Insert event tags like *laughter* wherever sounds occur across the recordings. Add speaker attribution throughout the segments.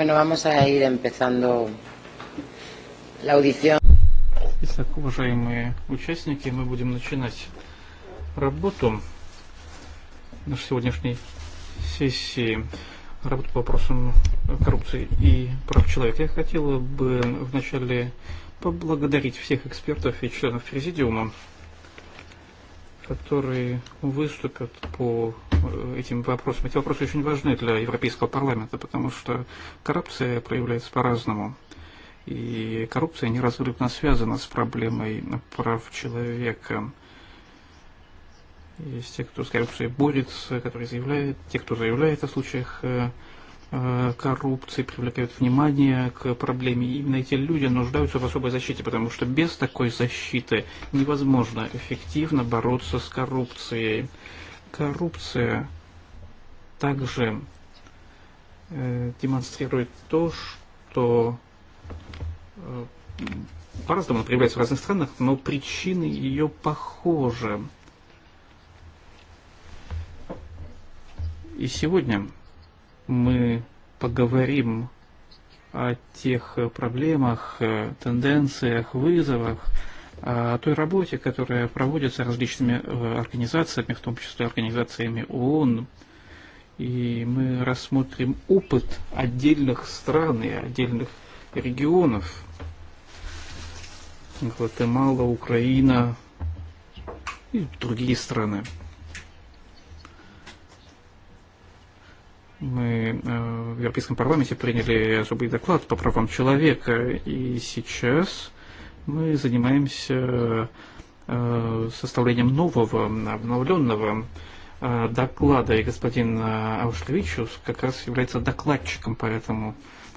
Speaker 1: Bueno, vamos a ir empezando la audición.
Speaker 2: Итак, уважаемые участники, мы будем начинать работу нашей сегодняшней сессии работы по вопросам коррупции и прав человека. Я хотела бы вначале поблагодарить всех экспертов и членов Президиума которые выступят по э, этим вопросам. Эти вопросы очень важны для Европейского парламента, потому что коррупция проявляется по-разному. И коррупция неразрывно связана с проблемой прав человека. Есть те, кто с коррупцией борется, которые заявляют, те, кто заявляет о случаях э, Э, коррупции привлекают внимание к проблеме. И именно эти люди нуждаются в особой защите, потому что без такой защиты невозможно эффективно бороться с коррупцией. Коррупция также э, демонстрирует то, что э, по-разному она проявляется в разных странах, но причины ее похожи. И сегодня мы поговорим о тех проблемах, э, тенденциях, вызовах, о той работе, которая проводится различными э, организациями, в том числе организациями ООН. И мы рассмотрим опыт отдельных стран и отдельных регионов. Гватемала, Украина и другие страны. Мы э, в Европейском парламенте приняли особый доклад по правам человека, и сейчас мы занимаемся э, составлением нового, обновленного э, доклада, и господин Аушлевичус как раз является докладчиком по этому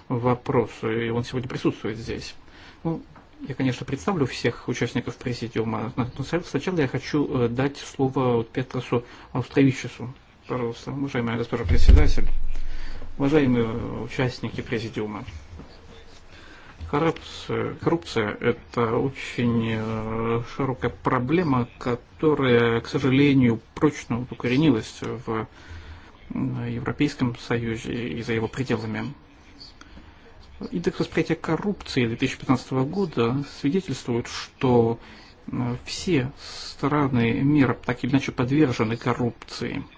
Speaker 2: вопросу, и он сегодня присутствует здесь. Ну, я, конечно, представлю всех участников президиума, но сначала я хочу дать слово Петросу Аустровичесу. Пожалуйста, уважаемая госпожа председатель, уважаемые участники президиума. Коррупция, коррупция – это очень э, широкая проблема, которая, к сожалению, прочно укоренилась в э, Европейском Союзе и за его пределами. Индекс восприятия коррупции 2015 года свидетельствует, что э, все страны мира так или иначе подвержены коррупции –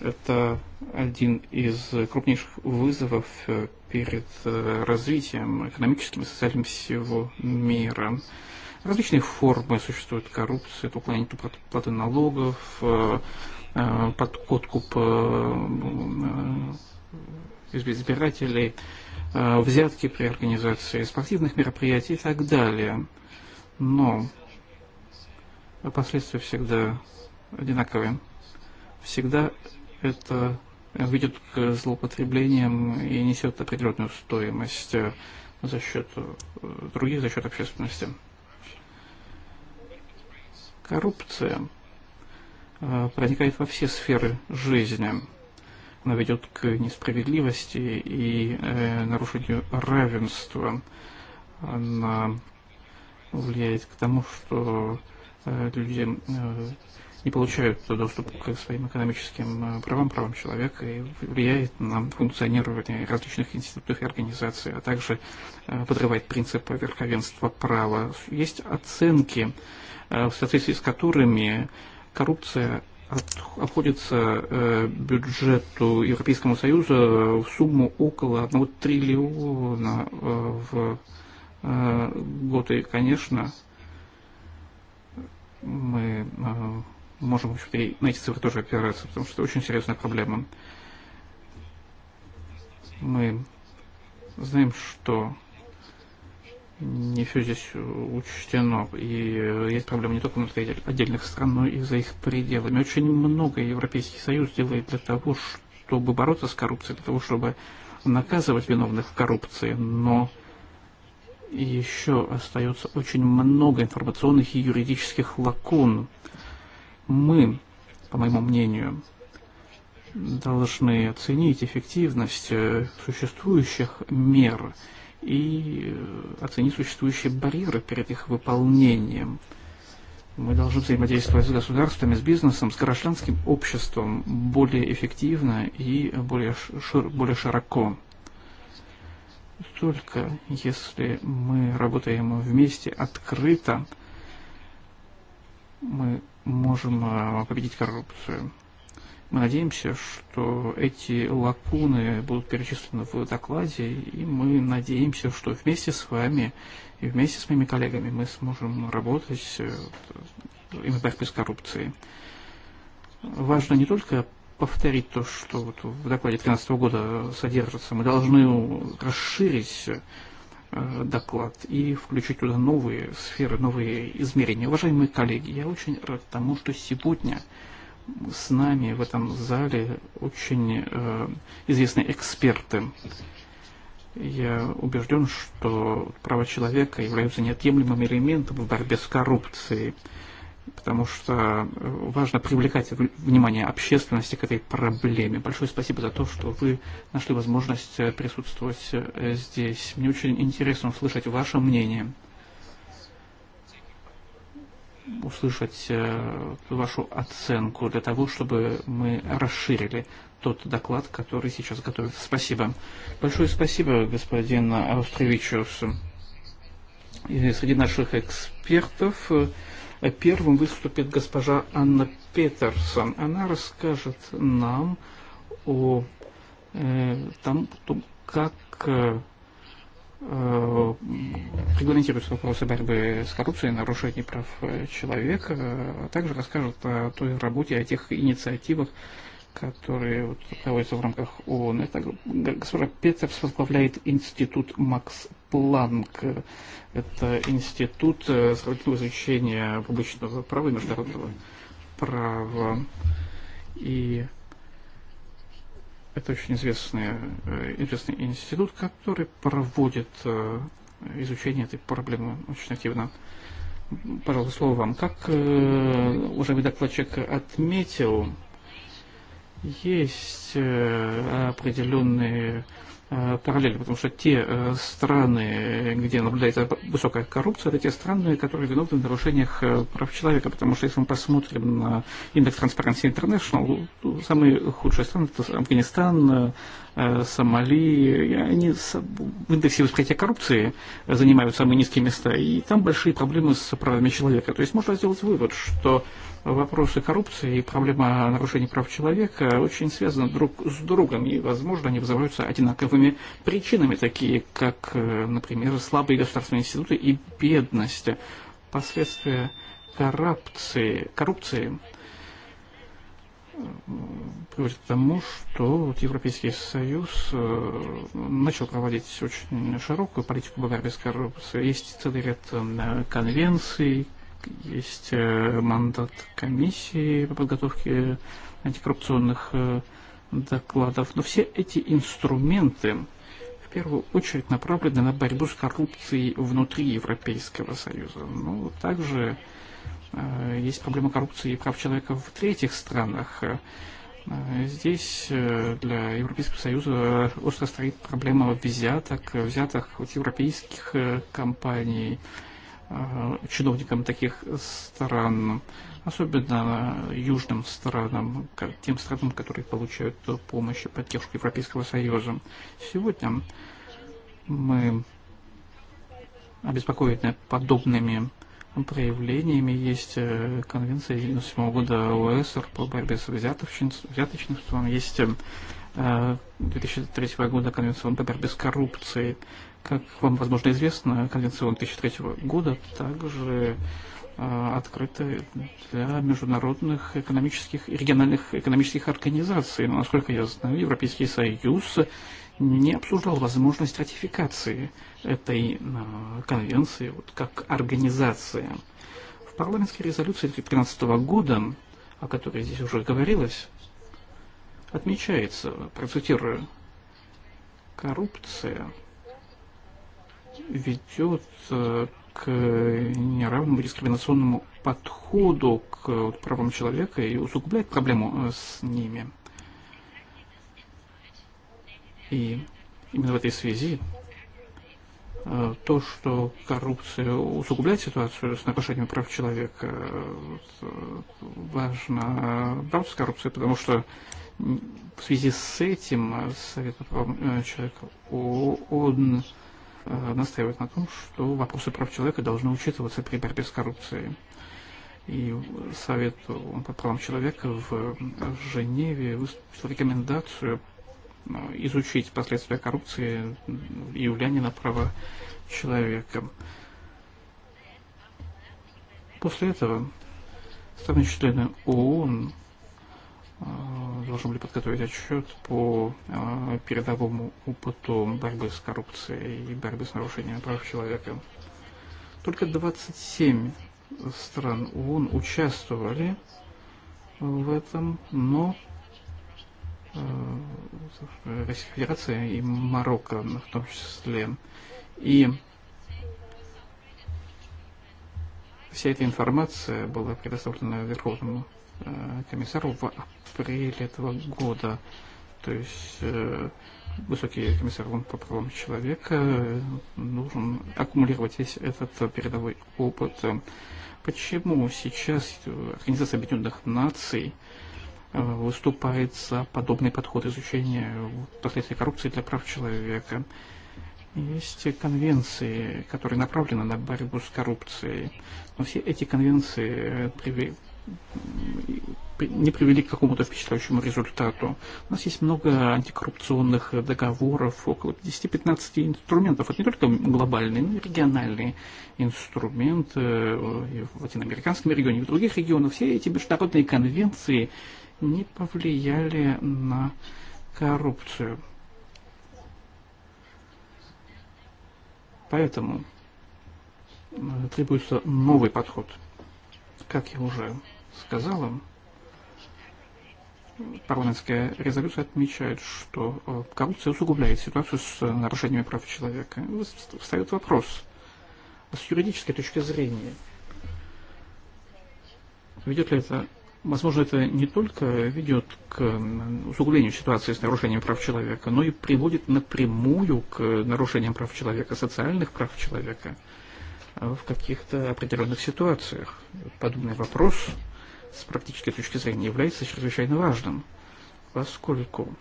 Speaker 2: Это один из крупнейших вызовов э, перед э, развитием экономическим и социальным всего мира. Различные формы существуют коррупции, это уклонение от платы налогов, э, подкуп избирателей, взятки при организации спортивных мероприятий и так далее. Но последствия всегда одинаковые. Всегда это ведет к злоупотреблениям и несет определенную стоимость э, за счет э, других, за счет общественности. Коррупция э, проникает во все сферы жизни. Она ведет к несправедливости и нарушению равенства. Она влияет к тому, что люди не получают доступ к своим экономическим э, правам, правам человека и влияет на функционирование различных институтов и организаций, а также э, подрывает принципы верховенства права. Есть оценки, э, в соответствии с которыми коррупция обходится бюджету Европейскому Союза в сумму около 1 триллиона в год. И, конечно, мы можем на найти цифры тоже опираться, потому что это очень серьезная проблема. Мы знаем, что не все здесь учтено. И есть проблемы не только внутри отдельных стран, но и за их пределами. Очень много Европейский Союз делает для того, чтобы бороться с коррупцией, для того, чтобы наказывать виновных в коррупции. Но еще остается очень много информационных и юридических лакун мы, по моему мнению, должны оценить эффективность э, существующих мер и э, оценить существующие барьеры перед их выполнением. Мы должны взаимодействовать с государствами, с бизнесом, с гражданским обществом более эффективно и более, шир, более широко. Только если мы работаем вместе открыто, мы можем э, победить коррупцию. Мы надеемся, что эти лакуны будут перечислены в докладе, и мы надеемся, что вместе с вами и вместе с моими коллегами мы сможем работать э, именно борьбе с коррупцией. Важно не только повторить то, что вот в докладе 2013 года содержится, мы должны расширить Э, доклад и включить туда новые сферы, новые измерения. Уважаемые коллеги, я очень рад тому, что сегодня с нами в этом зале очень э, известные эксперты. Я убежден, что права человека являются неотъемлемым элементом в борьбе с коррупцией потому что э, важно привлекать внимание общественности к этой проблеме. Большое спасибо за то, что вы нашли возможность э, присутствовать э, здесь. Мне очень интересно услышать ваше мнение, услышать вашу оценку для того, чтобы мы расширили тот доклад, который сейчас готовится. Спасибо. Большое спасибо, господин Австровичус. И среди наших экспертов Э, первым выступит госпожа Анна Петерсон. Она расскажет нам о э, том, как э, э, регламентируются вопросы борьбы с коррупцией, нарушений прав э, человека, а также расскажет о той работе, о тех инициативах, которые проводятся в рамках ООН. Это господин Петцев возглавляет институт Макс Планк. Это институт э, справедливого изучения обычного права и международного права. И это очень известный, э, известный институт, который проводит э, изучение этой проблемы очень активно. Пожалуйста, слово вам. Как уже докладчик отметил, есть э, определенные э, параллели, потому что те э, страны, где наблюдается высокая коррупция, это те страны, которые виновны в нарушениях прав человека, потому что если мы посмотрим на индекс Transparency International, самые худшие страны это Афганистан, Э, Сомали, они в индексе восприятия коррупции занимают самые низкие места, и там большие проблемы с правами человека. То есть можно сделать вывод, что вопросы коррупции и проблема нарушений прав человека очень связаны друг с другом, и, возможно, они вызываются одинаковыми причинами, такие как, э, например, слабые государственные институты и бедность, последствия коррупции, коррупции приводит к тому, что вот Европейский Союз э, начал проводить очень широкую политику борьбы с коррупцией. Есть целый ряд э, конвенций, есть э, мандат комиссии по подготовке антикоррупционных докладов. Но все эти инструменты в первую очередь направлены на борьбу с коррупцией внутри Европейского Союза. Ну, также Э, есть проблема коррупции и прав человека в третьих странах. Э, здесь э, для Европейского Союза остро стоит проблема взяток, взятых от европейских компаний чиновникам таких стран, особенно южным странам, тем странам, которые получают помощь и поддержку Европейского Союза. Сегодня мы обеспокоены подобными проявлениями есть э, конвенция 97 года ОСР по борьбе с взяточностью, есть 2003 э, года конвенция по борьбе с коррупцией. Как вам, возможно, известно, конвенция 2003 года также э, открыта для международных экономических и региональных экономических организаций. Но, насколько я знаю, Европейский Союз не обсуждал возможность ратификации этой э, конвенции вот, как организации. В парламентской резолюции 2013 года, о которой здесь уже говорилось, отмечается, процитирую, коррупция ведет э, к неравному дискриминационному подходу к правам человека и усугубляет проблему э, с ними. И именно в этой связи Э, то, что коррупция усугубляет ситуацию с нарушением прав человека, э, важно э, бороться с коррупцией, потому что в связи с этим Совет по правам человека он настаивает на том, что вопросы прав человека должны учитываться при борьбе с коррупцией. И Совет по правам человека в Женеве выступил рекомендацию изучить последствия коррупции и влияние на права человека. После этого страны члены ООН должны были подготовить отчет по передовому опыту борьбы с коррупцией и борьбы с нарушением прав человека. Только 27 стран ООН участвовали в этом, но Российской Федерации и Марокко в том числе. И вся эта информация была предоставлена Верховному э, комиссару в апреле этого года. То есть э, высокий комиссар по правам человека должен э, аккумулировать весь этот передовой опыт. Почему сейчас Организация Объединенных Наций э, Э, выступает за подобный подход изучения последствий коррупции для прав человека. Есть конвенции, которые направлены на борьбу с коррупцией, но все эти конвенции э, не привели к какому-то впечатляющему результату. У нас есть много антикоррупционных договоров, около 10-15 инструментов. Это не только глобальные, но и региональные инструменты э, в латиноамериканском регионе, в других регионах. Все эти международные конвенции не повлияли на коррупцию. Поэтому э, требуется новый подход. Как я уже сказал, парламентская резолюция отмечает, что э, коррупция усугубляет ситуацию с нарушениями прав человека. Встает вопрос, с юридической точки зрения, ведет ли это Возможно, это не только ведет к усугублению ситуации с нарушением прав человека, но и приводит напрямую к нарушениям прав человека, социальных прав человека э, в каких-то определенных ситуациях. Подобный вопрос с практической точки зрения является чрезвычайно важным, поскольку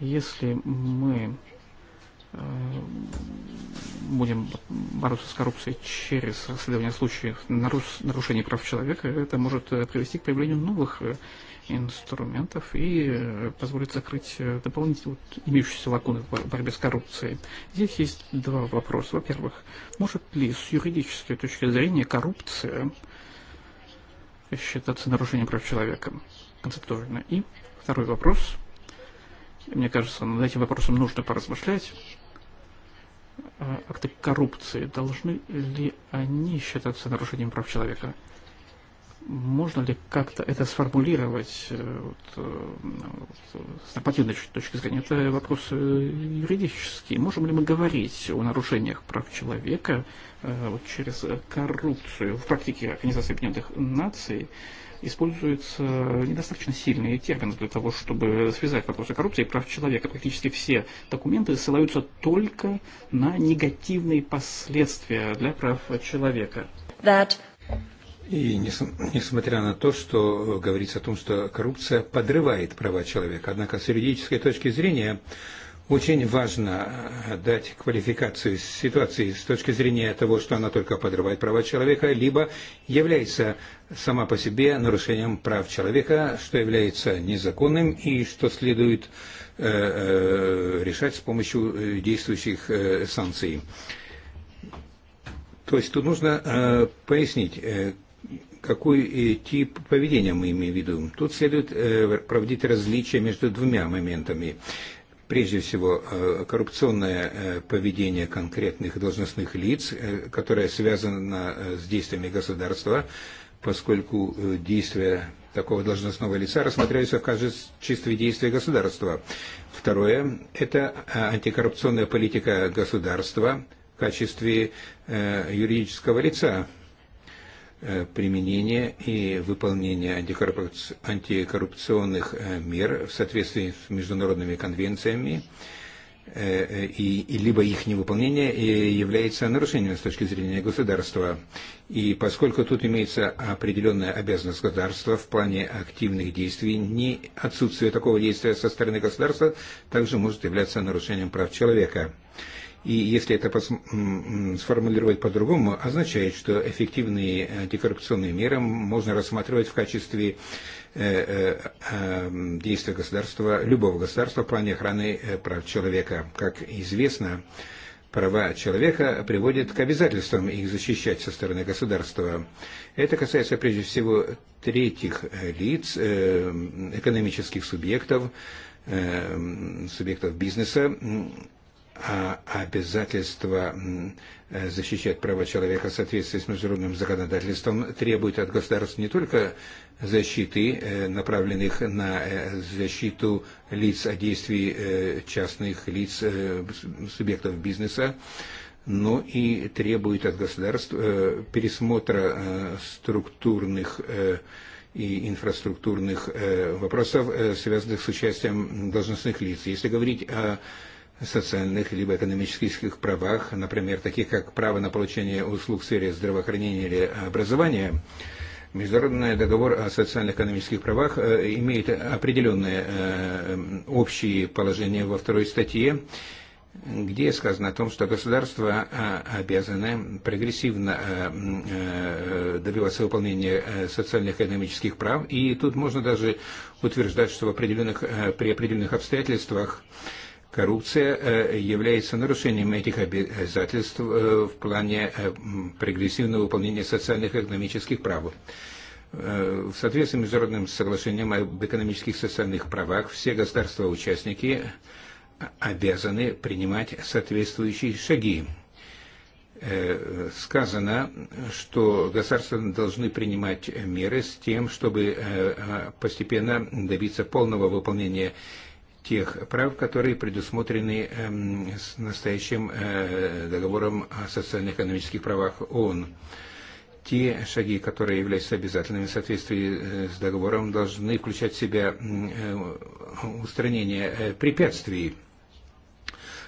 Speaker 2: если мы будем бороться с коррупцией через расследование случаев нарушений прав человека, это может э, привести к появлению новых э, инструментов и э, позволит закрыть дополнительные вот, имеющиеся лакуны в борьбе с коррупцией. Здесь есть два вопроса. Во-первых, может ли с юридической точки зрения коррупция считаться нарушением прав человека концептуально? И второй вопрос. Мне кажется, над этим вопросом нужно поразмышлять акты коррупции, должны ли они считаться нарушением прав человека? Можно ли как-то это сформулировать э, вот, э, вот, с нормативной точки зрения? Это вопрос э, юридический. Можем ли мы говорить о нарушениях прав человека вот, через коррупцию в практике Организации Объединенных Наций? используется э, недостаточно сильный термин для того, чтобы связать вопросы коррупции и прав человека. Практически все документы ссылаются только на негативные последствия для прав человека. That... И несмотря на то, что
Speaker 3: э, говорится о том, что коррупция подрывает права человека, однако с юридической точки зрения Очень важно э, дать квалификацию ситуации с точки зрения того, что она только подрывает права человека, либо является сама по себе нарушением прав человека, что является незаконным и что следует э, э решать с помощью э, действующих э, санкций. То есть тут нужно э, пояснить, э, какой тип поведения мы имеем в виду. Тут следует э, проводить различия между двумя моментами прежде всего, э, коррупционное э, поведение конкретных должностных лиц, э, которое связано с действиями государства, поскольку действия такого должностного лица рассматриваются в качестве действия государства. Второе – это антикоррупционная политика государства в качестве юридического лица – Э, применения и выполнения антикоррупционных э, мер в соответствии с международными конвенциями, э, и, и либо их невыполнение является нарушением с точки зрения государства. И поскольку тут имеется определенная обязанность государства в плане активных действий, не отсутствие такого действия со стороны государства также может являться нарушением прав человека. И если это сформулировать по-другому, означает, что эффективные антикоррупционные меры можно рассматривать в качестве э, э, э, действия государства, любого государства в плане охраны прав человека. Как известно, права человека приводят к обязательствам их защищать со стороны государства. Это касается прежде всего третьих лиц, экономических субъектов, субъектов бизнеса, а обязательство э, защищать права человека в соответствии с международным законодательством требует от государств не только защиты, э, направленных на э, защиту лиц от действий частных лиц, субъектов бизнеса, но и требует от государств пересмотра структурных и инфраструктурных вопросов, связанных с участием должностных лиц. Если говорить о социальных либо экономических правах, например, таких как право на получение услуг в сфере здравоохранения или образования, Международный договор о социально-экономических правах э, имеет определенные э, общие положения во второй статье, где сказано о том, что государства э, обязаны прогрессивно добиваться выполнения социально-экономических прав, и тут можно даже утверждать, что в определенных, при определенных обстоятельствах Коррупция э, является нарушением этих обязательств э, в плане э, прогрессивного выполнения социальных и экономических прав. В соответствии с международным соглашением об экономических и социальных правах все государства-участники обязаны принимать соответствующие шаги. Сказано, что государства должны принимать меры с тем, чтобы постепенно добиться полного выполнения тех прав, которые предусмотрены э, с настоящим э, договором о социально-экономических правах ООН. Те шаги, которые являются обязательными в соответствии э, с договором, должны включать в себя э, устранение э, препятствий.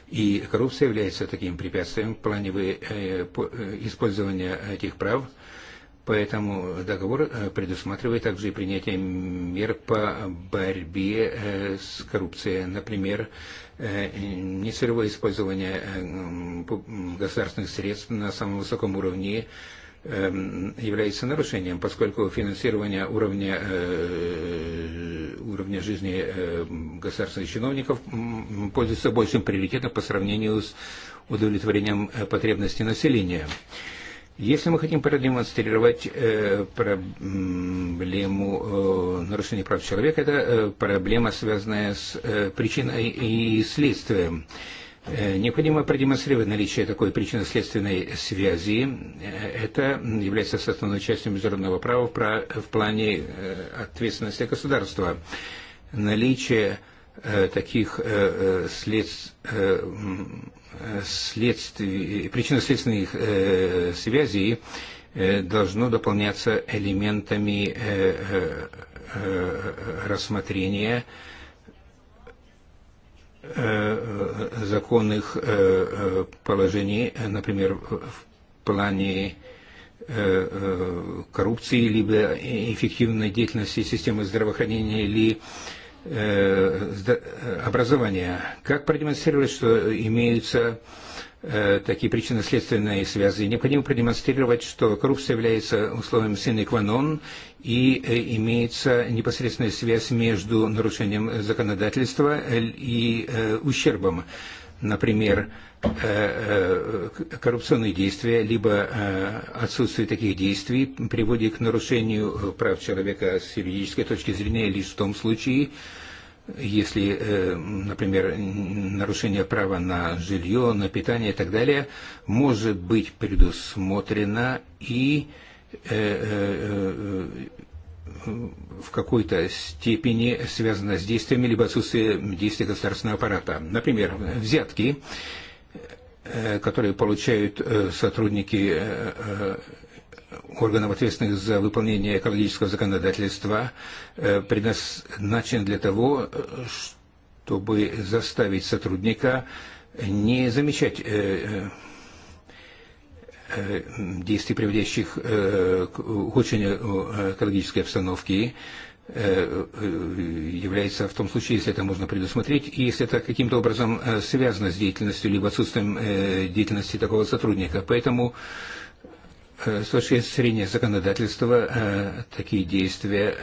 Speaker 3: И коррупция является таким препятствием в плане использования этих прав – Поэтому договор э, предусматривает также и принятие мер по борьбе э, с коррупцией, например, э, нецелевое использование государственных средств на самом высоком уровне является нарушением, поскольку финансирование уровня, уровня жизни государственных чиновников пользуется большим приоритетом по сравнению с удовлетворением потребностей населения. Если мы хотим продемонстрировать э, проблему э, нарушения прав человека, это э, проблема, связанная с э, причиной и следствием. Э, необходимо продемонстрировать наличие такой причинно-следственной связи. Э, это является составной частью международного права в, в плане э, ответственности государства. Наличие э, таких э, следств э, э следствие, причинно-следственных э, связей э, должно дополняться элементами э, э, э рассмотрения э, э законных э, э, положений, например, в плане э, коррупции, либо эффективной деятельности системы здравоохранения, или э, Э, э, образования. Как продемонстрировать, что имеются э, такие причинно-следственные связи. Необходимо продемонстрировать, что коррупция является условием синекванон и имеется непосредственная связь между нарушением законодательства и ущербом например, э, э, коррупционные действия, либо э, отсутствие таких действий приводит к нарушению прав человека с юридической точки зрения лишь в том случае, если, например, нарушение права на жилье, на питание и так далее, может быть предусмотрено и в какой-то степени связано с действиями либо отсутствием действий государственного аппарата. Например, взятки, э, которые получают э, сотрудники э, органов, ответственных за выполнение экологического законодательства, предназначены для того, чтобы заставить сотрудника не замечать действий, приводящих к ухудшению экологической обстановки, э, э, является в том случае, если это можно предусмотреть, и если это каким-то образом э, связано с деятельностью либо отсутствием деятельности такого сотрудника. Поэтому с точки зрения законодательства такие действия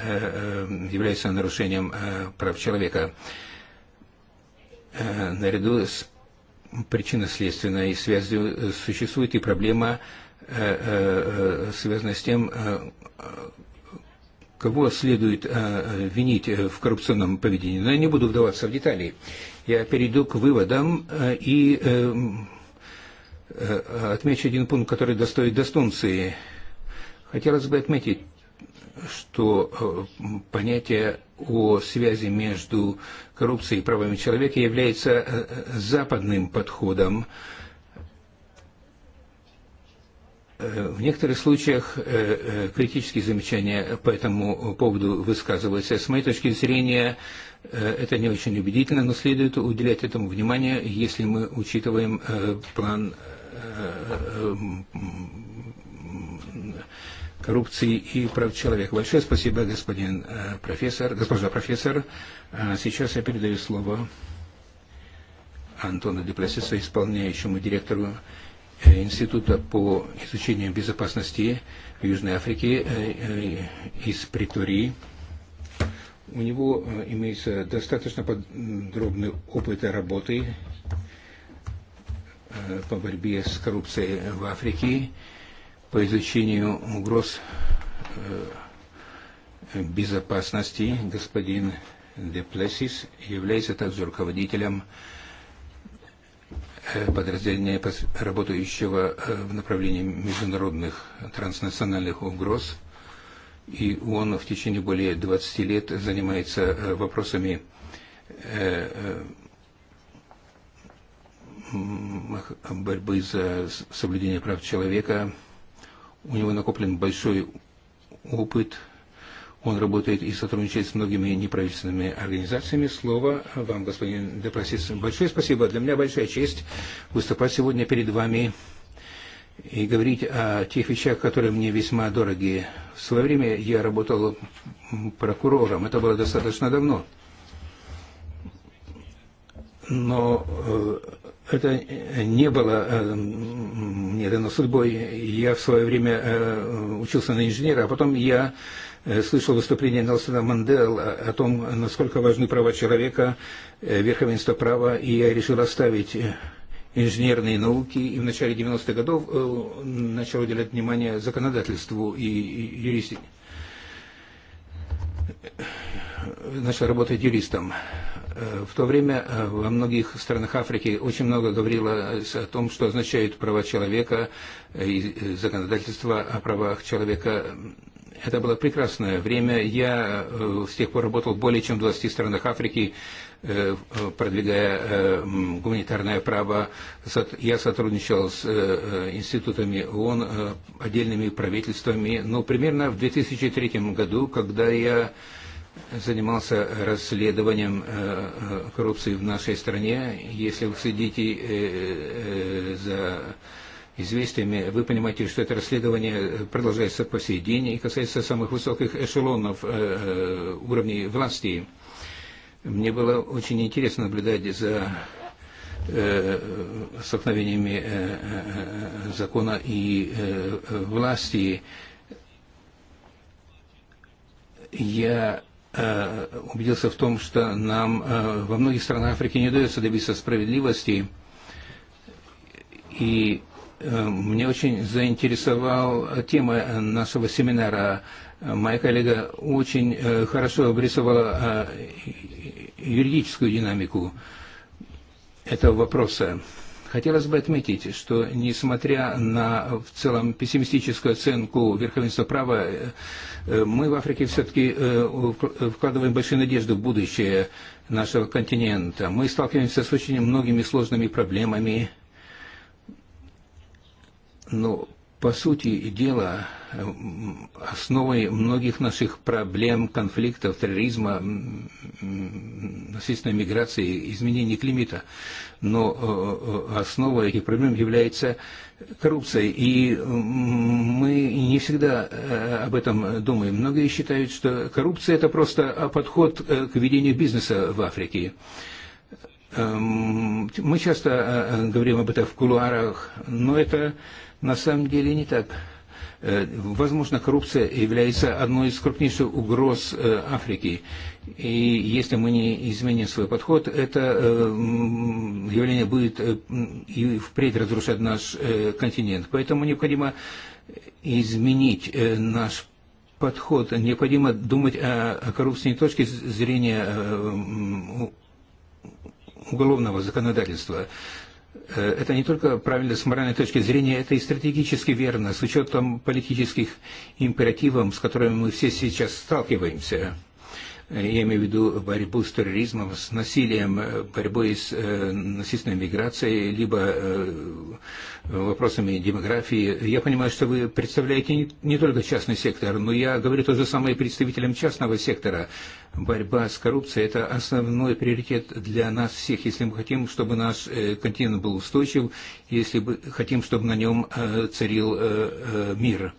Speaker 3: являются нарушением прав человека наряду с причинно-следственной связи э, существует и проблема, э, э, связанная с тем, кого следует винить в коррупционном поведении. Но я не буду вдаваться в детали. Я перейду к выводам и отмечу один пункт, который достоит достунции. Хотелось бы отметить что э, понятие о связи между коррупцией и правами человека является э, э, западным подходом. В некоторых случаях критические замечания по этому поводу высказываются. С моей точки зрения, это не очень убедительно, но следует уделять этому внимание, если мы учитываем план коррупции и прав человека. Большое спасибо, господин профессор, госпожа профессор. Сейчас я передаю слово Антону Деплесису, исполняющему директору э, Института по изучению безопасности в Южной Африке э, э, из Притории. У него имеется достаточно подробный опыт работы по борьбе с коррупцией в Африке по изучению угроз э, э, безопасности господин Деплесис является также руководителем э, подразделения, работающего в направлении международных транснациональных угроз. И он в течение более 20 лет занимается вопросами борьбы за соблюдение прав человека, У него накоплен большой опыт. Он работает и сотрудничает с многими неправительственными организациями. Слово вам, господин Депросис. Большое спасибо. Для меня большая честь выступать сегодня перед вами и говорить о тех вещах, которые мне весьма дороги. В свое время я работал прокурором. Это было достаточно давно. Но э, это э, не было э, мне дано судьбой. Я в свое время э, учился на инженера, а потом я слышал выступление Нелсона Мандел о том, насколько важны права человека, верховенство права, и я решил оставить инженерные науки и в начале 90-х годов начал уделять внимание законодательству и юристике наша работа юристом. Э, в то время э, во многих странах Африки очень много говорилось о том, что означают права человека э, и законодательство о правах человека. Это было прекрасное время. Я с тех пор работал в более чем в 20 странах Африки, продвигая гуманитарное право. Я сотрудничал с институтами ООН, отдельными правительствами. Но примерно в 2003 году, когда я занимался расследованием э, э, коррупции в нашей стране. Если вы следите э, за известиями, вы понимаете, что это расследование продолжается по сей день и касается самых высоких эшелонов уровней власти. Мне было очень интересно наблюдать за столкновениями закона и власти. Я Э, убедился в том, что нам э, во многих странах Африки не удается добиться справедливости. И э, мне очень заинтересовала тема нашего семинара. Моя коллега очень хорошо обрисовала юридическую динамику этого вопроса. Хотелось бы отметить, что несмотря на в целом пессимистическую оценку верховенства права, э, э, мы в Африке все-таки э, вкладываем большие надежды в будущее нашего континента. Мы сталкиваемся с очень многими сложными проблемами, но По сути дела, э, основой многих наших проблем, конфликтов, терроризма, насильственной миграции, изменений климата, но э, э, основой этих проблем является коррупция. И мы не всегда об этом думаем. Многие считают, что коррупция – это просто подход к ведению бизнеса в Африке. Мы часто говорим об этом в кулуарах, но это на самом деле не так. Э, возможно, коррупция является одной из крупнейших угроз э, Африки. И если мы не изменим свой подход, это э, явление будет и впредь разрушать наш континент. Поэтому необходимо изменить наш подход. Необходимо думать о, коррупции не точки зрения уголовного законодательства. Э, это не только правильно с моральной точки зрения, это и стратегически верно, с учетом политических императивов, с которыми мы все сейчас сталкиваемся. Eh, я имею в виду борьбу с терроризмом, с насилием, э, борьбой с э, насильственной миграцией, либо э, вопросами демографии. Я понимаю, что вы представляете не, не только частный сектор, но я говорю то же самое представителям частного сектора. Борьба с коррупцией – это основной приоритет для нас всех, если мы хотим, чтобы наш э, континент был устойчив, если мы хотим, чтобы на нем э, царил э, э, Мир.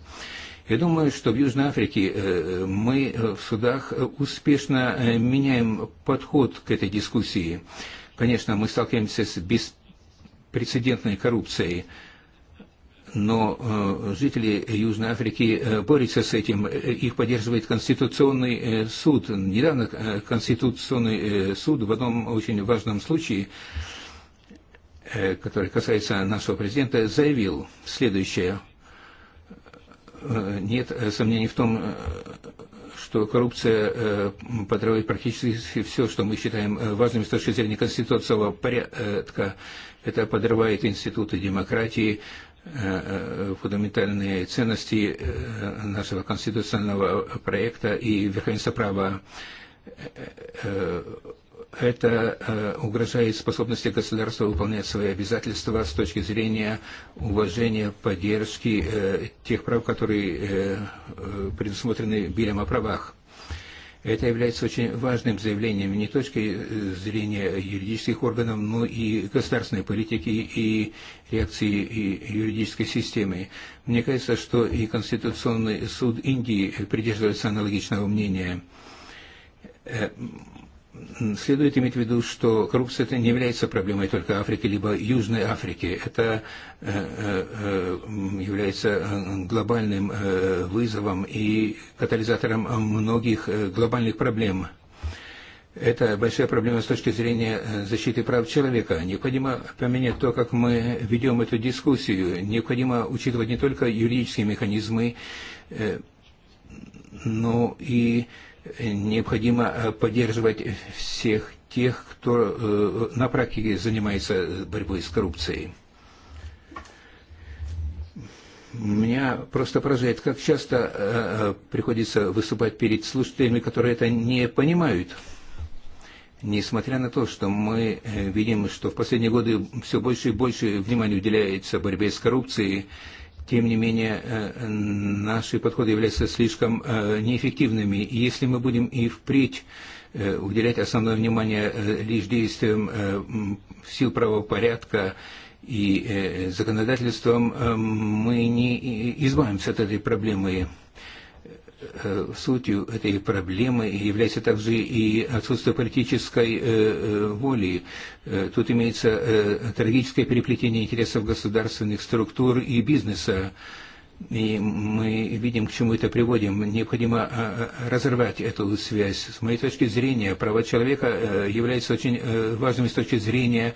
Speaker 3: Я думаю, что в Южной Африке э, мы э, в судах э, успешно меняем подход к этой дискуссии. Конечно, мы сталкиваемся с беспрецедентной коррупцией, но жители Южной Африки борются с этим. Их поддерживает Конституционный суд. Недавно Конституционный суд в одном очень важном случае который касается нашего президента, заявил следующее. Э, нет э, сомнений в том, э, что коррупция подрывает практически все, что мы считаем важным с точки зрения конституционного порядка. Это подрывает институты демократии, фундаментальные ценности нашего конституционного проекта и верховенства права это э, угрожает способности государства выполнять свои обязательства с точки зрения уважения, поддержки э, тех прав, которые э, предусмотрены Билем о правах. Это является очень важным заявлением не только зрения юридических органов, но и государственной политики и реакции и юридической системы. Мне кажется, что и Конституционный суд Индии придерживается аналогичного мнения следует иметь в виду, что коррупция это не является проблемой только Африки, либо Южной Африки. Это э, э, э, является глобальным вызовом и катализатором многих глобальных проблем. Это большая проблема с точки зрения защиты прав человека. Необходимо поменять то, как мы ведем эту дискуссию. Необходимо учитывать не только юридические механизмы, но и необходимо э, поддерживать всех тех, кто э, на практике занимается борьбой с коррупцией. Меня просто поражает, как часто э, приходится выступать перед слушателями, которые это не понимают. Несмотря на то, что мы видим, что в последние годы все больше и больше внимания уделяется борьбе с коррупцией, Тем не менее, э, наши подходы являются слишком э, неэффективными. И если мы будем и впредь э, уделять основное внимание лишь действиям сил правопорядка и законодательством, мы не избавимся от этой проблемы. Э, сутью этой проблемы является также и отсутствие политической э, э, воли. Тут имеется трагическое переплетение интересов государственных структур и бизнеса. И мы видим, к чему это приводим. Необходимо разорвать эту связь. С моей точки зрения, права человека являются очень важными с точки зрения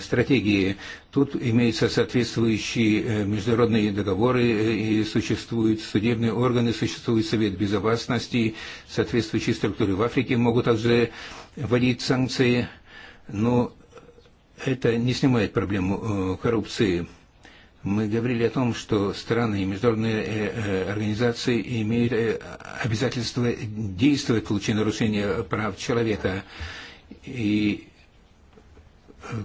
Speaker 3: стратегии. Тут имеются соответствующие э, международные договоры, э, и существуют судебные органы, существует Совет Безопасности, соответствующие структуры в Африке могут также вводить санкции, но это не снимает проблему э, коррупции. Мы говорили о том, что страны и международные организации имеют обязательство действовать в случае нарушения прав человека. И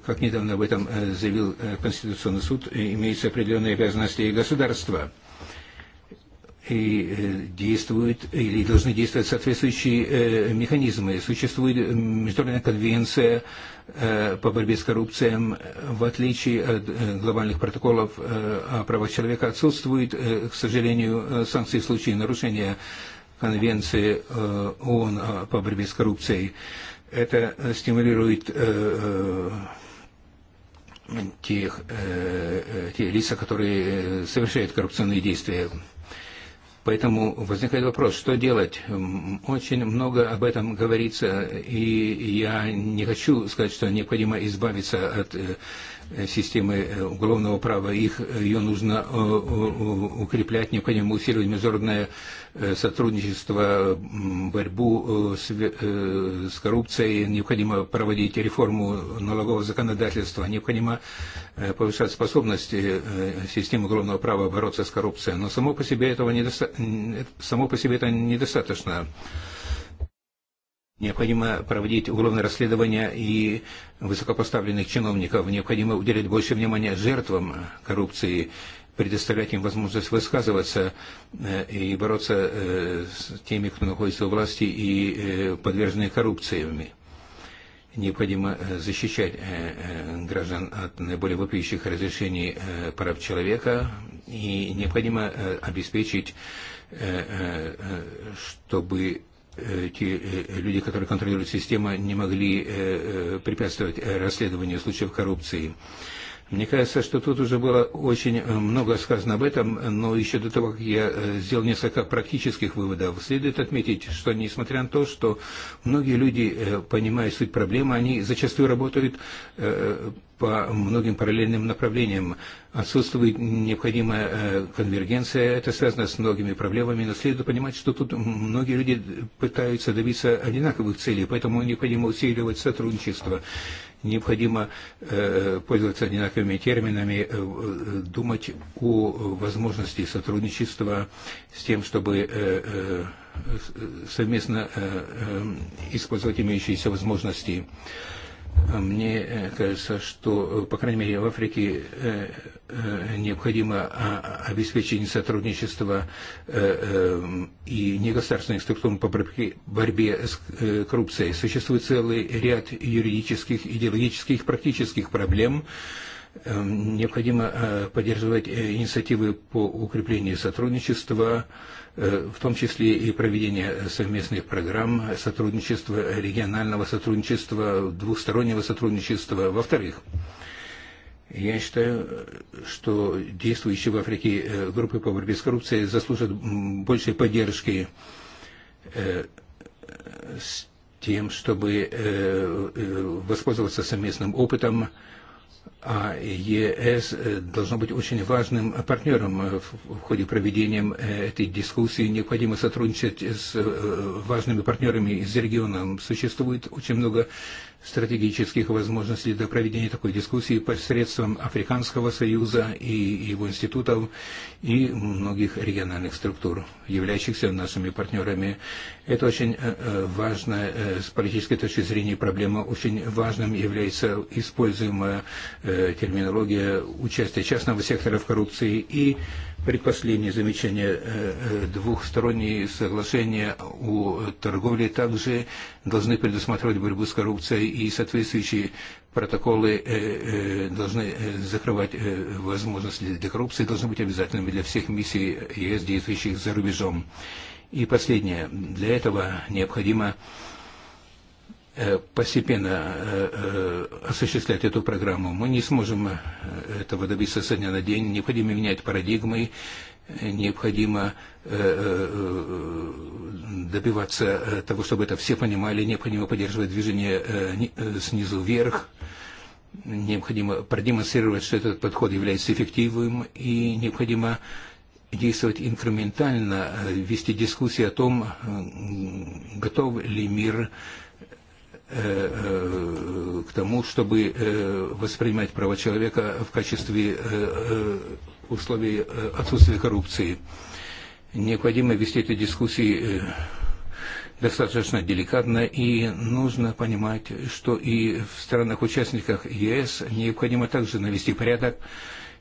Speaker 3: как недавно об этом э, заявил э, Конституционный суд, имеются определенные обязанности и государства. И э, действуют или должны действовать соответствующие механизмы. Существует Международная конвенция по борьбе с коррупцией. В отличие от глобальных протоколов о правах человека отсутствует, к сожалению, санкции в случае нарушения конвенции ООН по борьбе с коррупцией. Это стимулирует э, э, тех, э, те лица, которые совершают коррупционные действия. Поэтому возникает вопрос, что делать? Очень много об этом говорится, и я не хочу сказать, что необходимо избавиться от Э, системы э, уголовного права. Их э, ее нужно укреплять, необходимо усиливать международное сотрудничество, борьбу с, с коррупцией, необходимо проводить реформу налогового законодательства, необходимо повышать способность системы уголовного права бороться с коррупцией. Но само по себе, этого недоста... само по себе это недостаточно. Необходимо проводить уголовное расследование и высокопоставленных чиновников. Необходимо уделять больше внимания жертвам коррупции, предоставлять им возможность высказываться э, и бороться э, с теми, кто находится у власти и э, подвержены коррупциями. Необходимо защищать граждан от наиболее вопиющих разрешений прав человека и необходимо обеспечить, чтобы те э, люди, которые контролируют систему, не могли э, э, препятствовать расследованию случаев коррупции. Мне кажется, что тут уже было очень э, много сказано об этом, но еще до того, как я э, сделал несколько практических выводов, следует отметить, что несмотря на то, что многие люди, э, понимая суть проблемы, они зачастую работают по многим параллельным направлениям. Отсутствует необходимая конвергенция, это связано с многими проблемами, но следует понимать, что тут многие люди пытаются добиться одинаковых целей, поэтому необходимо усиливать сотрудничество необходимо э, пользоваться одинаковыми терминами, э, э, думать о возможности сотрудничества с тем, чтобы совместно использовать имеющиеся возможности. Мне э, кажется, что, э, по крайней мере, в Африке э, необходимо обеспечение сотрудничества и негосударственных структур по борьбе с коррупцией. Существует целый ряд юридических, идеологических, практических проблем. Необходимо поддерживать инициативы по укреплению сотрудничества, Э, в том числе и проведение совместных программ сотрудничества, регионального сотрудничества, двустороннего сотрудничества. Во-вторых, я считаю, что действующие в Африке э, группы по борьбе с коррупцией заслужат большей поддержки э, с тем, чтобы воспользоваться совместным опытом А ЕС э, должно быть очень важным партнером э, в ходе проведения э, этой дискуссии. Необходимо сотрудничать с важными партнерами из региона. Существует очень много стратегических возможностей для проведения такой дискуссии посредством Африканского союза и его институтов и многих региональных структур, являющихся нашими партнерами. Это очень э, э, важно э, с политической точки зрения проблема. Очень важным является используемая терминология участия частного сектора в коррупции и предпоследнее замечания э, э, двухсторонние соглашения о торговле также должны предусматривать борьбу с коррупцией и соответствующие протоколы э, должны закрывать возможности для коррупции должны быть обязательными для всех миссий ЕС, действующих за рубежом. И последнее. Для этого необходимо э, Э, постепенно э, э, осуществлять эту программу. Мы не сможем этого добиться со дня на день. Необходимо менять парадигмы, необходимо добиваться того, чтобы это все понимали, необходимо поддерживать движение снизу вверх, необходимо продемонстрировать, что этот подход является эффективным, и необходимо действовать инкрементально, вести дискуссии о том, готов ли мир Э, э, к тому, чтобы э, воспринимать права человека в качестве условий отсутствия коррупции. Необходимо вести эти дискуссии достаточно деликатно, и нужно понимать, что и в странах-участниках ЕС необходимо также навести порядок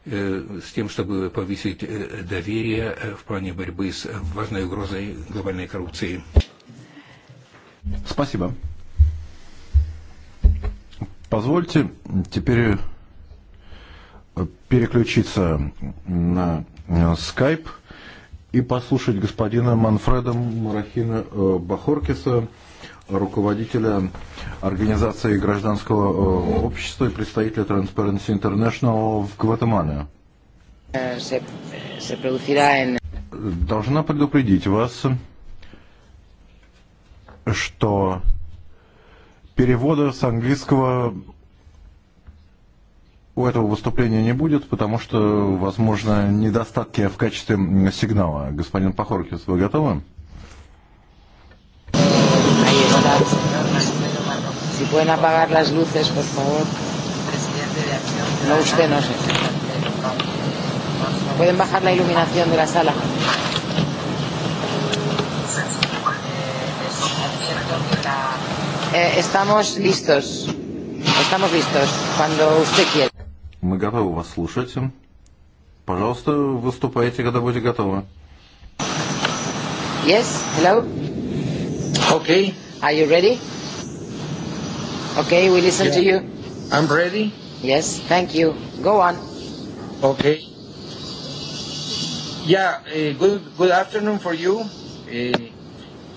Speaker 3: с тем, чтобы повысить доверие в плане борьбы с важной угрозой глобальной коррупции.
Speaker 4: Спасибо. Позвольте теперь э, переключиться на э, Skype и послушать господина Манфреда Мурахина э, Бахоркиса, руководителя Организации гражданского общества и представителя Transparency International в Гватемале. Должна предупредить вас, что Перевода с английского у этого выступления не будет, потому что, возможно, недостатки в качестве сигнала. Господин Пахоркис, вы готовы?
Speaker 1: Si pueden apagar las luces, por favor. No, usted no. Sé. Pueden bajar la iluminación de la sala. Eh, estamos listos. Estamos listos. Cuando usted quiera.
Speaker 4: Мы готовы вас слушать. Пожалуйста, выступайте, когда будете готовы.
Speaker 1: Yes, hello. Okay. Are you ready?
Speaker 5: Okay, we listen yeah. to you. I'm ready.
Speaker 1: Yes, thank you. Go on. Okay.
Speaker 5: Yeah, uh, good, good afternoon for you. Uh,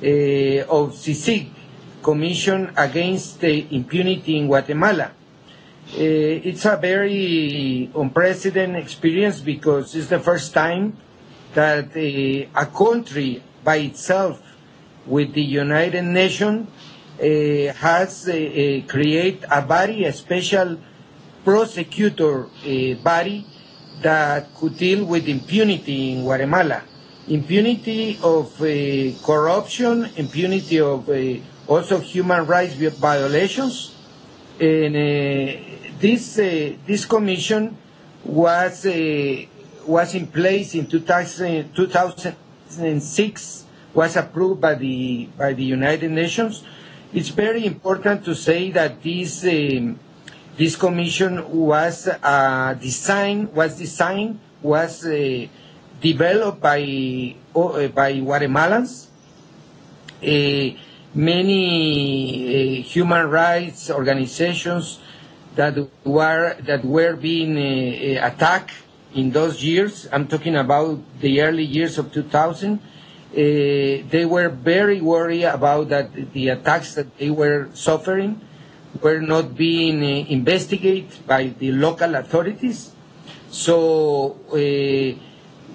Speaker 5: uh, eh, of CICIG, Commission Against the Impunity in Guatemala. Uh, it's a very unprecedented experience because it's the first time that uh, a country by itself with the United Nations uh, has uh, uh, created a body, a special prosecutor uh, body that could deal with impunity in Guatemala impunity of uh, corruption, impunity of uh, also human rights violations. And uh, this, uh, this commission was, uh, was in place in 2000, 2006, was approved by the, by the United Nations. It's very important to say that this, uh, this commission was uh, designed, was designed, was uh, developed by, uh, by Guatemalans. Uh, many uh, human rights organizations that were, that were being uh, attacked in those years. I'm talking about the early years of 2000. Uh, they were very worried about that the attacks that they were suffering were not being uh, investigated by the local authorities. So uh,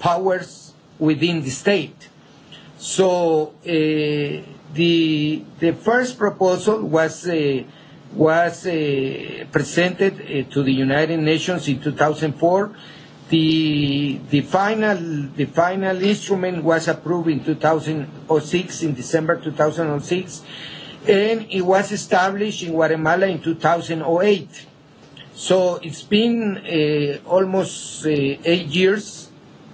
Speaker 5: powers within the state. So uh, the the first proposal was uh, was uh, presented uh, to the United Nations in 2004. The the final the final instrument was approved in 2006 in December 2006, and it was established in Guatemala in 2008. So it's been uh, almost uh, eight years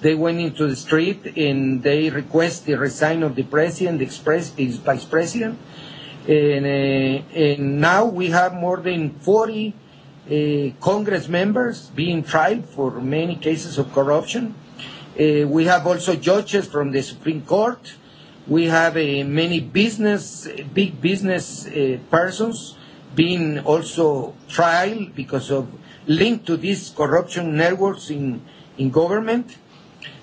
Speaker 5: They went into the street and they request the resign of the president, the, express, the vice president. And, uh, and now we have more than 40 uh, Congress members being tried for many cases of corruption. Uh, we have also judges from the Supreme Court. We have uh, many business, big business uh, persons being also tried because of linked to these corruption networks in, in government.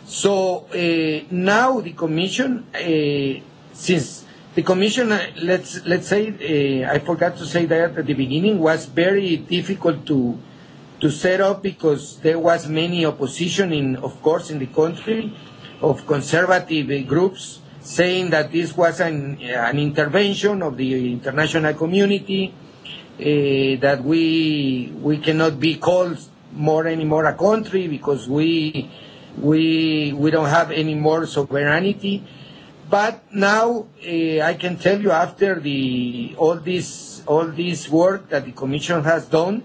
Speaker 5: So uh, now the Commission, uh, since the Commission, uh, let's let's say, uh, I forgot to say that at the beginning, was very difficult to to set up because there was many opposition in, of course, in the country, of conservative uh, groups saying that this was an, an intervention of the international community, uh, that we we cannot be called more anymore a country because we We, we don't have any more sovereignty. But now uh, I can tell you after the, all, this, all this work that the Commission has done,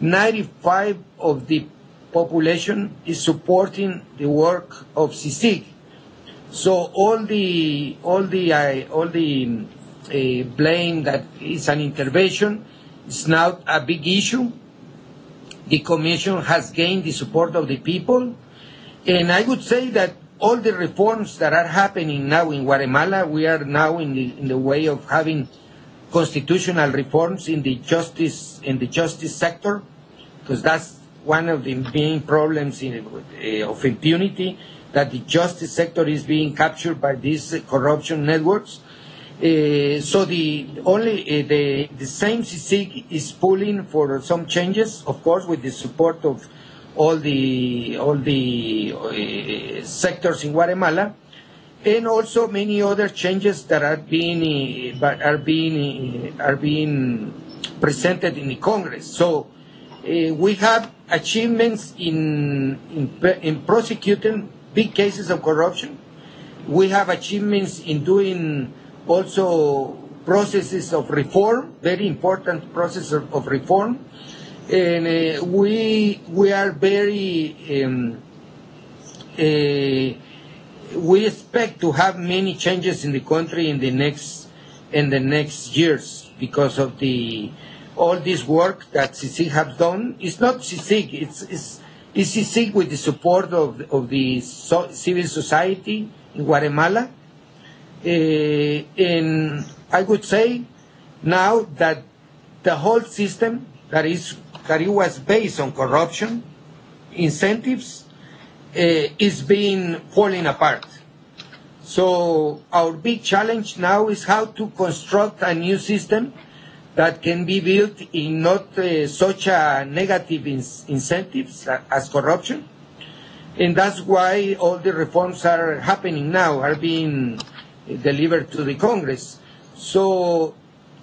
Speaker 5: 95 of the population is supporting the work of CSIC. So all the, all the, uh, all the uh, blame that is an intervention is now a big issue. The Commission has gained the support of the people And I would say that all the reforms that are happening now in Guatemala, we are now in the, in the way of having constitutional reforms in the justice in the justice sector, because that's one of the main problems in, uh, of impunity that the justice sector is being captured by these uh, corruption networks. Uh, so the only uh, the the same CICIG is pulling for some changes, of course, with the support of all the, all the uh, sectors in Guatemala, and also many other changes that are being, uh, are being, uh, are being presented in the Congress. So uh, we have achievements in, in, in prosecuting big cases of corruption. We have achievements in doing also processes of reform, very important process of, of reform. Uh, And uh, we, we are very, um, uh, we expect to have many changes in the country in the next, in the next years because of the, all this work that CC have done. It's not CC it's, it's, it's CICIG with the support of, of the so, civil society in Guatemala. Uh, and I would say now that the whole system that is that it was based on corruption, incentives, uh, is being falling apart. So our big challenge now is how to construct a new system that can be built in not uh, such a negative in incentives as corruption. And that's why all the reforms are happening now, are being delivered to the Congress. So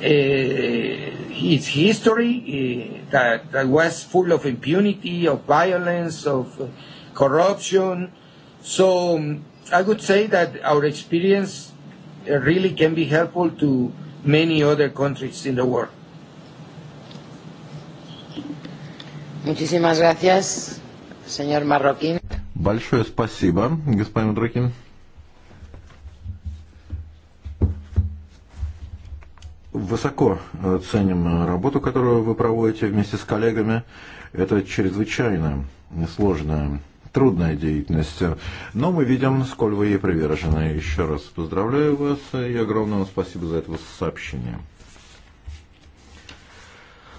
Speaker 5: uh, its history uh, that, that was full of impunity, of violence, of uh, corruption. So um, I would say that our experience uh, really can be helpful to many other countries in the world.
Speaker 1: Muchísimas gracias, señor Marroquín.
Speaker 4: Большое спасибо, господин Марроquín. высоко э, ценим э, работу, которую вы проводите вместе с коллегами. Это чрезвычайно сложная, трудная деятельность. Но мы видим, сколь вы ей привержены. Еще раз поздравляю вас и огромное вам спасибо за это сообщение.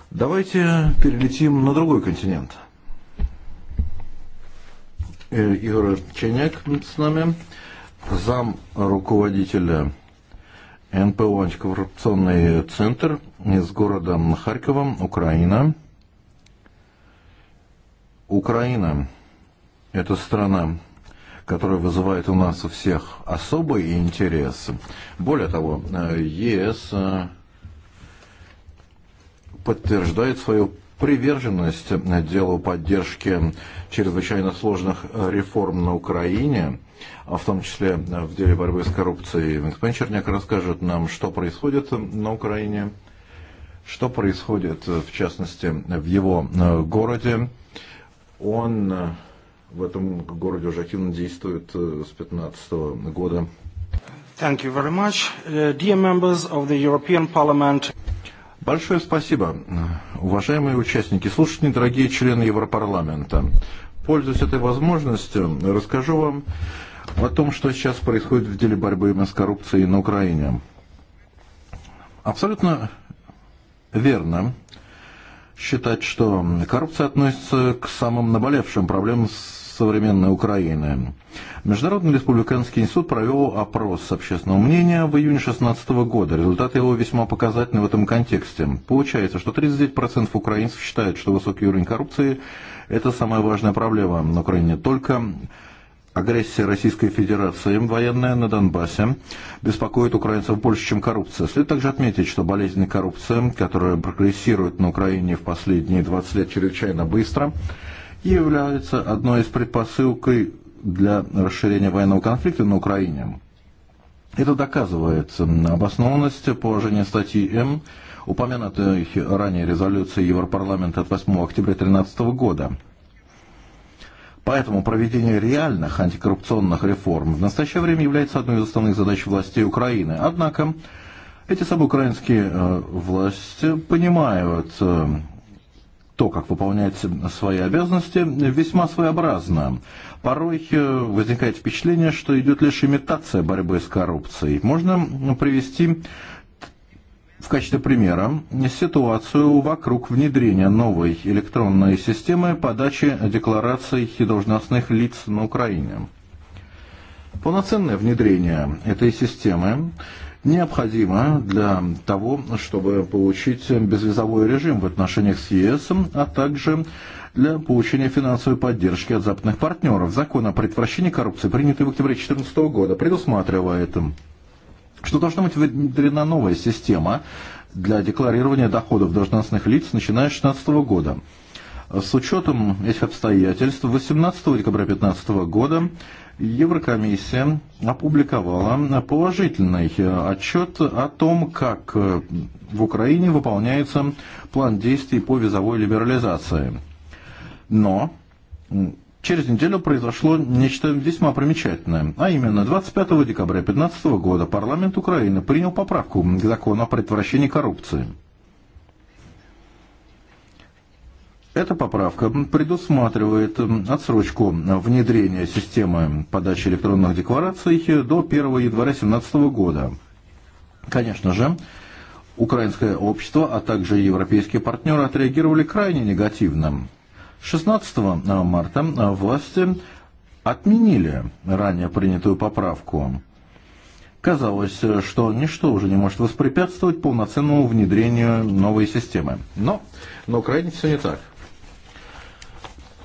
Speaker 4: Давайте перелетим на другой континент. Э, Игорь Ченяк с нами, зам руководителя НПО «Антикоррупционный центр» с городом Харьковом, Украина. Украина – это страна, которая вызывает у нас у всех особый интерес. Более того, ЕС подтверждает свою приверженность делу поддержки чрезвычайно сложных реформ на Украине – а в том числе э, в деле борьбы с коррупцией. Господин Черняк расскажет нам, что происходит э, на Украине, что происходит, э, в частности, в его городе. Он в этом городе уже активно действует с 2015 года.
Speaker 6: Thank you very much. Uh, dear members of the European Parliament. Большое спасибо,
Speaker 4: уважаемые участники, слушатели, дорогие члены Европарламента. Пользуясь этой возможностью, расскажу вам о том, что сейчас происходит в деле борьбы с коррупцией на Украине. Абсолютно верно считать, что коррупция относится к самым наболевшим проблемам современной Украины. Международный республиканский институт провел опрос общественного мнения в июне 2016 года. Результаты его весьма показательны в этом контексте. Получается, что 39% украинцев считают, что высокий уровень коррупции – это самая важная проблема на Украине. Только Агрессия Российской Федерации, военная на Донбассе, беспокоит украинцев больше, чем коррупция. Следует также отметить, что болезнь коррупции, которая прогрессирует на Украине в последние 20 лет чрезвычайно быстро, является одной из предпосылкой для расширения военного конфликта на Украине. Это доказывает обоснованность положения статьи М, упомянутой ранее резолюции Европарламента от 8 октября 2013 года – Поэтому проведение реальных антикоррупционных реформ в настоящее время является одной из основных задач властей Украины. Однако эти самые украинские э, власти понимают э, то, как выполнять свои обязанности, весьма своеобразно. Порой э, возникает впечатление, что идет лишь имитация борьбы с коррупцией. Можно привести в качестве примера ситуацию вокруг внедрения новой электронной системы подачи деклараций должностных лиц на Украине. Полноценное внедрение этой системы необходимо для того, чтобы получить безвизовой режим в отношениях с ЕС, а также для получения финансовой поддержки от западных партнеров. Закон о предотвращении коррупции, принятый в октябре 2014 года, предусматривает что должна быть внедрена новая система для декларирования доходов должностных лиц, начиная с 2016 года. С учетом этих обстоятельств 18 декабря 2015 года Еврокомиссия опубликовала положительный э, отчет о том, как э, в Украине выполняется план действий по визовой либерализации. Но Через неделю произошло нечто весьма примечательное, а именно 25 декабря 2015 года парламент Украины принял поправку к закону о предотвращении коррупции. Эта поправка предусматривает отсрочку внедрения системы подачи электронных деклараций до 1 января 2017 года. Конечно же, украинское общество, а также европейские партнеры отреагировали крайне негативно. 16 э, марта э, власти отменили ранее принятую поправку. Казалось, что ничто уже не может воспрепятствовать полноценному внедрению новой системы. Но на Украине все не так.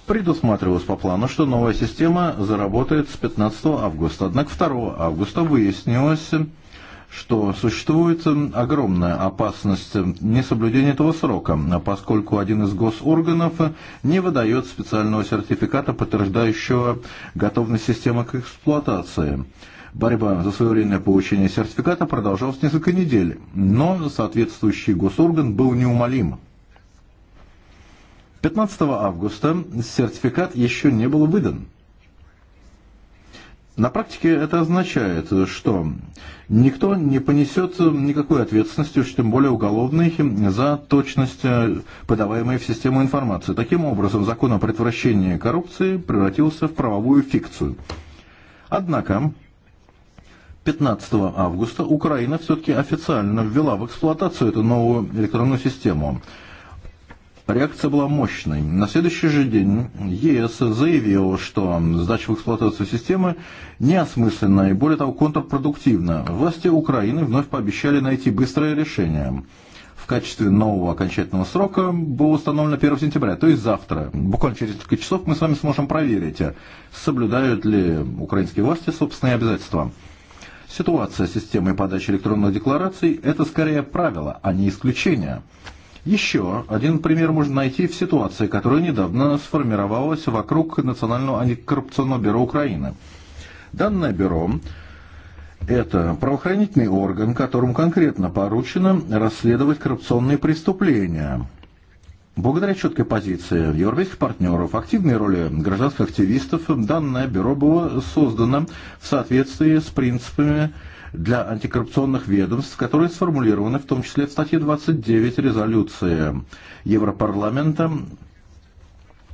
Speaker 4: Предусматривалось по плану, что новая система заработает с 15 августа. Однако 2 августа выяснилось, что существует огромная опасность несоблюдения этого срока, поскольку один из госорганов э, не выдает специального сертификата, подтверждающего готовность системы к эксплуатации. Борьба за своевременное получение сертификата продолжалась несколько недель, но соответствующий госорган был неумолим. 15 августа сертификат еще не был выдан. На практике это означает, что никто не понесет никакой ответственности, уж тем более уголовной, за точность э, подаваемой в систему информации. Таким образом, закон о предотвращении коррупции превратился в правовую фикцию. Однако, 15 августа Украина все-таки официально ввела в эксплуатацию эту новую электронную систему. Реакция была мощной. На следующий же день ЕС заявил, что сдача в эксплуатацию системы неосмысленна и, более того, контрпродуктивна. Власти Украины вновь пообещали найти быстрое решение. В качестве нового окончательного срока было установлено 1 сентября, то есть завтра. Буквально через несколько часов мы с вами сможем проверить, соблюдают ли украинские власти собственные обязательства. Ситуация с системой подачи электронных деклараций – это скорее правило, а не исключение. Еще один пример можно найти в ситуации, которая недавно сформировалась вокруг Национального антикоррупционного бюро Украины. Данное бюро Это правоохранительный орган, которому конкретно поручено расследовать коррупционные преступления. Благодаря четкой позиции европейских партнеров, активной роли гражданских активистов, данное бюро было создано в соответствии с принципами для антикоррупционных ведомств, которые сформулированы в том числе в статье 29 резолюции Европарламента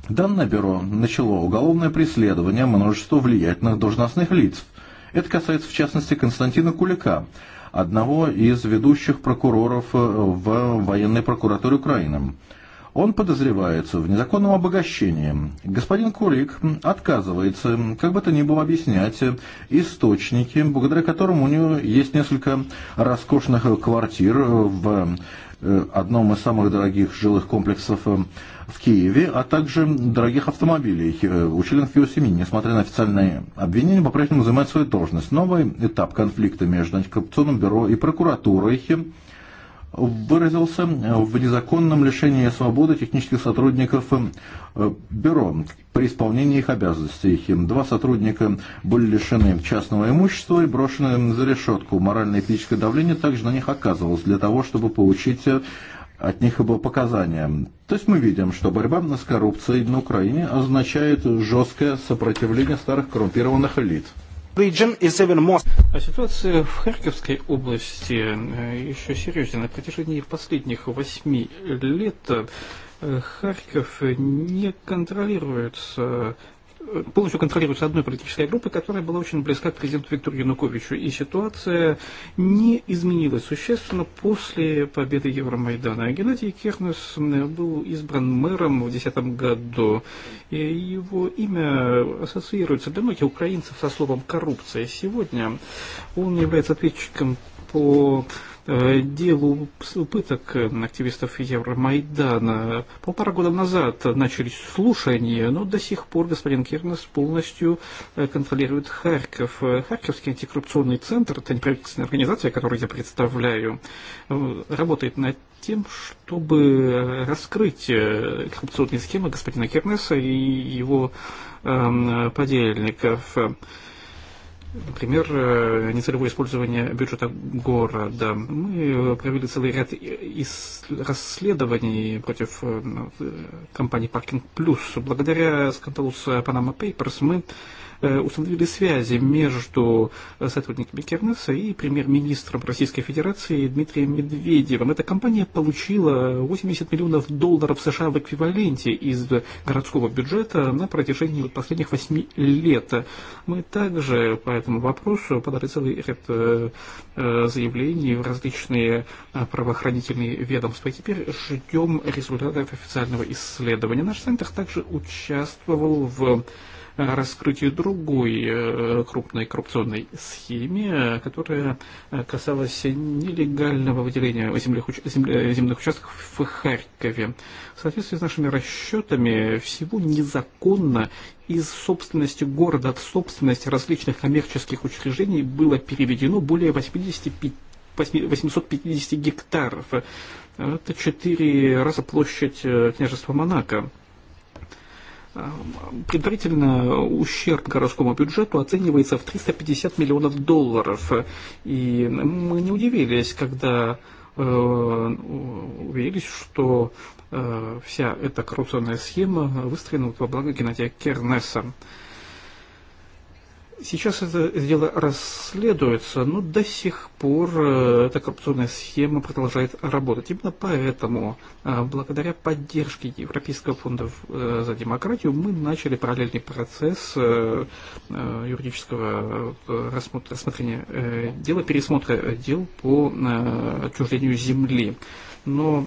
Speaker 4: Данное бюро начало уголовное преследование множества влиятельных должностных лиц. Это касается, в частности, Константина Кулика, одного из ведущих прокуроров в военной прокуратуре Украины. Он подозревается в незаконном обогащении. Господин Курик отказывается, как бы то ни было, объяснять источники, благодаря которым у него есть несколько роскошных квартир в э, одном из самых дорогих жилых комплексов э, в Киеве, а также дорогих автомобилей. Э, его семьи, несмотря на официальные обвинения, по-прежнему занимает свою должность. Новый этап конфликта между антикоррупционным бюро и прокуратурой выразился э, в незаконном лишении свободы технических сотрудников э, бюро при исполнении их обязанностей. Два сотрудника были лишены частного имущества и брошены за решетку. Моральное и физическое давление также на них оказывалось для того, чтобы получить э, от них его показания. То есть мы видим, что борьба с коррупцией на Украине означает жесткое сопротивление старых коррумпированных элит region is
Speaker 2: even more. А ситуация в Харьковской области э, еще серьезнее. На протяжении последних восьми лет э, Харьков не контролируется полностью контролируется одной политической группой, которая была очень близка к президенту Виктору Януковичу. И ситуация не изменилась существенно после победы Евромайдана. Геннадий Кернес был избран мэром в 2010 году. И его имя ассоциируется для многих украинцев со словом «коррупция». Сегодня он является ответчиком по Э, делу пыток э, активистов Евромайдана. Полтора года назад начались слушания, но до сих пор господин Кернес полностью э, контролирует Харьков. Харьковский антикоррупционный центр, это неправительственная организация, которую я представляю, работает над тем, чтобы раскрыть коррупционные схемы господина Кернеса и его подельников. Например, э, нецелевое использование бюджета города. Мы провели целый ряд расследований против э, э, компании Parking Plus. Благодаря скандалу с Panama Papers мы Э, установили связи между э, сотрудниками Кернеса и премьер-министром Российской Федерации Дмитрием Медведевым. Эта компания получила 80 миллионов долларов США в эквиваленте из городского бюджета на протяжении последних 8 лет. Мы также по этому вопросу подали целый ряд э, заявлений в различные правоохранительные ведомства. И теперь ждем результатов официального исследования. Наш центр также участвовал в раскрытию другой э, крупной коррупционной схеме, которая э, касалась нелегального выделения э, земных участков в Харькове. В соответствии с нашими расчетами, всего незаконно из собственности города от собственности различных коммерческих учреждений было переведено более 85 850 гектаров. Это четыре раза площадь княжества Монако. Предварительно ущерб городскому бюджету оценивается в 350 миллионов долларов. И мы не удивились, когда э, увиделись, что э, вся эта коррупционная схема выстроена во благо генетики Кернеса. Сейчас это дело расследуется, но до сих пор э, эта коррупционная схема продолжает работать. Именно поэтому, э, благодаря поддержке Европейского фонда э, за демократию, мы начали параллельный процесс юридического рассмотрения дела, пересмотра дел по отчуждению земли. Но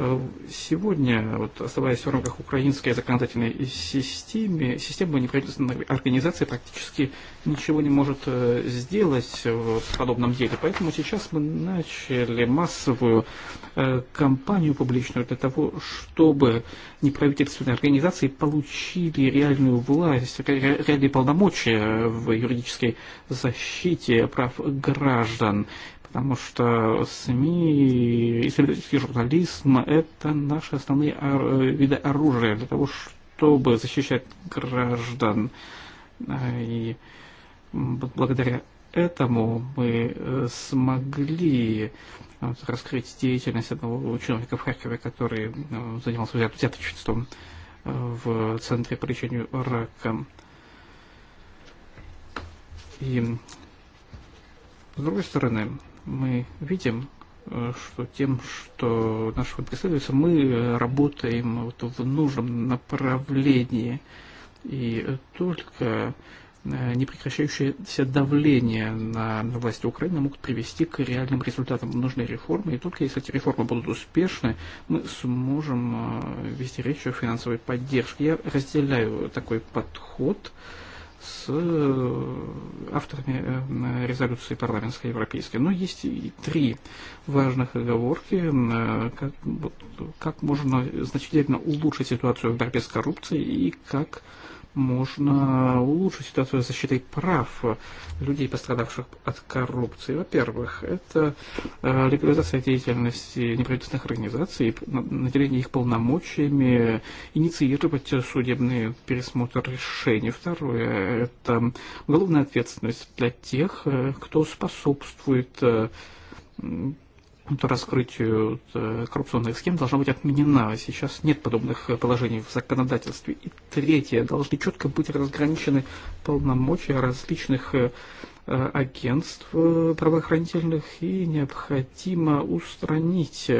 Speaker 2: Э, сегодня, вот, оставаясь в рамках украинской законодательной системы, система неправительственной организации практически ничего не может э, сделать в подобном деле. Поэтому сейчас мы начали массовую э, кампанию публичную для того, чтобы неправительственные организации получили реальную власть, реальные полномочия в юридической защите прав граждан потому что СМИ и исследовательский журнализм – это наши основные виды оружия для того, чтобы защищать граждан. И благодаря этому мы э, смогли э, раскрыть деятельность одного ученого в Харькове, который э, занимался взяточеством в Центре по лечению рака. И с другой стороны, мы видим, э, что тем, что наш фонд преследуется, мы э, работаем вот в нужном направлении. И только э, непрекращающееся давление на власти Украины могут привести к реальным результатам. Нужны реформы, и только если эти реформы будут успешны, мы сможем вести речь о финансовой поддержке. Я разделяю такой подход. Э, с э, авторами э, резолюции парламентской европейской. Но есть и три важных оговорки, э, как, как можно значительно улучшить ситуацию в борьбе с коррупцией и как э, можно улучшить ситуацию с защитой прав людей, пострадавших от коррупции. Во-первых, это э, легализация деятельности неправительственных организаций, наделение их полномочиями, инициировать судебный пересмотр решений. Второе, это уголовная ответственность для тех, э, кто способствует э, раскрытию э, коррупционных схем должна быть отменена. Сейчас нет подобных э, положений в законодательстве. И третье, должны четко быть разграничены полномочия различных э, агентств правоохранительных и необходимо устранить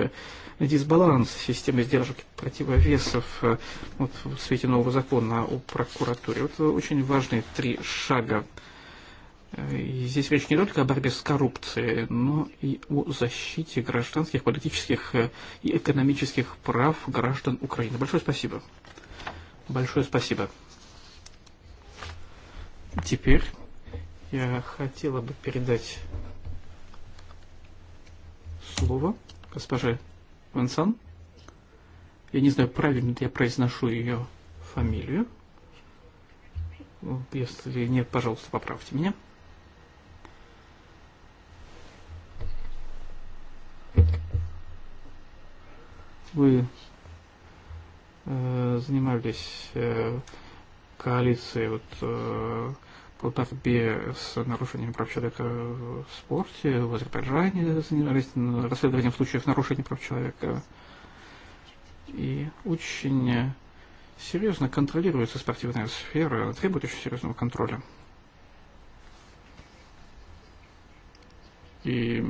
Speaker 2: дисбаланс системы сдержек противовесов вот, в свете нового закона о прокуратуре. Это очень важные три шага Здесь речь не только о борьбе с коррупцией, но и о защите гражданских, политических э, и экономических прав граждан Украины. Большое спасибо. Большое спасибо. Теперь я хотела бы передать слово госпоже Вансан. Я не знаю, правильно ли я произношу ее фамилию. Если нет, пожалуйста, поправьте меня. вы э, занимались э, коалицией вот, э, по борьбе с нарушением прав человека в спорте, в Азербайджане занимались расследованием случаев нарушений прав человека. И очень серьезно контролируется спортивная сфера, требует очень серьезного контроля. И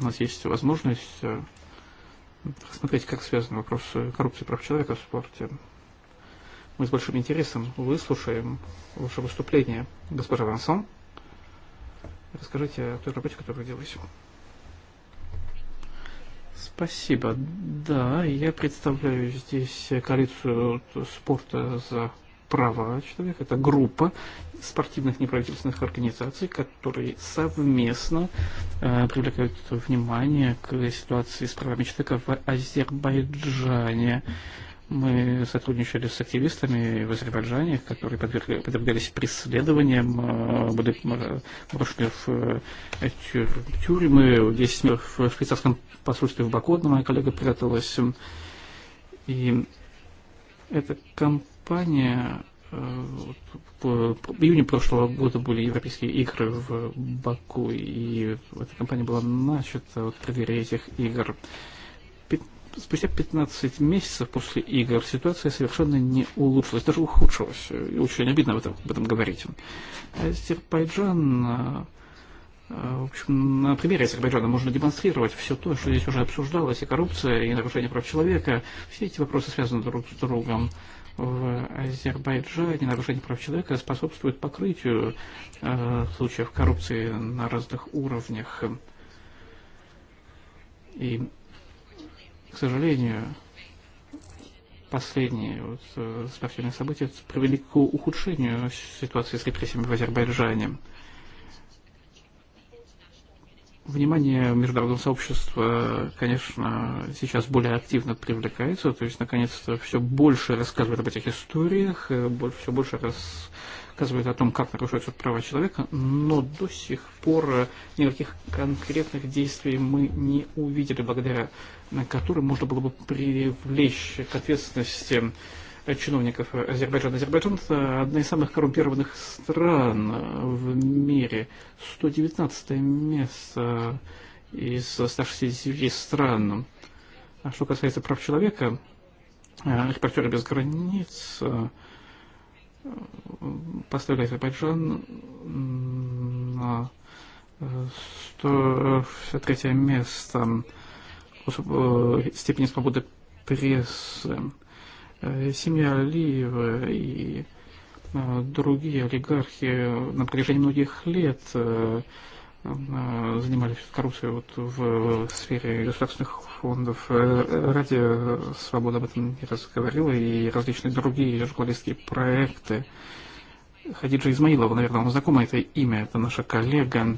Speaker 2: у нас есть возможность э, смотреть, как связан вопрос коррупции прав человека в спорте. Мы с большим интересом выслушаем ваше выступление, госпожа Вансон. Расскажите о той работе, которая делаете. Спасибо. Да, я представляю здесь коалицию спорта за права человека. Это группа спортивных неправительственных организаций, которые совместно э, привлекают внимание к ситуации с правами человека в Азербайджане. Мы сотрудничали с активистами в Азербайджане, которые подвергались преследованиям, э, были э, брошены в э, тюрьмы. 10 мер в швейцарском посольстве в Баку одна моя коллега пряталась. И эта компания Испания э, в июне прошлого года были европейские игры в Баку, и эта компания была начата вот, преддверии этих игр. Спустя 15 месяцев после игр ситуация совершенно не улучшилась, даже ухудшилась. И очень обидно об этом, об этом говорить. Азербайджан э, в общем, на примере Азербайджана можно демонстрировать все то, что здесь уже обсуждалось, и коррупция, и нарушение прав человека. Все эти вопросы связаны друг с другом в Азербайджане нарушение прав человека способствует покрытию э, случаев коррупции на разных уровнях. И, к сожалению, последние вот, э, спортивные события привели к ухудшению ситуации с репрессиями в Азербайджане. Внимание международного сообщества, конечно, сейчас более активно привлекается, то есть, наконец-то, все больше рассказывает об этих историях, э, все больше рассказывает о том, как нарушаются права человека, но до сих пор э, никаких конкретных действий мы не увидели, благодаря которым можно было бы привлечь к ответственности чиновников Азербайджана. Азербайджан – одна из самых коррумпированных стран в мире. 119 место из 160 стран. А что касается прав человека, э, репортеры без границ э, поставили Азербайджан на 163 э, место степени свободы прессы семья Алиева и э, другие олигархи на протяжении многих лет э, э, занимались коррупцией вот в сфере государственных фондов. Радио «Свобода» об этом не раз говорила, и различные другие журналистские проекты. Хадиджа Измаилова, наверное, вам знакомо это имя, это наша коллега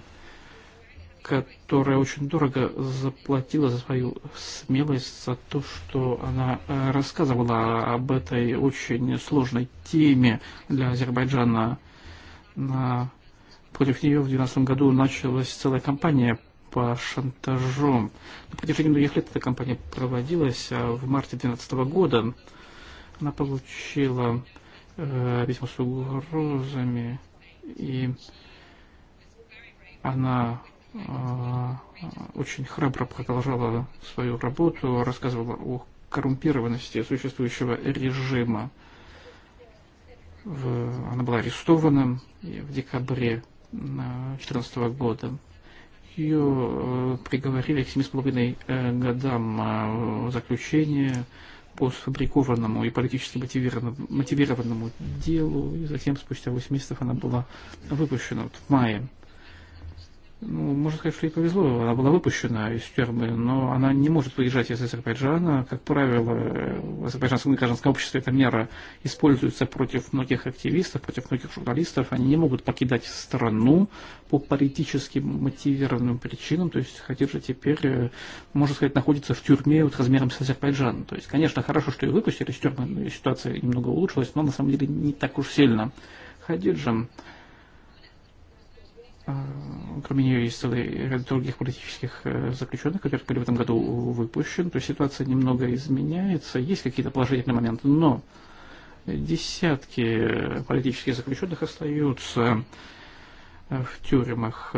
Speaker 2: которая очень дорого заплатила за свою смелость, за то, что она э, рассказывала об этой очень сложной теме для Азербайджана. На... Против нее в 2012 году началась целая кампания по шантажу. На протяжении многих лет эта кампания проводилась, а в марте 2012 года она получила э, письмо с угрозами, и она очень храбро продолжала свою работу, рассказывала о коррумпированности существующего режима. В, она была арестована в декабре 2014 э, года. Ее э, приговорили к 7,5 э, годам заключения по сфабрикованному и политически мотивированному, мотивированному делу, и затем спустя 8 месяцев она была выпущена вот, в мае ну, можно сказать, что ей повезло, она была выпущена из тюрьмы, но она не может выезжать из Азербайджана. Как правило, в азербайджанском гражданском обществе эта мера используется против многих активистов, против многих журналистов. Они не могут покидать страну по политически мотивированным причинам. То есть Хадиджа теперь, э, можно сказать, находится в тюрьме вот размером с Азербайджаном. То есть, конечно, хорошо, что ее выпустили из тюрьмы, ситуация немного улучшилась, но на самом деле не так уж сильно. Хадиджа кроме нее есть целый ряд других политических э, заключенных, которые были в этом году выпущены. То есть ситуация немного изменяется, есть какие-то положительные моменты, но десятки политических заключенных остаются э, в тюрьмах.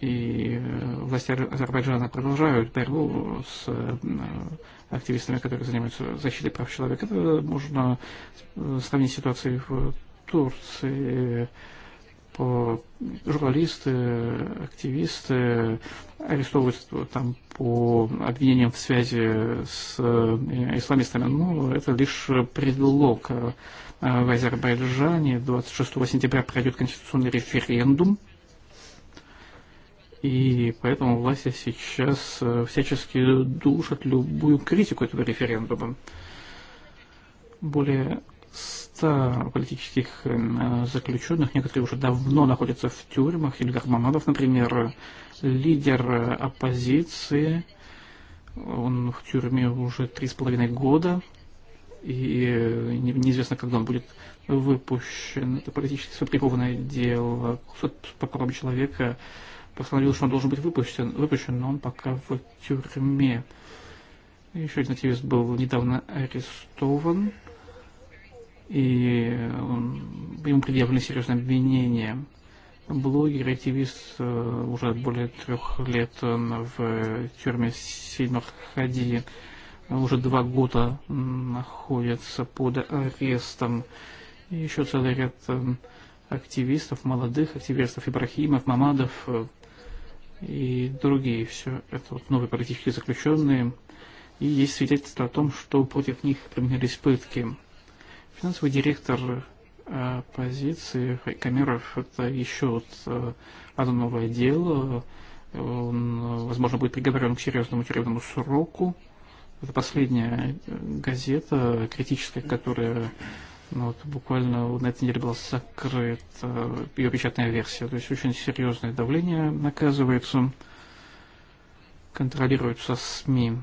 Speaker 2: И э, власти Азербайджана продолжают борьбу с активистами, которые занимаются защитой прав человека. Это можно сравнить с ситуацией в Турции по журналисты, активисты арестовываются там по обвинениям в связи с э, исламистами. Но это лишь предлог. Э, в Азербайджане 26 сентября пройдет конституционный референдум. И поэтому власти сейчас э, всячески душат любую критику этого референдума. Более количество политических заключенных, некоторые уже давно находятся в тюрьмах, Ильгар Мамадов, например, лидер оппозиции, он в тюрьме уже три с половиной года, и э, неизвестно, когда он будет выпущен. Это политически сфабрикованное дело. Суд по правам человека постановил, что он должен быть выпущен, выпущен, но он пока в тюрьме. Еще один активист был недавно арестован и он, э, ему предъявлены серьезные обвинения. Блогер, активист э, уже более трех лет э, в тюрьме Хади, уже два года находится под арестом. И еще целый ряд активистов, молодых активистов, Ибрахимов, Мамадов и другие. Все это вот новые политические заключенные. И есть свидетельство о том, что против них применялись пытки. Финансовый директор э, позиции Камеров это еще э, одно новое дело. Он, возможно, будет приговорен к серьезному тюремному сроку. Это последняя э, газета критическая, которая ну, вот, буквально на этой неделе была закрыта ее печатная версия. То есть очень серьезное давление наказывается, контролируется СМИ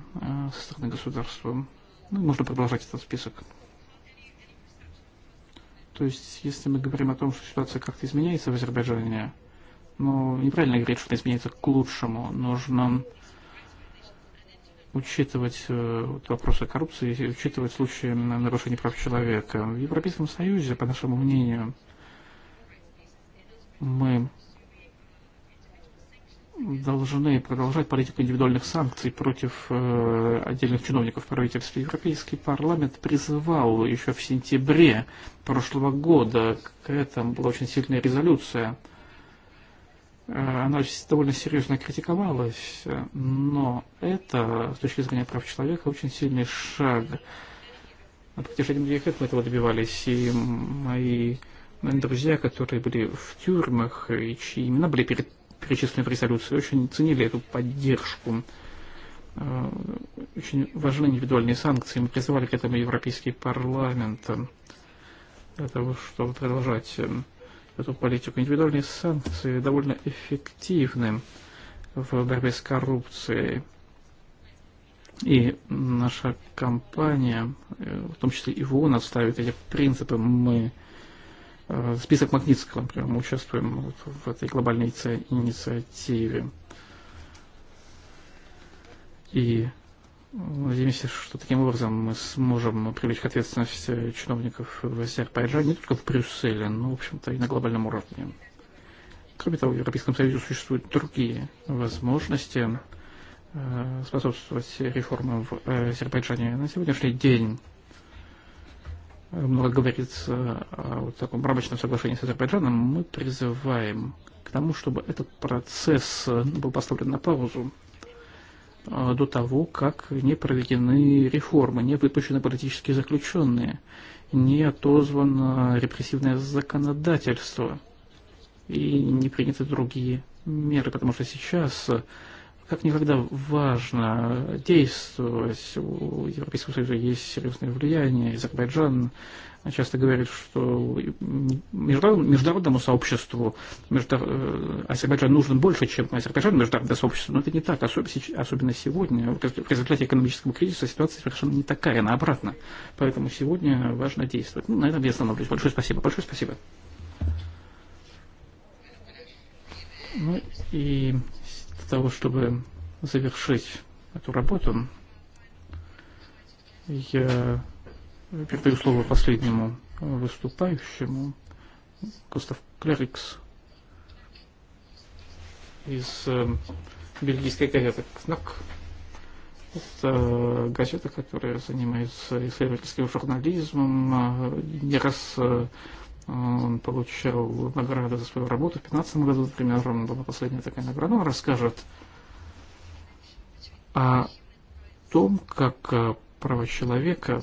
Speaker 2: со стороны государства. Ну, можно продолжать этот список. То есть, если мы говорим о том, что ситуация как-то изменяется в Азербайджане, ну, неправильно говорить, что она изменяется к лучшему. Нужно учитывать э, вот, вопросы коррупции и учитывать случаи нарушений прав человека. В Европейском Союзе, по нашему мнению, мы должны продолжать политику индивидуальных санкций против э, отдельных чиновников правительства. Европейский парламент призывал еще в сентябре прошлого года, к этому была очень сильная резолюция. Э, она довольно серьезно критиковалась, но это, с точки зрения прав человека, очень сильный шаг. На протяжении многих лет мы этого добивались, и мои друзья, которые были в тюрьмах, и чьи имена были перед перечисленные в резолюции, очень ценили эту поддержку. Э, очень важны индивидуальные санкции. Мы призывали к этому Европейский парламент для того, чтобы продолжать э, эту политику. Индивидуальные санкции довольно эффективны в борьбе с коррупцией. И наша компания, э, в том числе и в отставит эти принципы. Мы Э, список Магнитского, например, мы участвуем в этой глобальной инициативе. И надеемся, что таким образом мы сможем привлечь к ответственности чиновников в Азербайджане, не только в Брюсселе, но, в общем-то, и на глобальном уровне. Кроме того, в Европейском Союзе существуют другие возможности э, способствовать реформам в Азербайджане. На сегодняшний день много говорится э, о таком рамочном соглашении с Азербайджаном, мы призываем к тому, чтобы этот процесс э, был поставлен на паузу э, до того, как не проведены реформы, не выпущены политические заключенные, не отозвано репрессивное законодательство и не приняты другие меры, потому что сейчас как никогда важно действовать. У Европейского Союза есть серьезное влияние. Азербайджан часто говорит, что международному сообществу э, Азербайджан нужен больше, чем Азербайджан международное сообщество. Но это не так, особенно сегодня. В результате экономического кризиса ситуация совершенно не такая, она обратно. Поэтому сегодня важно действовать. Ну, на этом я остановлюсь. Большое спасибо. Большое спасибо. Ну и того, чтобы завершить эту работу, я передаю слово последнему выступающему, Густав Клерикс из э, бельгийской газеты «Кнак». Это газета, которая занимается исследовательским журнализмом, э, не раз э, Он получал награду за свою работу в 2015 году, например, была последняя такая награда. Он расскажет о том, как э, права человека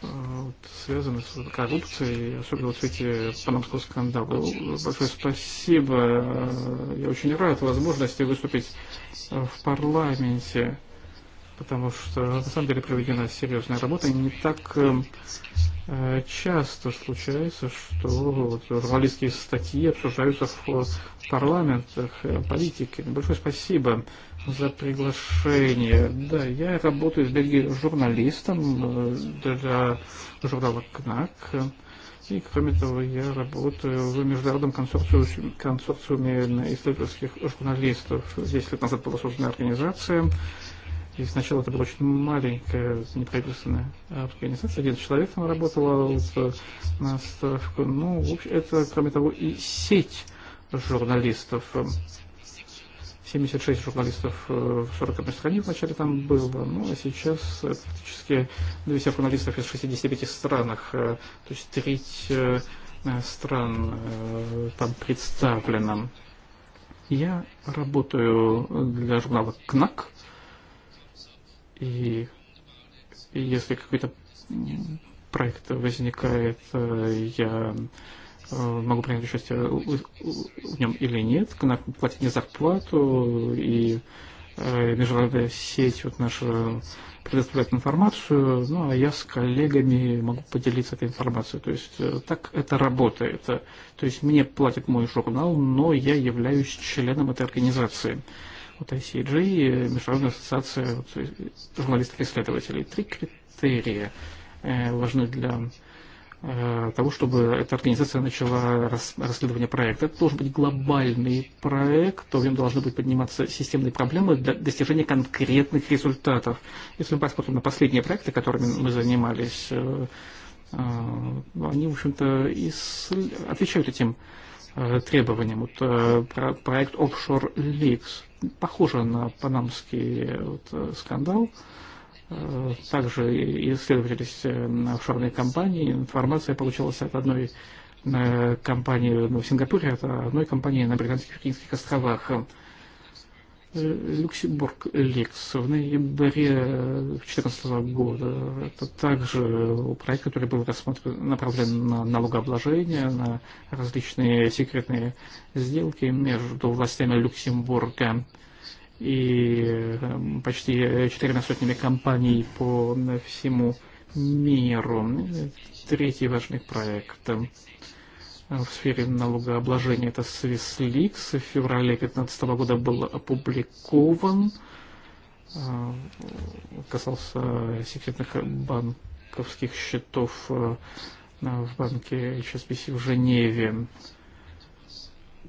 Speaker 2: э, вот, связаны с коррупцией, особенно в свете панамского скандала. Большое спасибо. Я очень рад возможности выступить в парламенте потому что на самом деле проведена серьезная работа, и не так э, часто случается, что журналистские статьи обсуждаются в парламентах э, политики. Большое спасибо за приглашение. Да, я работаю в Бельгии журналистом э, для журнала КНАК. И, кроме того, я работаю в международном консорциуме, консорциуме исследовательских журналистов. Здесь лет назад была создана организация И сначала это была очень маленькая неправительственная организация, один человек там работал э, на ставку. Ну, в общем, это, кроме того, и сеть журналистов. 76 журналистов э, в 41 стране вначале там было, ну а сейчас фактически э, 200 журналистов из 65 странах, то есть треть стран там представлена. Я работаю для журнала КНАК, И если какой-то проект возникает, э, я э, могу принять участие в нем или нет, платить мне зарплату, и э, международная сеть вот наша предоставляет информацию, ну а я с коллегами могу поделиться этой информацией. То есть так это работает. То есть мне платит мой журнал, но я являюсь членом этой организации. Uh, от ICG, э, Международная ассоциация вот, э, журналистов-исследователей. Три критерия э, важны для э, того, чтобы эта организация начала рас, расследование проекта. Это должен быть глобальный проект, то в нем должны быть подниматься системные проблемы для достижения конкретных результатов. Если мы посмотрим на последние проекты, которыми мы занимались, э, э, они, в общем-то, отвечают этим э, требованиям. Вот проект Offshore Leaks похожа на панамский э, вот, э, скандал. Э, также исследовались офшорные компании. Информация получалась от одной компании в Сингапуре, от одной компании на Британских Пекинских островах. Люксембург Лекс в ноябре 2014 года. Это также проект, который был рассмотрен, направлен на налогообложение, на различные секретные сделки между властями Люксембурга и почти четырьмя сотнями компаний по всему миру. Третий важный проект Э, в сфере налогообложения. Это Свисликс. В феврале 2015 года был опубликован. Э, касался секретных банковских счетов э, в банке HSBC в Женеве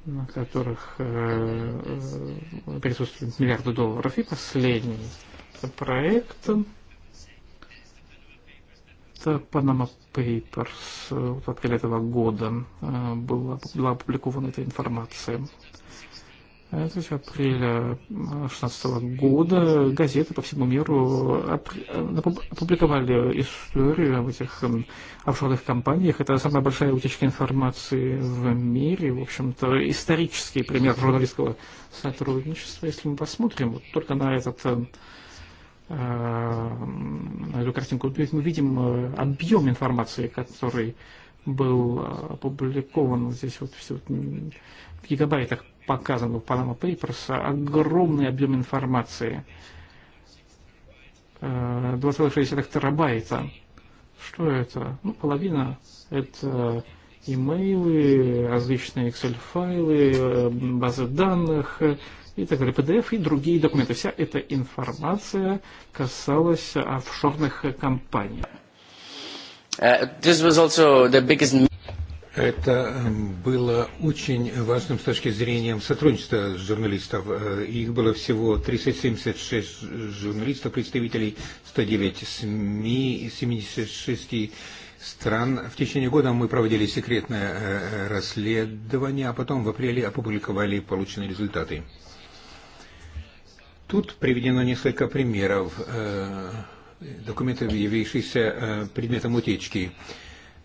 Speaker 2: на которых присутствует миллиарды долларов. И последний проект Это Panama Papers. в апреле этого года э, была, была опубликована эта информация. Это с апреля 2016 э, года газеты по всему миру э, опубликовали историю об этих офшорных компаниях. Это самая большая утечка информации в мире. В общем-то, исторический пример журналистского сотрудничества. Если мы посмотрим вот только на этот эту картинку. То есть мы видим э, объем информации, который был э, опубликован здесь вот все в гигабайтах показан в Panama Papers, огромный объем информации, 2,6 э, терабайта. Что это? Ну, половина это имейлы, различные Excel-файлы, базы данных, и так далее. PDF и другие документы. Вся эта информация касалась офшорных э, компаний. Э,
Speaker 3: Это э, было очень важным с точки зрения сотрудничества журналистов. Их было всего 376 журналистов, представителей 109 СМИ, 76 стран. В течение года мы проводили секретное расследование, а потом в апреле опубликовали полученные результаты. Тут приведено несколько примеров э, документов, явившихся э, предметом утечки.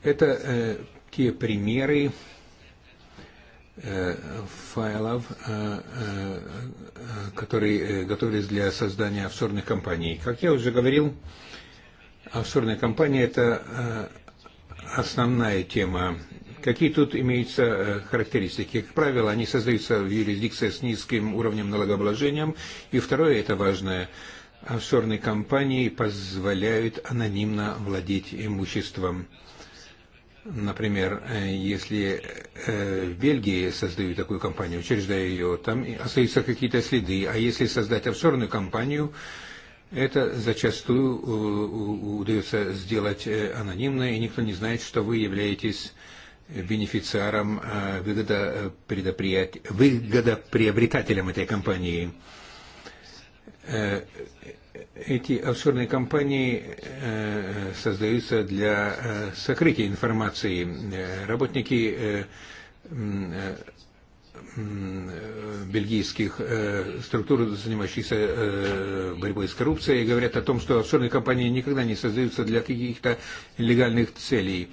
Speaker 3: Это э, те примеры файлов, которые готовились для создания офшорных компаний. Как я уже говорил, офшорные компания – это основная тема Какие тут имеются э, характеристики? Как правило, они создаются в юрисдикции с низким уровнем налогообложения. И второе, это важное, офшорные компании позволяют анонимно владеть имуществом. Например, э, если э, в Бельгии создают такую компанию, учреждая ее, там остаются какие-то следы. А если создать офшорную компанию, это зачастую удается сделать анонимно, и никто не знает, что вы являетесь бенефициарам, выгода этой компании. Эти офшорные компании создаются для сокрытия информации. Работники бельгийских структур, занимающихся борьбой с коррупцией, говорят о том, что офшорные компании никогда не создаются для каких-то легальных целей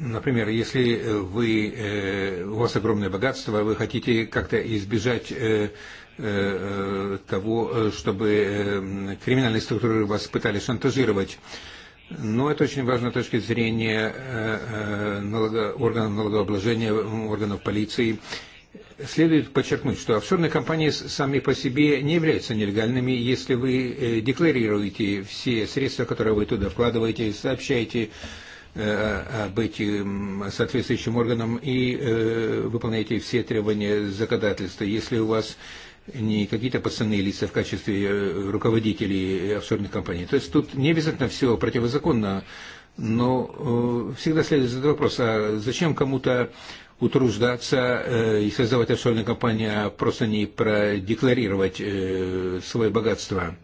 Speaker 3: например, если вы, э, у вас огромное богатство, вы хотите как-то избежать э, э, того, чтобы криминальные структуры вас пытались шантажировать. Но это очень важно с точки зрения органов налогообложения, органов полиции Следует подчеркнуть, что офшорные компании сами по себе не являются нелегальными, если вы э, декларируете все средства, которые вы туда вкладываете, сообщаете э, об этим соответствующим органам и э, выполняете все требования законодательства. Если у вас не какие-то пацаны лица в качестве руководителей офшорных компаний. То есть тут не обязательно все противозаконно, но всегда следует задать вопрос, а зачем кому-то утруждаться э, и создавать офшорные компании, а просто не продекларировать э, свое богатство.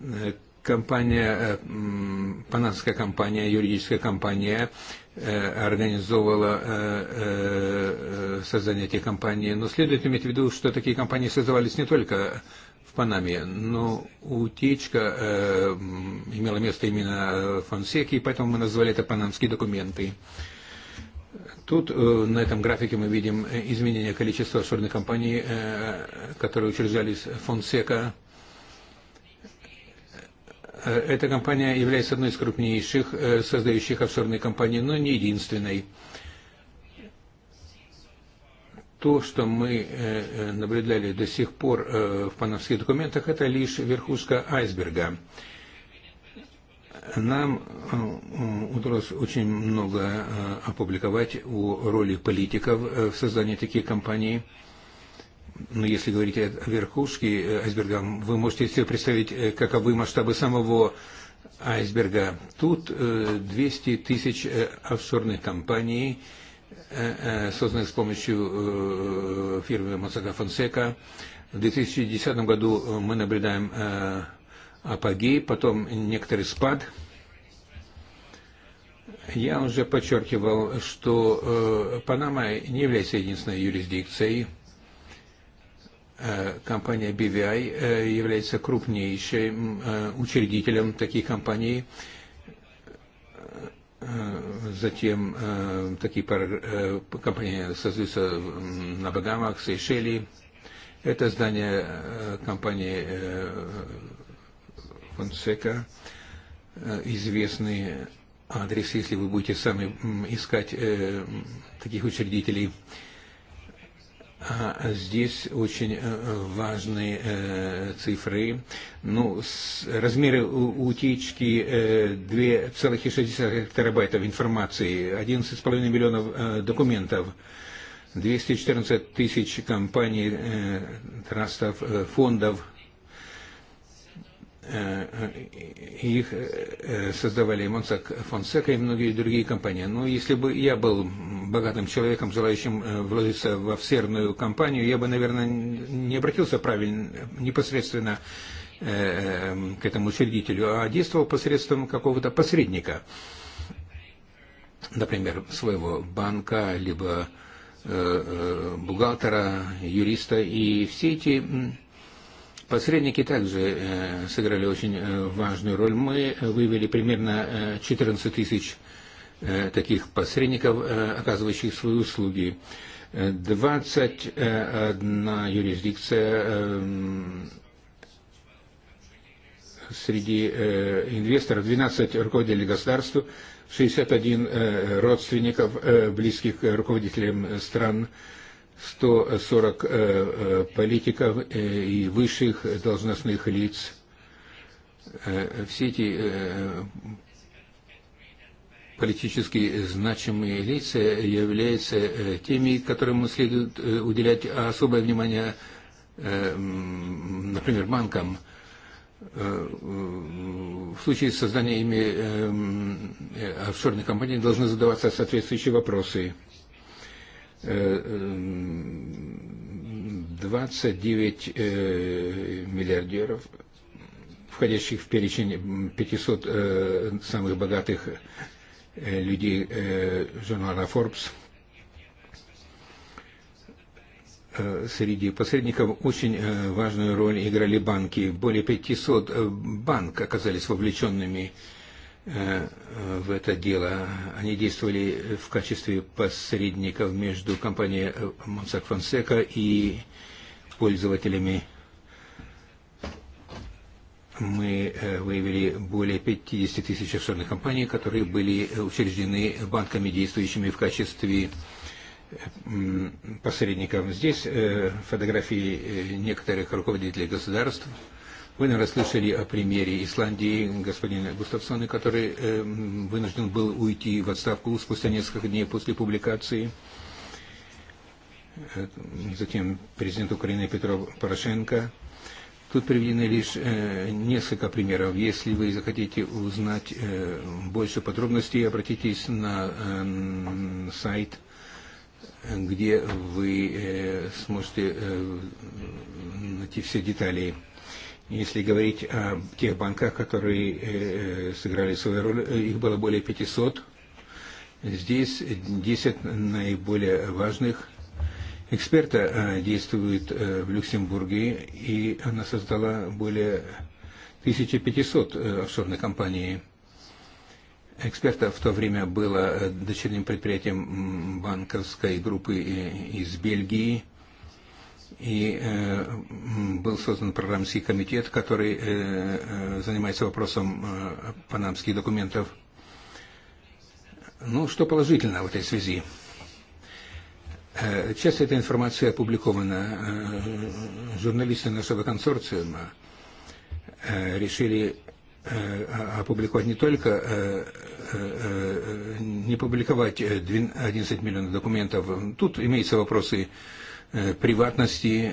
Speaker 3: Э, компания, панамская компания, юридическая компания организовывала создание этих компаний. Но следует иметь в виду, что такие компании создавались не только в Панаме, но утечка имела место именно в Фонсеке, и поэтому мы назвали это панамские документы. Тут э, на этом графике мы видим э, изменение количества офшорных компаний, э, которые учреждались Фонсека. Эта компания является одной из крупнейших создающих офшорные компании, но не единственной. То, что мы наблюдали до сих пор в пановских документах, это лишь верхушка айсберга. Нам э, э, удалось очень много э, опубликовать о роли политиков в создании таких компаний. Но если говорить о верхушке айсберга, вы можете себе представить, каковы масштабы самого айсберга. Тут 200 тысяч офшорных компаний, созданных с помощью фирмы Мосака Фонсека. В 2010 году мы наблюдаем апогей, потом некоторый спад. Я уже подчеркивал, что э, Панама не является единственной юрисдикцией. Э, компания BVI э, является крупнейшим э, учредителем таких компаний. Э, затем э, такие пар, э, компании создаются на Багамах, Сейшели. Это здание э, компании э, Фонсека, э, известный адрес, если вы будете сами искать э, таких учредителей. А здесь очень э, важные цифры. Ну, с, размеры утечки 2,6 терабайтов информации, 11,5 миллионов документов, 214 тысяч компаний, трастов, фондов, Э, их э, создавали Монсак Фонсека и многие другие компании. Но если бы я был богатым человеком, желающим э, вложиться во всерную компанию, я бы, наверное, не обратился правильно, непосредственно к этому учредителю, а действовал посредством какого-то посредника, например, своего банка, либо бухгалтера, юриста. И все эти Посредники также э, сыграли очень э, важную роль. Мы вывели примерно 14 э, тысяч таких посредников, оказывающих свои услуги. 21 юрисдикция среди инвесторов, 12 руководителей государств, 61 родственников, близких руководителям стран, 140 э, э, политиков э, и высших должностных лиц. Все эти политически значимые лица являются теми, которым следует уделять особое внимание, например, банкам. В случае создания ими офшорной компании должны задаваться соответствующие вопросы 29 миллиардеров, входящих в перечень 500 самых богатых людей журнала Forbes. Среди посредников очень важную роль играли банки. Более 500 банк оказались вовлеченными в в это дело. Они действовали в качестве посредников между компанией Монсак э, Фонсека и пользователями. Мы э, выявили более 50 тысяч офшорных компаний, которые были э, учреждены банками, действующими в качестве посредников. Здесь фотографии некоторых руководителей государств – Вы, наверное, слышали о примере Исландии господина Густавсона, который э, вынужден был уйти в отставку спустя несколько дней после публикации. Э, затем президент Украины Петро Порошенко. Тут приведены лишь э, несколько примеров. Если вы захотите узнать э, больше подробностей, обратитесь на э, сайт где вы э, сможете э, найти все детали. Если говорить о тех банках, которые э, э, сыграли свою роль, э, их было более 500. Здесь 10 наиболее важных эксперта действует в Люксембурге, и она создала более 1500 офшорных компаний. Эксперта в то время было дочерним предприятием банковской группы из Бельгии – И э, был создан программский комитет, который э, э, занимается вопросом э, панамских документов. Ну, что положительно в этой связи? Э, часть этой информации опубликована. Э, журналистами нашего консорциума э, решили э, опубликовать не только э, не публиковать 11 миллионов документов. Тут имеются вопросы э, приватности,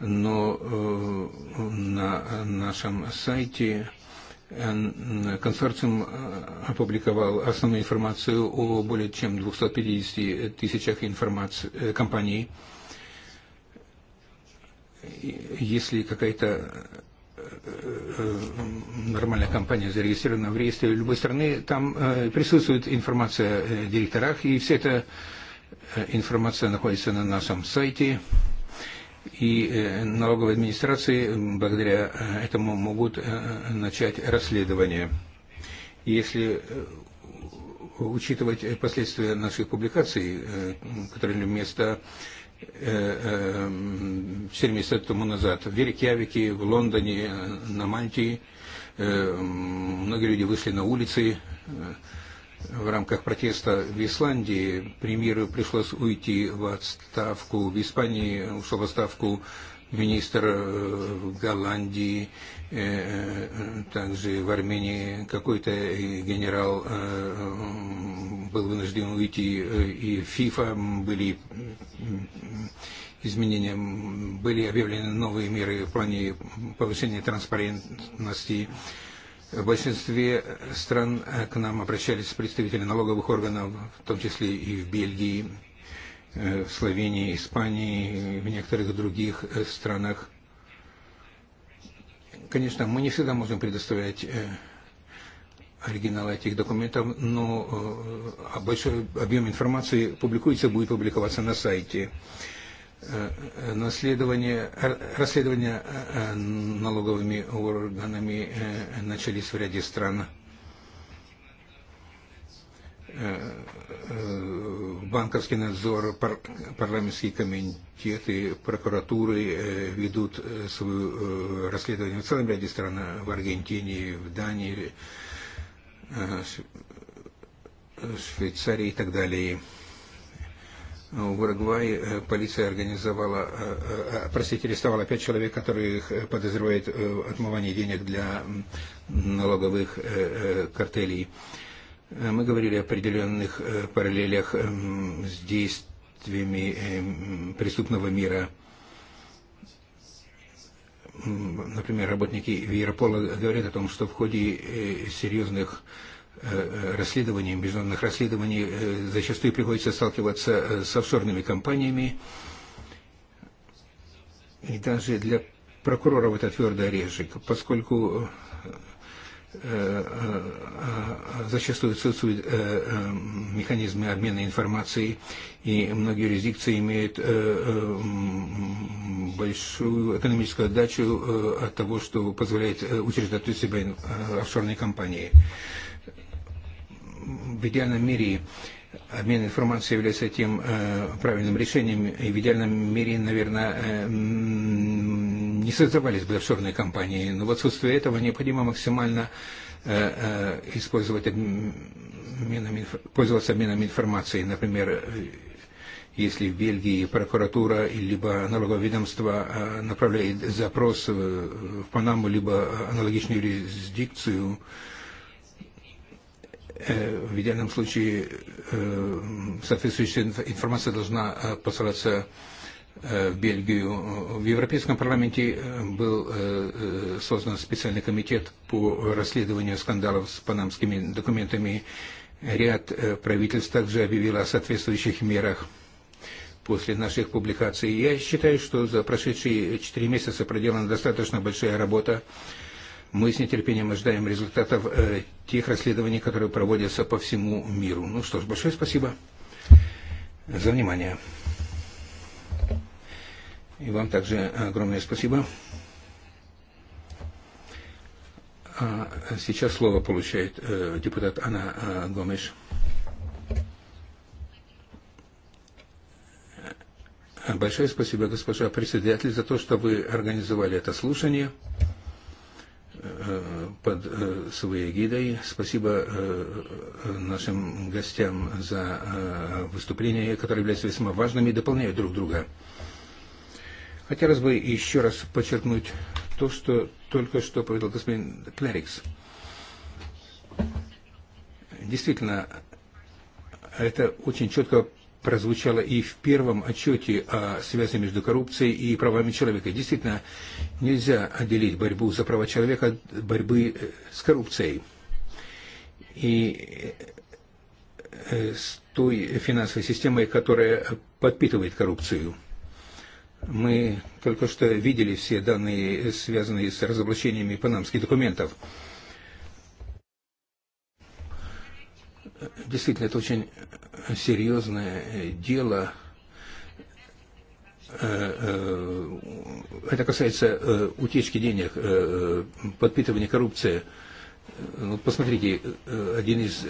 Speaker 3: но на нашем сайте э, консорциум э, опубликовал основную информацию о более чем 250 тысячах информации, э, компаний. Если какая-то нормальная компания зарегистрирована в реестре любой страны, там присутствует информация о директорах, и все это Информация находится на нашем сайте. И налоговые администрации благодаря этому могут начать расследование. Если учитывать последствия наших публикаций, которые имели место 70 лет тому назад, в Верикявике, в Лондоне, на Мальте, многие люди вышли на улицы, В рамках протеста в Исландии премьеру пришлось уйти в отставку, в Испании ушел в отставку министр э, в Голландии, э, э, также в Армении какой-то генерал был вынужден уйти, и в ФИФА были изменения, были объявлены новые меры в плане повышения транспарентности В большинстве стран к нам обращались представители налоговых органов, в том числе и в Бельгии, э, в Словении, Испании, в некоторых других э, странах. Конечно, мы не всегда можем предоставлять э, оригиналы этих документов, но большой объем информации публикуется, будет публиковаться на сайте. Э, э, наследование, э, расследования налоговыми органами начались в ряде стран. Банковский надзор, парламентские комитеты, прокуратуры ведут свое расследование в целом ряде стран, в Аргентине, в Дании, в Швейцарии и так далее. В Уругвае э, полиция организовала, э, э, простите, арестовала пять человек, которые подозревают в отмывании денег для налоговых картелей. Мы говорили о определенных параллелях с действиями преступного мира например, работники Европола говорят о том, что в ходе серьезных Э, расследований, международных расследований э, зачастую приходится сталкиваться э, с офшорными компаниями. И даже для прокуроров это твердый орешек, поскольку зачастую отсутствуют механизмы обмена информацией, и многие юрисдикции имеют большую экономическую отдачу от того, что позволяет учреждать себя офшорные компании в идеальном мире обмен информацией является этим э, правильным решением, и в идеальном мире, наверное, э, не создавались бы офшорные компании, но в отсутствие этого необходимо максимально э, э, использовать обменом, пользоваться обменом информации. Например, если в Бельгии прокуратура либо налоговое ведомство э, направляет запрос э, в Панаму, либо аналогичную юрисдикцию, В идеальном случае э, соответствующая информация должна э, посылаться э, в Бельгию. В Европейском парламенте был создан специальный комитет по расследованию скандалов с панамскими документами. Ряд правительств также объявило о соответствующих мерах после наших публикаций. Я считаю, что за прошедшие четыре месяца проделана достаточно большая работа Мы с нетерпением ожидаем результатов э, тех расследований, которые проводятся по всему миру. Ну что ж, большое спасибо за внимание. И вам также огромное спасибо. А сейчас слово получает э, депутат Анна э, Гомеш. Большое спасибо, госпожа председатель, за то, что вы организовали это слушание под своей эгидой. Спасибо нашим гостям за выступления, которые являются весьма важными и дополняют друг друга. Хотелось бы еще раз подчеркнуть то, что только что поведал господин Клерикс. Действительно, это очень четко прозвучало и в первом отчете о связи между коррупцией и правами человека. Действительно, нельзя отделить борьбу за права человека от борьбы э, с коррупцией. И э, с той финансовой системой, которая подпитывает коррупцию. Мы только что видели все данные, связанные с разоблачениями панамских документов. Действительно, это очень серьезное э, дело. Э, э, это касается утечки денег, подпитывания коррупции. Вот посмотрите, один из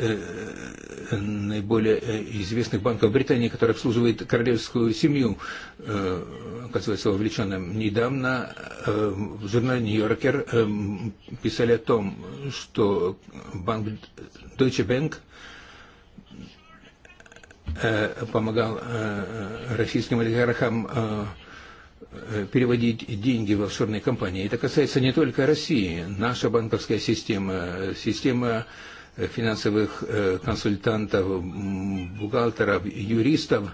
Speaker 3: наиболее известных банков Британии, который обслуживает королевскую семью, оказывается вовлеченным. Недавно в журнале «Нью-Йоркер» писали о том, что банк Deutsche Bank – Э, помогал э, э, российским олигархам переводить деньги в офшорные компании. Это касается не только России. Наша банковская система, система финансовых консультантов, бухгалтеров, юристов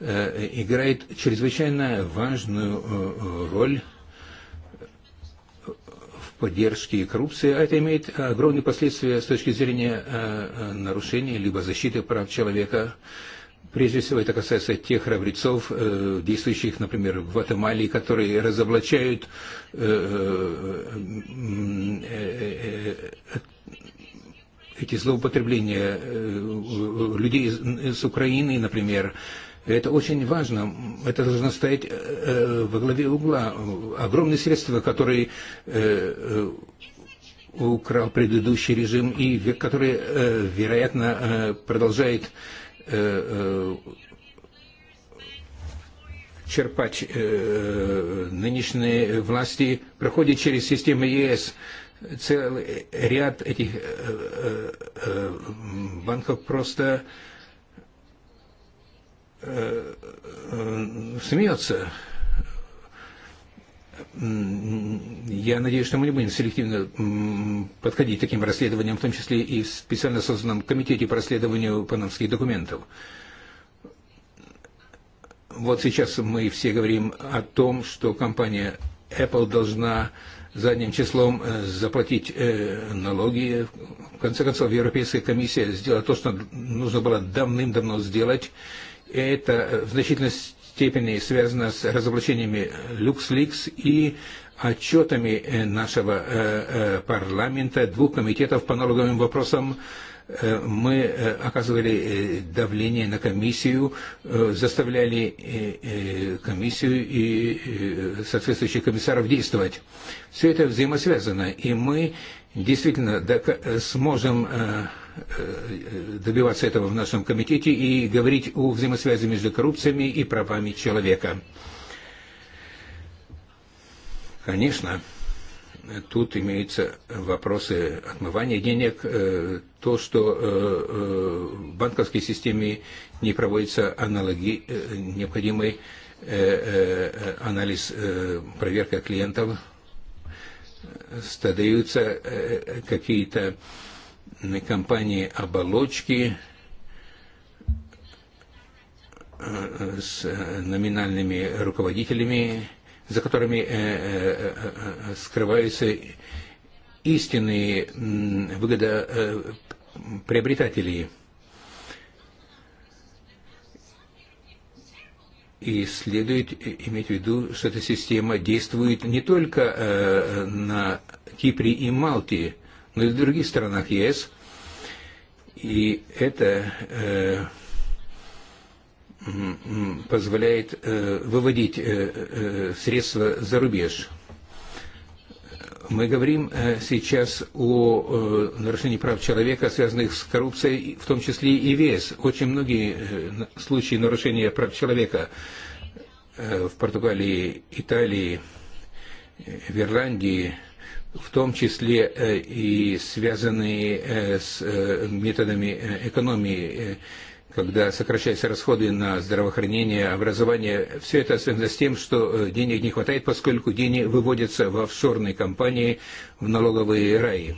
Speaker 3: играет чрезвычайно важную роль в поддержке коррупции, а это имеет огромные последствия с точки зрения нарушения либо защиты прав человека Прежде всего, это касается тех храбрецов, э, действующих, например, в Гватемале, которые разоблачают э, э, э, э эти злоупотребления э, людей из, из Украины, например. Это очень важно. Это должно стоять во главе угла. Огромные средства, которые украл предыдущий режим и которые, вероятно, продолжают черпать нынешние власти, проходит через систему ЕС. Целый ряд этих банков просто смеется Я надеюсь, что мы не будем селективно подходить к таким расследованиям, в том числе и в специально созданном комитете по расследованию панамских документов. Вот сейчас мы все говорим о том, что компания Apple должна задним числом э, заплатить э, налоги. В конце концов, Европейская комиссия сделала то, что нужно было давным-давно сделать. Это э, в значительной степени связано с разоблачениями LuxLeaks и отчетами э, нашего э, э, парламента, двух комитетов по налоговым вопросам, мы оказывали давление на комиссию, заставляли комиссию и соответствующих комиссаров действовать. Все это взаимосвязано, и мы действительно сможем Э, добиваться этого в нашем комитете и говорить о взаимосвязи между коррупциями и правами человека. Конечно, тут имеются вопросы отмывания денег, э, то, что э, в банковской системе не проводится аналоги, необходимый анализ, проверка клиентов, создаются какие-то на компании оболочки с номинальными руководителями, за которыми скрываются истинные выгодоприобретатели. И следует иметь в виду, что эта система действует не только на Кипре и Малтии, но и в других странах ЕС. И это э, позволяет э, выводить э, средства за рубеж. Мы говорим э, сейчас о э, нарушении прав человека, связанных с коррупцией, в том числе и вес. Очень многие э, случаи нарушения прав человека э, в Португалии, Италии, в Ирландии – в том числе э, и связанные э, с э, методами экономии, когда сокращаются расходы на здравоохранение, образование. Все это связано с тем, что денег не хватает, поскольку деньги выводятся в офшорные компании, в налоговые раи.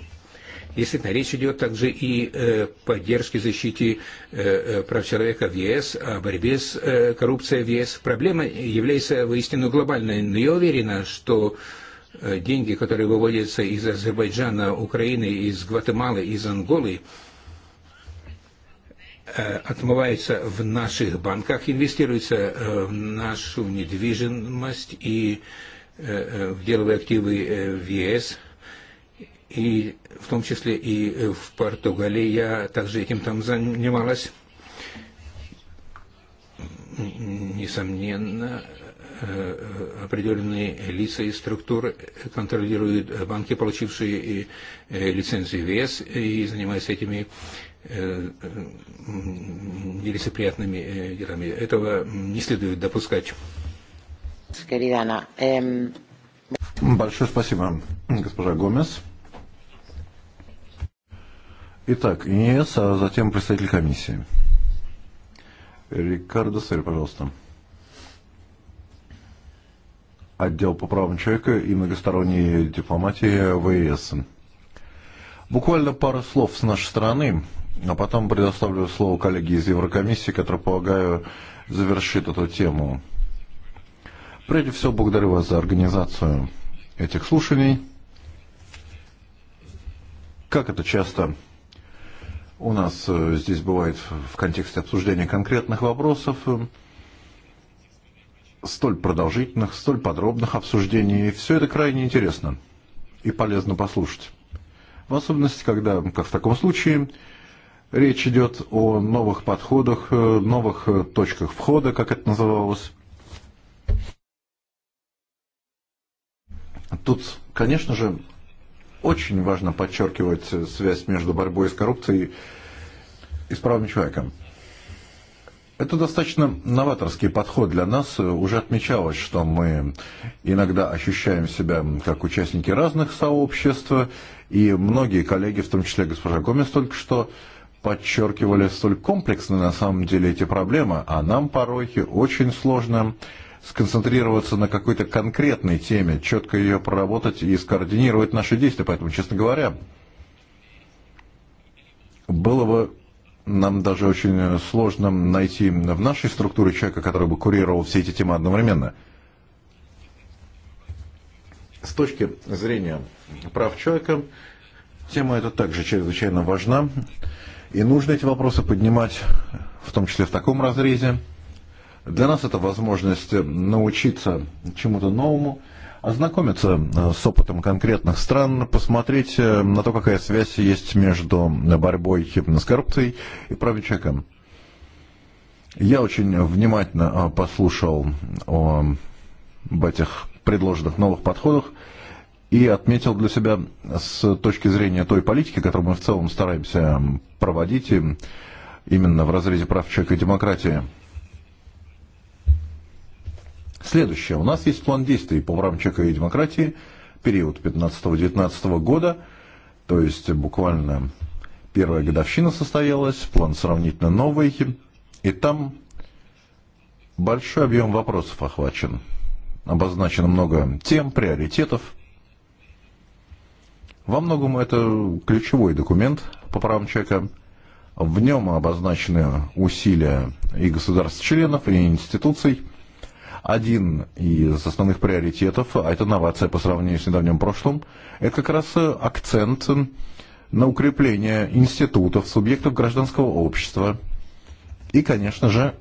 Speaker 3: Действительно, речь идет также и э, поддержке защите э, прав человека в ЕС, о борьбе с э, коррупцией в ЕС. Проблема является воистину глобальной, но я уверена, что деньги, которые выводятся из Азербайджана, Украины, из Гватемалы, из Анголы, э, отмываются в наших банках, инвестируются э, в нашу недвижимость и э, в деловые активы в ЕС, и в том числе и в Португалии. Я также этим там занималась. Несомненно, Э, определенные лица и структуры э, контролируют э, банки, получившие лицензию ВС и занимаются этими нелицеприятными делами. Этого не следует допускать.
Speaker 4: Большое спасибо, госпожа Гомес. Итак, ИНЕС, а затем представитель комиссии. Рикардо Сэр, пожалуйста. Пожалуйста отдел по правам человека и многосторонней дипломатии ВС. Буквально пару слов с нашей стороны, а потом предоставлю слово коллеге из Еврокомиссии, который, полагаю, завершит эту тему. Прежде всего, благодарю вас за организацию этих слушаний. Как это часто у нас э, здесь бывает в контексте обсуждения конкретных вопросов, э, столь продолжительных, столь подробных обсуждений. И все это крайне интересно и полезно послушать. В особенности, когда, как в таком случае, речь идет о новых подходах, э, новых э, точках входа, как это называлось. Тут, конечно же, очень важно подчеркивать связь между борьбой с коррупцией и с правами человека. Это достаточно новаторский подход для нас. Уже отмечалось, что мы иногда ощущаем себя как участники разных сообществ, и многие коллеги, в том числе госпожа Гомес, только что подчеркивали столь комплексны на самом деле эти проблемы, а нам порой очень сложно сконцентрироваться на какой-то конкретной теме, четко ее проработать и скоординировать наши действия. Поэтому, честно говоря, было бы нам даже очень э, сложно найти в нашей структуре человека, который бы курировал все эти темы одновременно. С точки зрения прав человека, тема эта также чрезвычайно важна, и нужно эти вопросы поднимать, в том числе в таком разрезе. Для нас это возможность э, научиться чему-то новому – ознакомиться э, с опытом конкретных стран, посмотреть э, на то, какая связь есть между борьбой э, с коррупцией и правым человеком. Я очень внимательно послушал об этих предложенных новых подходах и отметил для себя с точки зрения той политики, которую мы в целом стараемся проводить именно в разрезе прав человека и демократии – Следующее. У нас есть план действий по правам человека и демократии, период 15-19 года, то есть буквально первая годовщина состоялась, план сравнительно новый, и там большой объем вопросов охвачен. Обозначено много тем, приоритетов. Во многом это ключевой документ по правам человека. В нем обозначены усилия и государств-членов, и институций – Один из основных приоритетов, а это новация по сравнению с недавним прошлым, это как раз э, акцент на укрепление институтов, субъектов гражданского общества и, конечно же,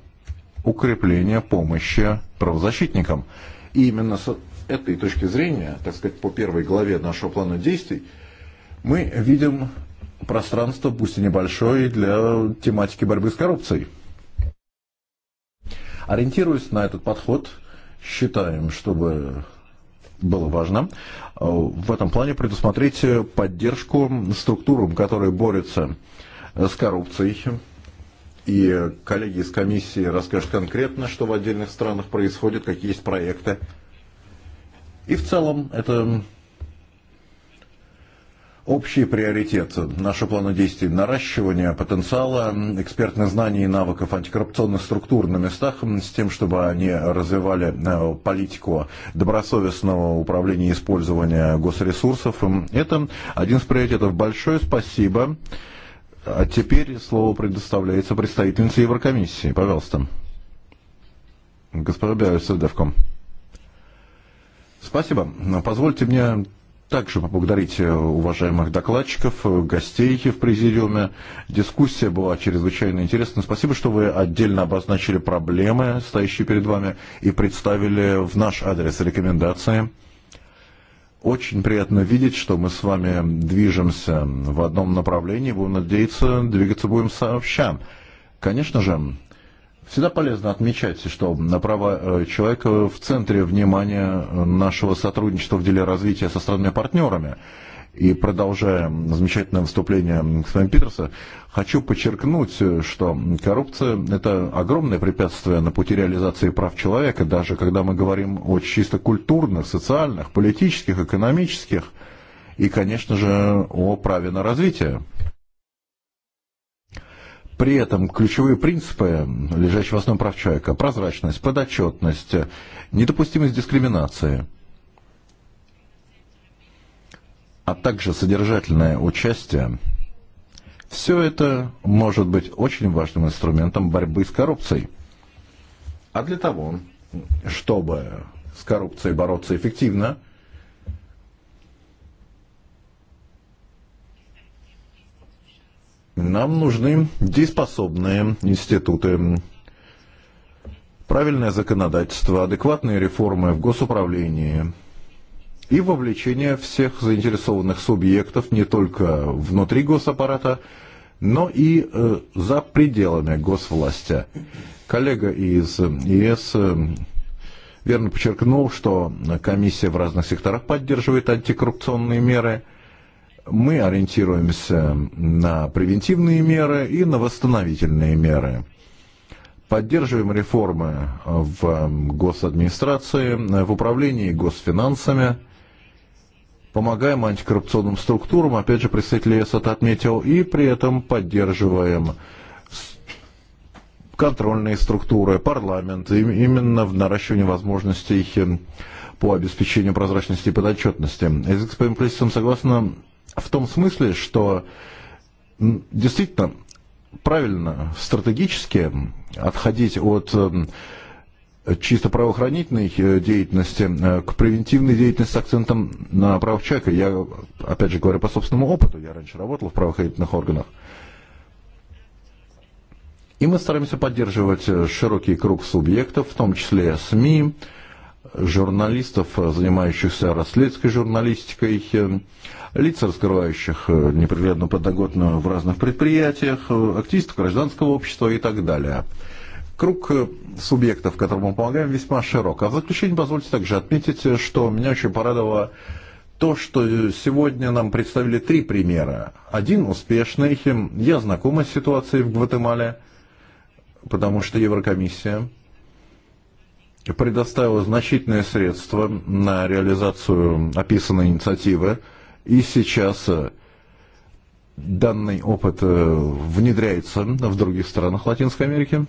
Speaker 4: укрепление помощи правозащитникам. И именно с этой точки зрения, так сказать, по первой главе нашего плана действий, мы видим пространство, пусть и небольшое, для тематики борьбы с коррупцией. Ориентируясь на этот подход, считаем, чтобы было важно э, в этом плане предусмотреть поддержку структурам, которые борются э, с коррупцией. И коллеги из комиссии расскажут конкретно, что в отдельных странах происходит, какие есть проекты. И в целом это Общий приоритет нашего плана действий – наращивание потенциала экспертных знаний и навыков антикоррупционных структур на местах с тем, чтобы они развивали э, политику добросовестного управления и использования госресурсов. Это один из приоритетов. Большое спасибо. А теперь слово предоставляется представительнице Еврокомиссии. Пожалуйста. Господа Белый, Спасибо. Позвольте мне также поблагодарить э, уважаемых докладчиков, э, гостей в президиуме. Дискуссия была чрезвычайно интересна. Спасибо, что вы отдельно обозначили проблемы, стоящие перед вами, и представили в наш адрес рекомендации. Очень приятно видеть, что мы с вами движемся в одном направлении. Будем надеяться, двигаться будем сообща. Конечно же, Всегда полезно отмечать, что права э, человека в центре внимания нашего сотрудничества в деле развития со странными партнерами. И продолжая замечательное выступление господина Питерса, хочу подчеркнуть, что коррупция – это огромное препятствие на пути реализации прав человека, даже когда мы говорим о чисто культурных, социальных, политических, экономических и, конечно же, о праве на развитие. При этом ключевые принципы, лежащие в основе прав человека, прозрачность, подотчетность, недопустимость дискриминации, а также содержательное участие, все это может быть очень важным инструментом борьбы с коррупцией. А для того, чтобы с коррупцией бороться эффективно, Нам нужны дееспособные институты, правильное законодательство, адекватные реформы в госуправлении и вовлечение всех заинтересованных субъектов не только внутри госаппарата, но и э, за пределами госвласти. Коллега из э, ЕС э, верно подчеркнул, что комиссия в разных секторах поддерживает антикоррупционные меры – мы ориентируемся на превентивные меры и на восстановительные меры. Поддерживаем реформы э, в госадминистрации, э, в управлении госфинансами, помогаем антикоррупционным структурам, опять же, представитель ЕС это отметил, и при этом поддерживаем контрольные структуры, парламент, именно в наращивании возможностей э, по обеспечению прозрачности и подотчетности. Из с согласно в том смысле, что действительно правильно стратегически отходить от чисто правоохранительной э, деятельности э, к превентивной деятельности с акцентом на правах человека. Я, опять же говорю, по собственному опыту, я раньше работал в правоохранительных органах. И мы стараемся поддерживать э, широкий круг субъектов, в том числе СМИ, журналистов, э, занимающихся расследской журналистикой, э, лиц, раскрывающих э, неприглядную подноготную в разных предприятиях, активистов гражданского общества и так далее. Круг субъектов, которым мы помогаем, весьма широк. А в заключение позвольте также отметить, что меня очень порадовало то, что сегодня нам представили три примера. Один успешный, я знакома с ситуацией в Гватемале, потому что Еврокомиссия – предоставила значительные средства на реализацию описанной инициативы, и сейчас э, данный опыт э, внедряется в других странах Латинской Америки.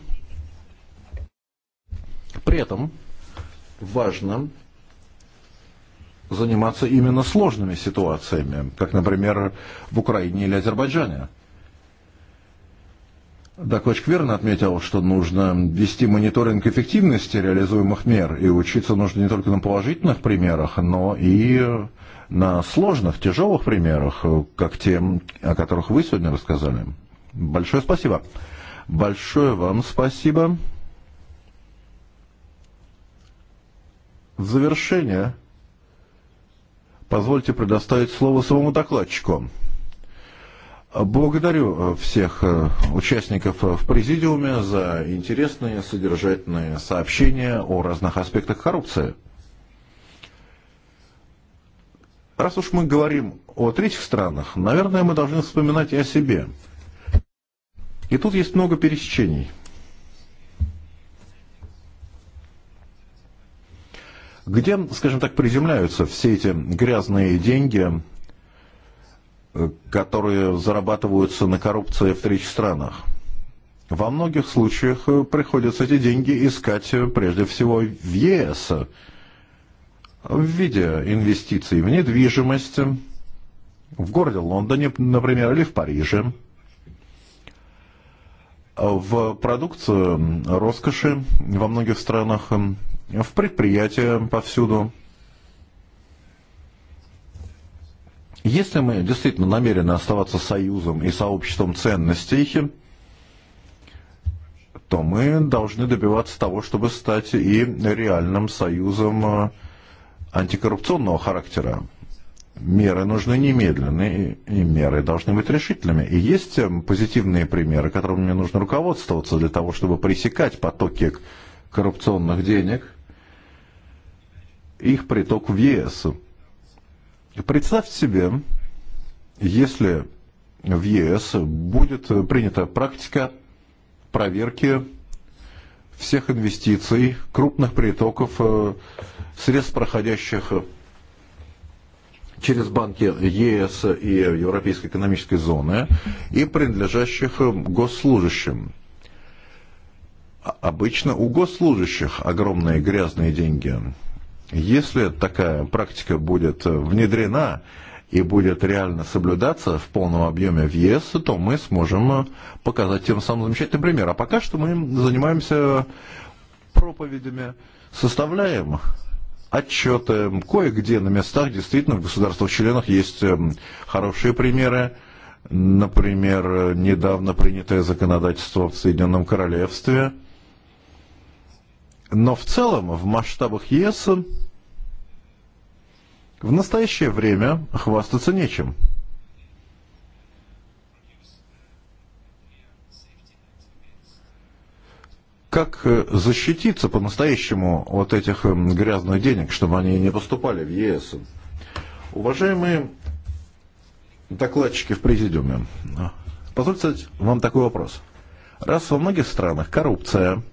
Speaker 4: При этом важно заниматься именно сложными ситуациями, как, например, в Украине или Азербайджане. Докладчик верно отметил, что нужно вести мониторинг эффективности реализуемых мер, и учиться нужно не только на положительных примерах, но и на сложных, тяжелых примерах, как те, о которых вы сегодня рассказали. Большое спасибо. Большое вам спасибо. В завершение позвольте предоставить слово самому докладчику. Благодарю э, всех э, участников э, в президиуме за интересные содержательные сообщения о разных аспектах коррупции. Раз уж мы говорим о третьих странах, наверное, мы должны вспоминать и о себе. И тут есть много пересечений. Где, скажем так, приземляются все эти грязные деньги, которые зарабатываются на коррупции в третьих странах. Во многих случаях э, приходится эти деньги искать э, прежде всего в ЕС в виде инвестиций в недвижимость, в городе Лондоне, например, или в Париже, в продукцию роскоши во многих странах, в предприятия повсюду – Если мы действительно намерены оставаться союзом и сообществом ценностей, то мы должны добиваться того, чтобы стать и реальным союзом э, антикоррупционного характера. Меры нужны немедленные, и меры должны быть решительными. И есть э, позитивные примеры, которыми мне нужно руководствоваться для того, чтобы пресекать потоки коррупционных денег, их приток в ЕС. Представьте себе, если в ЕС будет принята практика проверки всех инвестиций, крупных притоков, э, средств, проходящих через банки ЕС и Европейской экономической зоны и принадлежащих э, госслужащим. Обычно у госслужащих огромные грязные деньги – Если такая практика будет э, внедрена и будет реально соблюдаться в полном объеме в ЕС, то мы сможем э, показать тем самым замечательный пример. А пока что мы занимаемся проповедями, составляем отчеты. Кое-где на местах действительно в государствах-членах есть э, хорошие примеры. Например, недавно принятое законодательство в Соединенном Королевстве – Но в целом, в масштабах ЕС в настоящее время хвастаться нечем. Как э, защититься по-настоящему от этих грязных денег, чтобы они не поступали в ЕС? Уважаемые докладчики в президиуме, позвольте задать вам такой вопрос. Раз во многих странах коррупция –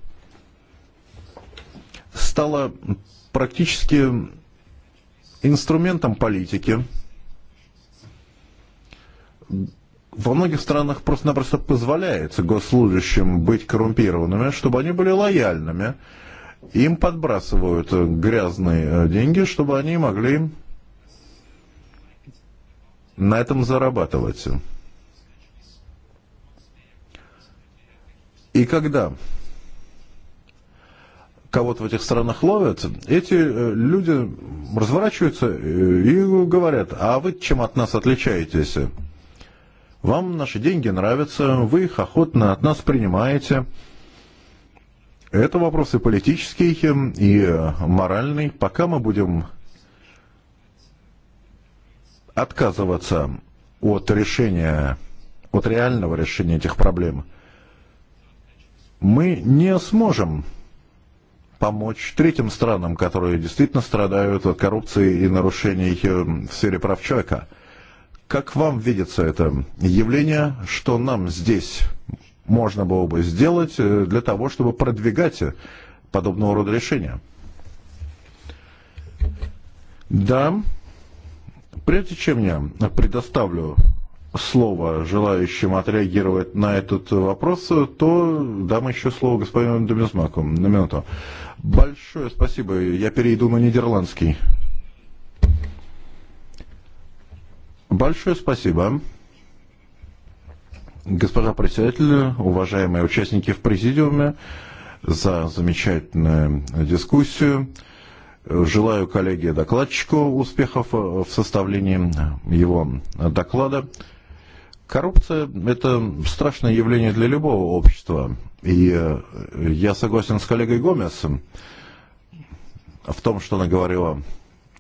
Speaker 4: стала практически инструментом политики. Во многих странах просто-напросто позволяется госслужащим быть коррумпированными, чтобы они были лояльными. Им подбрасывают грязные э, деньги, чтобы они могли на этом зарабатывать. И когда кого-то в этих странах ловят, эти э, люди разворачиваются э, и говорят, а вы чем от нас отличаетесь? Вам наши деньги нравятся, вы их охотно от нас принимаете. Это вопросы политические и э, моральные. Пока мы будем отказываться от решения, от реального решения этих проблем, мы не сможем помочь третьим странам, которые действительно страдают от коррупции и нарушений э, в сфере прав человека. Как вам видится это явление, что нам здесь можно было бы сделать э, для того, чтобы продвигать э, подобного рода решения? Да, прежде чем я предоставлю слово желающим отреагировать на этот вопрос, то дам еще слово господину Демизмаку на минуту. Большое спасибо. Я перейду на нидерландский. Большое спасибо. Госпожа председатель, уважаемые участники в президиуме, за замечательную дискуссию. Желаю коллеге-докладчику успехов в составлении его доклада. Коррупция – это страшное явление для любого общества. И э, я согласен с коллегой Гомесом в том, что она говорила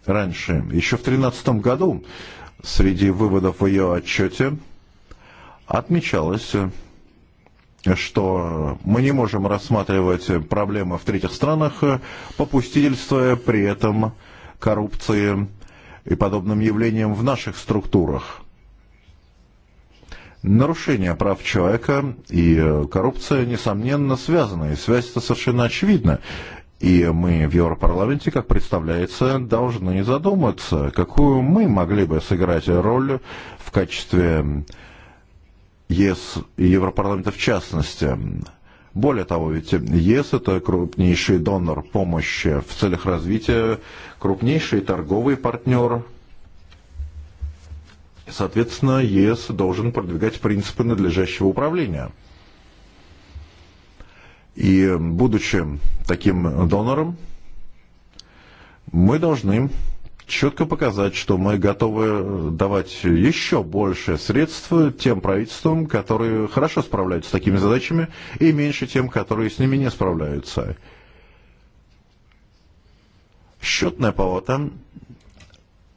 Speaker 4: раньше. Еще в 2013 году среди выводов в ее отчете отмечалось, что мы не можем рассматривать проблемы в третьих странах попустительствуя при этом коррупции и подобным явлениям в наших структурах. Нарушение прав человека и э, коррупция, несомненно, связаны, и связь-то совершенно очевидна. И мы в Европарламенте, как представляется, должны задуматься, какую мы могли бы сыграть роль в качестве ЕС и Европарламента в частности. Более того, ведь ЕС – это крупнейший донор помощи в целях развития, крупнейший торговый партнер Соответственно, ЕС должен продвигать принципы надлежащего управления. И будучи таким донором, мы должны четко показать, что мы готовы давать еще больше средств тем правительствам, которые хорошо справляются с такими задачами, и меньше тем, которые с ними не справляются. Счетная палата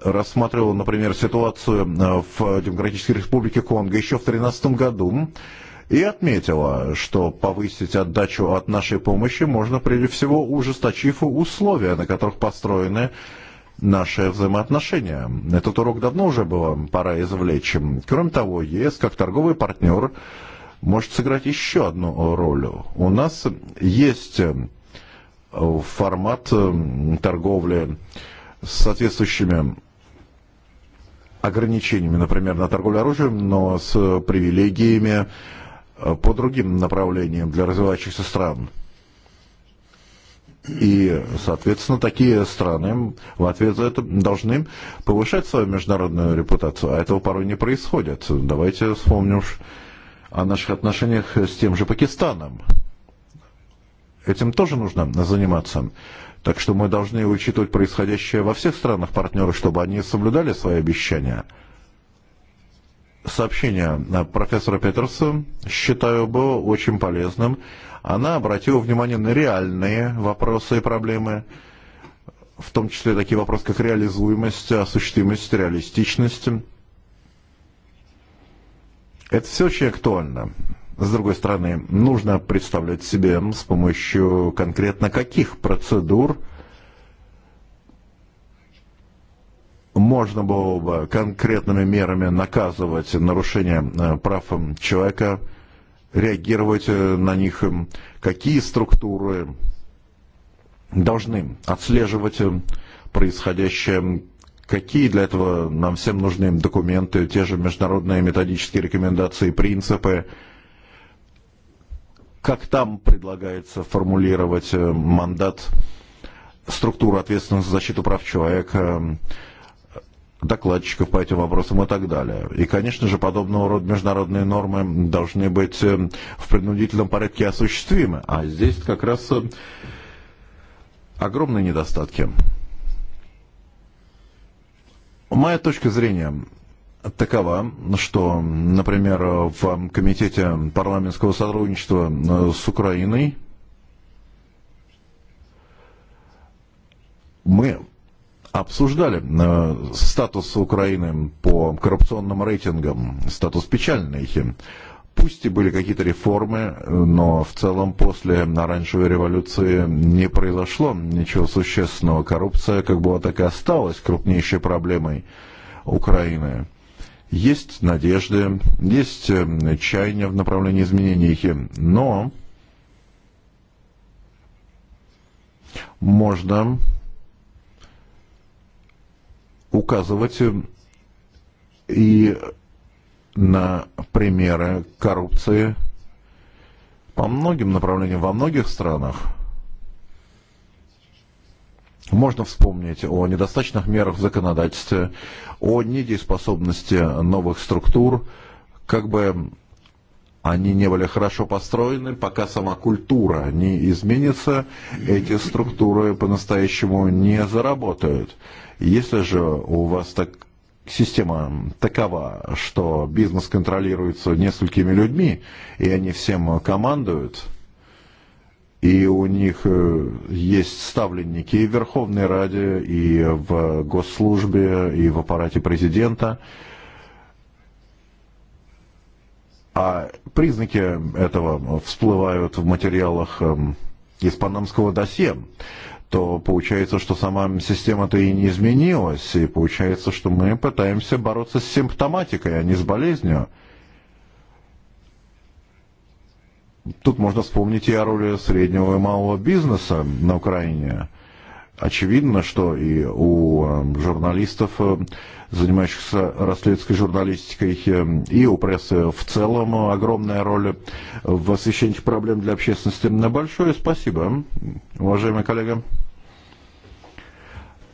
Speaker 4: рассматривал, например, ситуацию э, в Демократической Республике Конго еще в 2013 году и отметила, что повысить отдачу от нашей помощи можно прежде всего ужесточив условия, на которых построены наши взаимоотношения. Этот урок давно уже было э, пора извлечь. Кроме того, ЕС как торговый партнер может сыграть еще одну роль. У нас есть э, формат торговли с соответствующими ограничениями, например, на торговлю оружием, но с привилегиями э, по другим направлениям для развивающихся стран. И, соответственно, такие страны в ответ за это должны повышать свою международную репутацию, а этого порой не происходит. Давайте вспомним о наших отношениях с тем же Пакистаном. Этим тоже нужно заниматься. Так что мы должны учитывать происходящее во всех странах партнеров, чтобы они соблюдали свои обещания. Сообщение профессора Петерса считаю было очень полезным. Она обратила внимание на реальные вопросы и проблемы, в том числе такие вопросы, как реализуемость, осуществимость, реалистичность. Это все очень актуально. С другой стороны, нужно представлять себе с помощью конкретно каких процедур можно было бы конкретными мерами наказывать нарушение э, прав человека, реагировать э, на них, какие структуры должны отслеживать происходящее, какие для этого нам всем нужны документы, те же международные методические рекомендации, принципы, как там предлагается формулировать э, мандат, структуру ответственности за защиту прав человека, докладчиков по этим вопросам и так далее. И, конечно же, подобного рода международные нормы должны быть э, в принудительном порядке осуществимы. А здесь как раз э, огромные недостатки. Моя точка зрения – такова, что, например, в Комитете парламентского сотрудничества э, с Украиной мы обсуждали э, статус Украины по коррупционным рейтингам, статус печальный. Пусть и были какие-то реформы, но в целом после оранжевой революции не произошло ничего существенного. Коррупция как была так и осталась крупнейшей проблемой Украины. Есть надежды, есть чаяния в направлении изменений, их, но можно указывать и на примеры коррупции по многим направлениям во многих странах – Можно вспомнить о недостаточных мерах в законодательстве, о недееспособности новых структур, как бы они не были хорошо построены, пока сама культура не изменится, эти структуры по-настоящему не заработают. Если же у вас так система такова, что бизнес контролируется несколькими людьми, и они всем командуют – И у них э, есть ставленники и в Верховной Раде, и в госслужбе, и в аппарате президента. А признаки этого всплывают в материалах из панамского досье, то получается, что сама система-то и не изменилась, и получается, что мы пытаемся бороться с симптоматикой, а не с болезнью. Тут можно вспомнить и о роли среднего и малого бизнеса на Украине. Очевидно, что и у э, журналистов, э, занимающихся расследовательской журналистикой, э, и у прессы в целом огромная роль в освещении проблем для общественности. Большое спасибо, уважаемый коллега.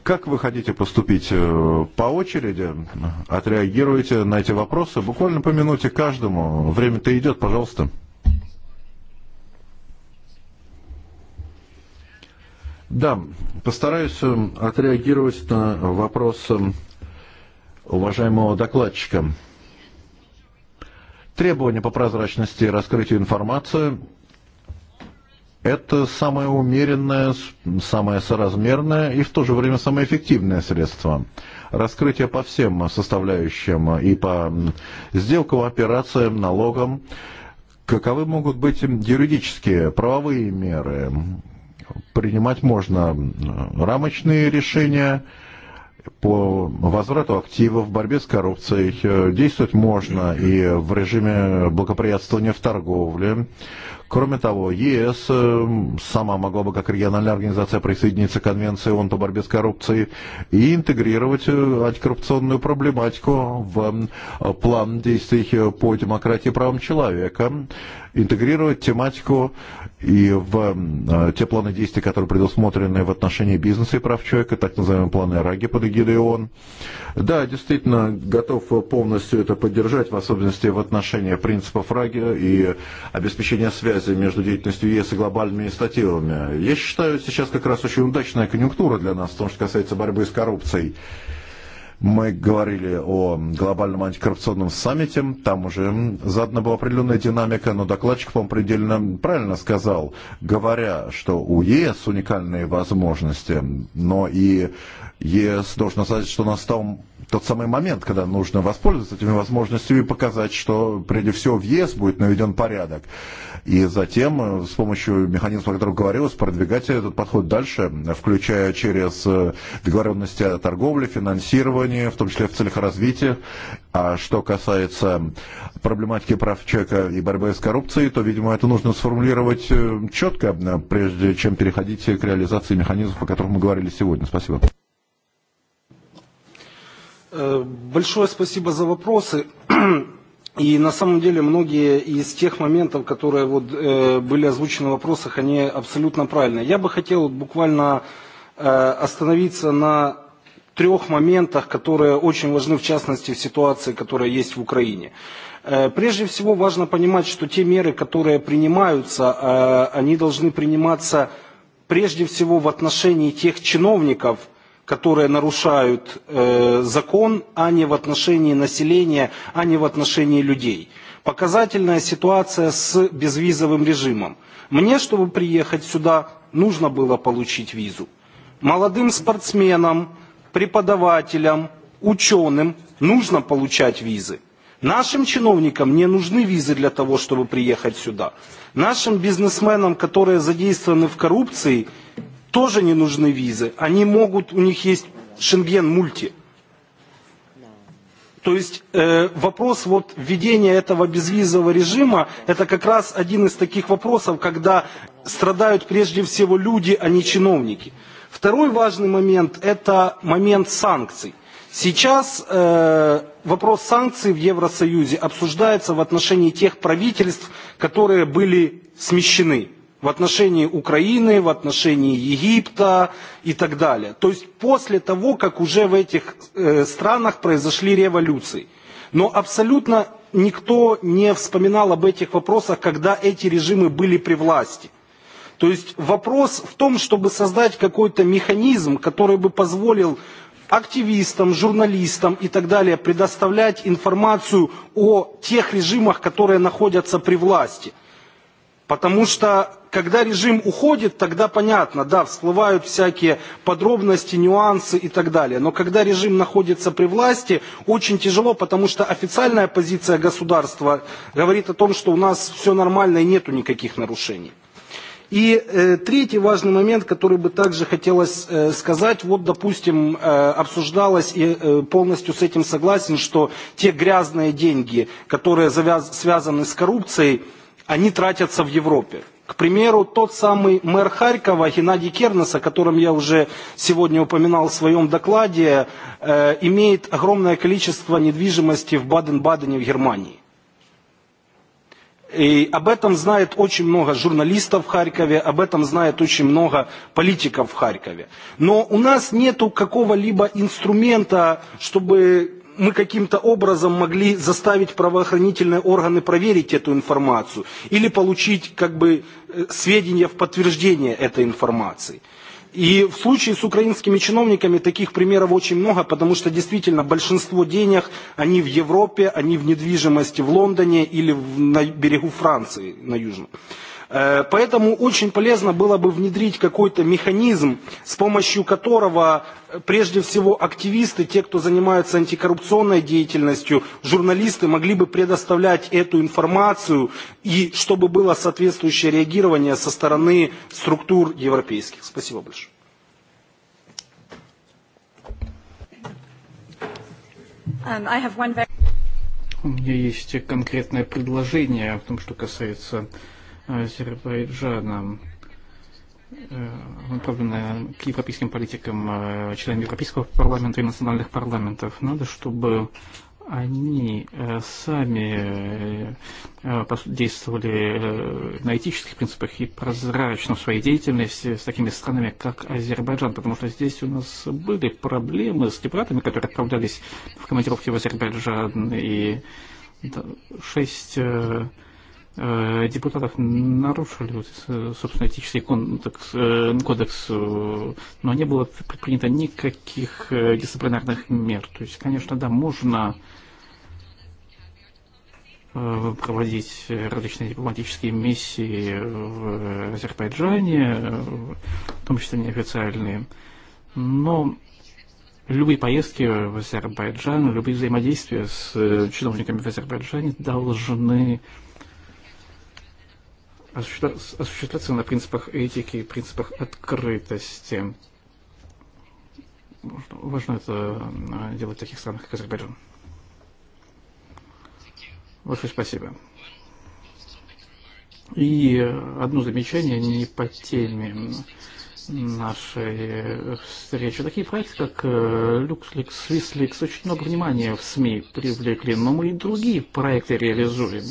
Speaker 4: Как вы хотите поступить по очереди? Отреагируйте на эти вопросы буквально по минуте каждому. Время-то идет, пожалуйста. Пожалуйста. Да, постараюсь отреагировать на вопрос уважаемого докладчика. Требования по прозрачности и раскрытию информации – это самое умеренное, самое соразмерное и в то же время самое эффективное средство. Раскрытие по всем составляющим и по сделкам, операциям, налогам. Каковы могут быть юридические, правовые меры, принимать можно рамочные решения по возврату активов, борьбе с коррупцией. Э, действовать можно и в режиме благоприятствования в торговле. Кроме того, ЕС э, сама могла бы как региональная организация присоединиться к конвенции ООН по борьбе с коррупцией и интегрировать э, антикоррупционную проблематику в план действий по демократии и правам человека интегрировать тематику и в те планы действий, которые предусмотрены в отношении бизнеса и прав человека, так называемые планы Раги под эгидой ООН. Да, действительно, готов полностью это поддержать, в особенности в отношении принципов Раги и обеспечения связи между деятельностью ЕС и глобальными инициативами. Я считаю, сейчас как раз очень удачная конъюнктура для нас в том, что касается борьбы с коррупцией. Мы говорили о глобальном антикоррупционном саммите, там уже задана была определенная динамика, но докладчик, по-моему, предельно правильно сказал, говоря, что у ЕС уникальные возможности, но и ЕС должен сказать, что настал тот самый момент, когда нужно воспользоваться этими возможностями и показать, что прежде всего в ЕС будет наведен порядок. И затем э, с помощью механизма, о котором говорилось, продвигать этот подход дальше, э, включая через э, договоренности о торговле, финансировании, в том числе в целях развития. А что касается проблематики прав человека и борьбы с коррупцией, то, видимо, это нужно сформулировать четко, прежде чем переходить к реализации механизмов, о которых мы говорили сегодня. Спасибо.
Speaker 6: Э, большое спасибо за вопросы. И на самом деле многие из тех моментов, которые вот, э, были озвучены в вопросах, они абсолютно правильные. Я бы хотел буквально э, остановиться на трех моментах, которые очень важны, в частности, в ситуации, которая есть в Украине. Э, прежде всего, важно понимать, что те меры, которые принимаются, э, они должны приниматься прежде всего в отношении тех чиновников, которые нарушают э, закон, а не в отношении населения, а не в отношении людей. Показательная ситуация с безвизовым режимом. Мне, чтобы приехать сюда, нужно было получить визу. Молодым спортсменам, преподавателям, ученым нужно получать визы. Нашим чиновникам не нужны визы для того, чтобы приехать сюда. Нашим бизнесменам, которые задействованы в коррупции, тоже не нужны визы. Они могут, у них есть Шенген мульти. То есть э, вопрос вот введения этого безвизового режима, это как раз один из таких вопросов, когда страдают прежде всего люди, а не чиновники. Второй важный момент – это момент санкций. Сейчас э, вопрос санкций в Евросоюзе обсуждается в отношении тех правительств, которые были смещены в отношении Украины, в отношении Египта и так далее. То есть после того, как уже в этих э, странах произошли революции. Но абсолютно никто не вспоминал об этих вопросах, когда эти режимы были при власти. То есть вопрос в том, чтобы создать какой-то механизм, который бы позволил активистам, журналистам и так далее предоставлять информацию о тех режимах, которые находятся при власти – Потому что, когда режим уходит, тогда понятно, да, всплывают всякие подробности, нюансы и так далее. Но когда режим находится при власти, очень тяжело, потому что официальная позиция государства говорит о том, что у нас все нормально и нету никаких нарушений. И э, третий важный момент, который бы также хотелось э, сказать, вот, допустим, э, обсуждалось и э, полностью с этим согласен, что те грязные деньги, которые завяз связаны с коррупцией, они тратятся в Европе. К примеру, тот самый мэр Харькова Геннадий Кернес, о котором я уже сегодня упоминал в своем докладе, э, имеет огромное количество недвижимости в Баден-Бадене в Германии. И об этом знает очень много журналистов в Харькове, об этом знает очень много политиков в Харькове. Но у нас нет какого-либо инструмента, чтобы мы каким-то образом могли заставить правоохранительные органы проверить эту информацию или получить как бы э, сведения в подтверждение этой информации. И в случае с украинскими чиновниками таких примеров очень много, потому что действительно большинство денег, они в Европе, они в недвижимости в Лондоне или в, на берегу Франции, на Южном. Э, поэтому очень полезно было бы внедрить какой-то механизм, с помощью которого э, прежде всего активисты, те, кто занимаются антикоррупционной деятельностью, журналисты могли бы предоставлять эту информацию и чтобы было соответствующее реагирование со стороны структур европейских. Спасибо
Speaker 2: большое.
Speaker 7: Um, I have one very...
Speaker 2: У меня есть конкретное предложение в том, что касается Азербайджаном. Он направлен к европейским политикам, членам Европейского парламента и национальных парламентов. Надо, чтобы они сами действовали на этических принципах и прозрачно в своей деятельности с такими странами, как Азербайджан, потому что здесь у нас были проблемы с депутатами, которые отправлялись в командировки в Азербайджан, и шесть Э, депутатов нарушили собственно этический э, кодекс, кодекс, э, но не было предпринято никаких дисциплинарных мер. То есть, конечно, да, можно проводить различные дипломатические миссии в Азербайджане, в том числе неофициальные, но любые поездки в Азербайджан, любые взаимодействия с чиновниками в Азербайджане должны осуществляться на принципах этики и принципах открытости. Важно это делать в таких странах, как Азербайджан. Большое спасибо. И одно замечание не по теме нашей встречи. Такие проекты, как э, LuxLeaks, SwissLeaks, очень много внимания в СМИ привлекли, но мы и другие проекты реализуем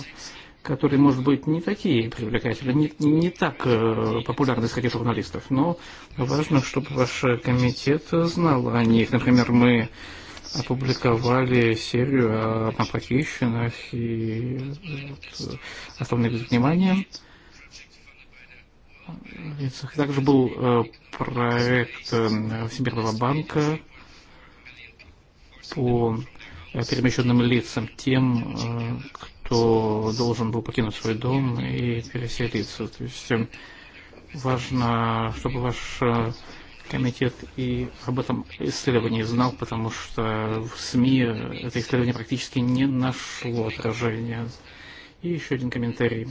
Speaker 2: которые, может быть, не такие привлекательные, не, не так э, популярны среди журналистов, но важно, чтобы ваш комитет знал о них. Например, мы опубликовали серию о похищенных и вот, оставленных без внимания лицах. Также был э, проект э, Всемирного банка по э, перемещенным лицам, тем, э, кто должен был покинуть свой дом и переселиться. То есть важно, чтобы ваш э, комитет и об этом исследовании знал, потому что в СМИ это исследование практически не нашло отражения. И еще один комментарий.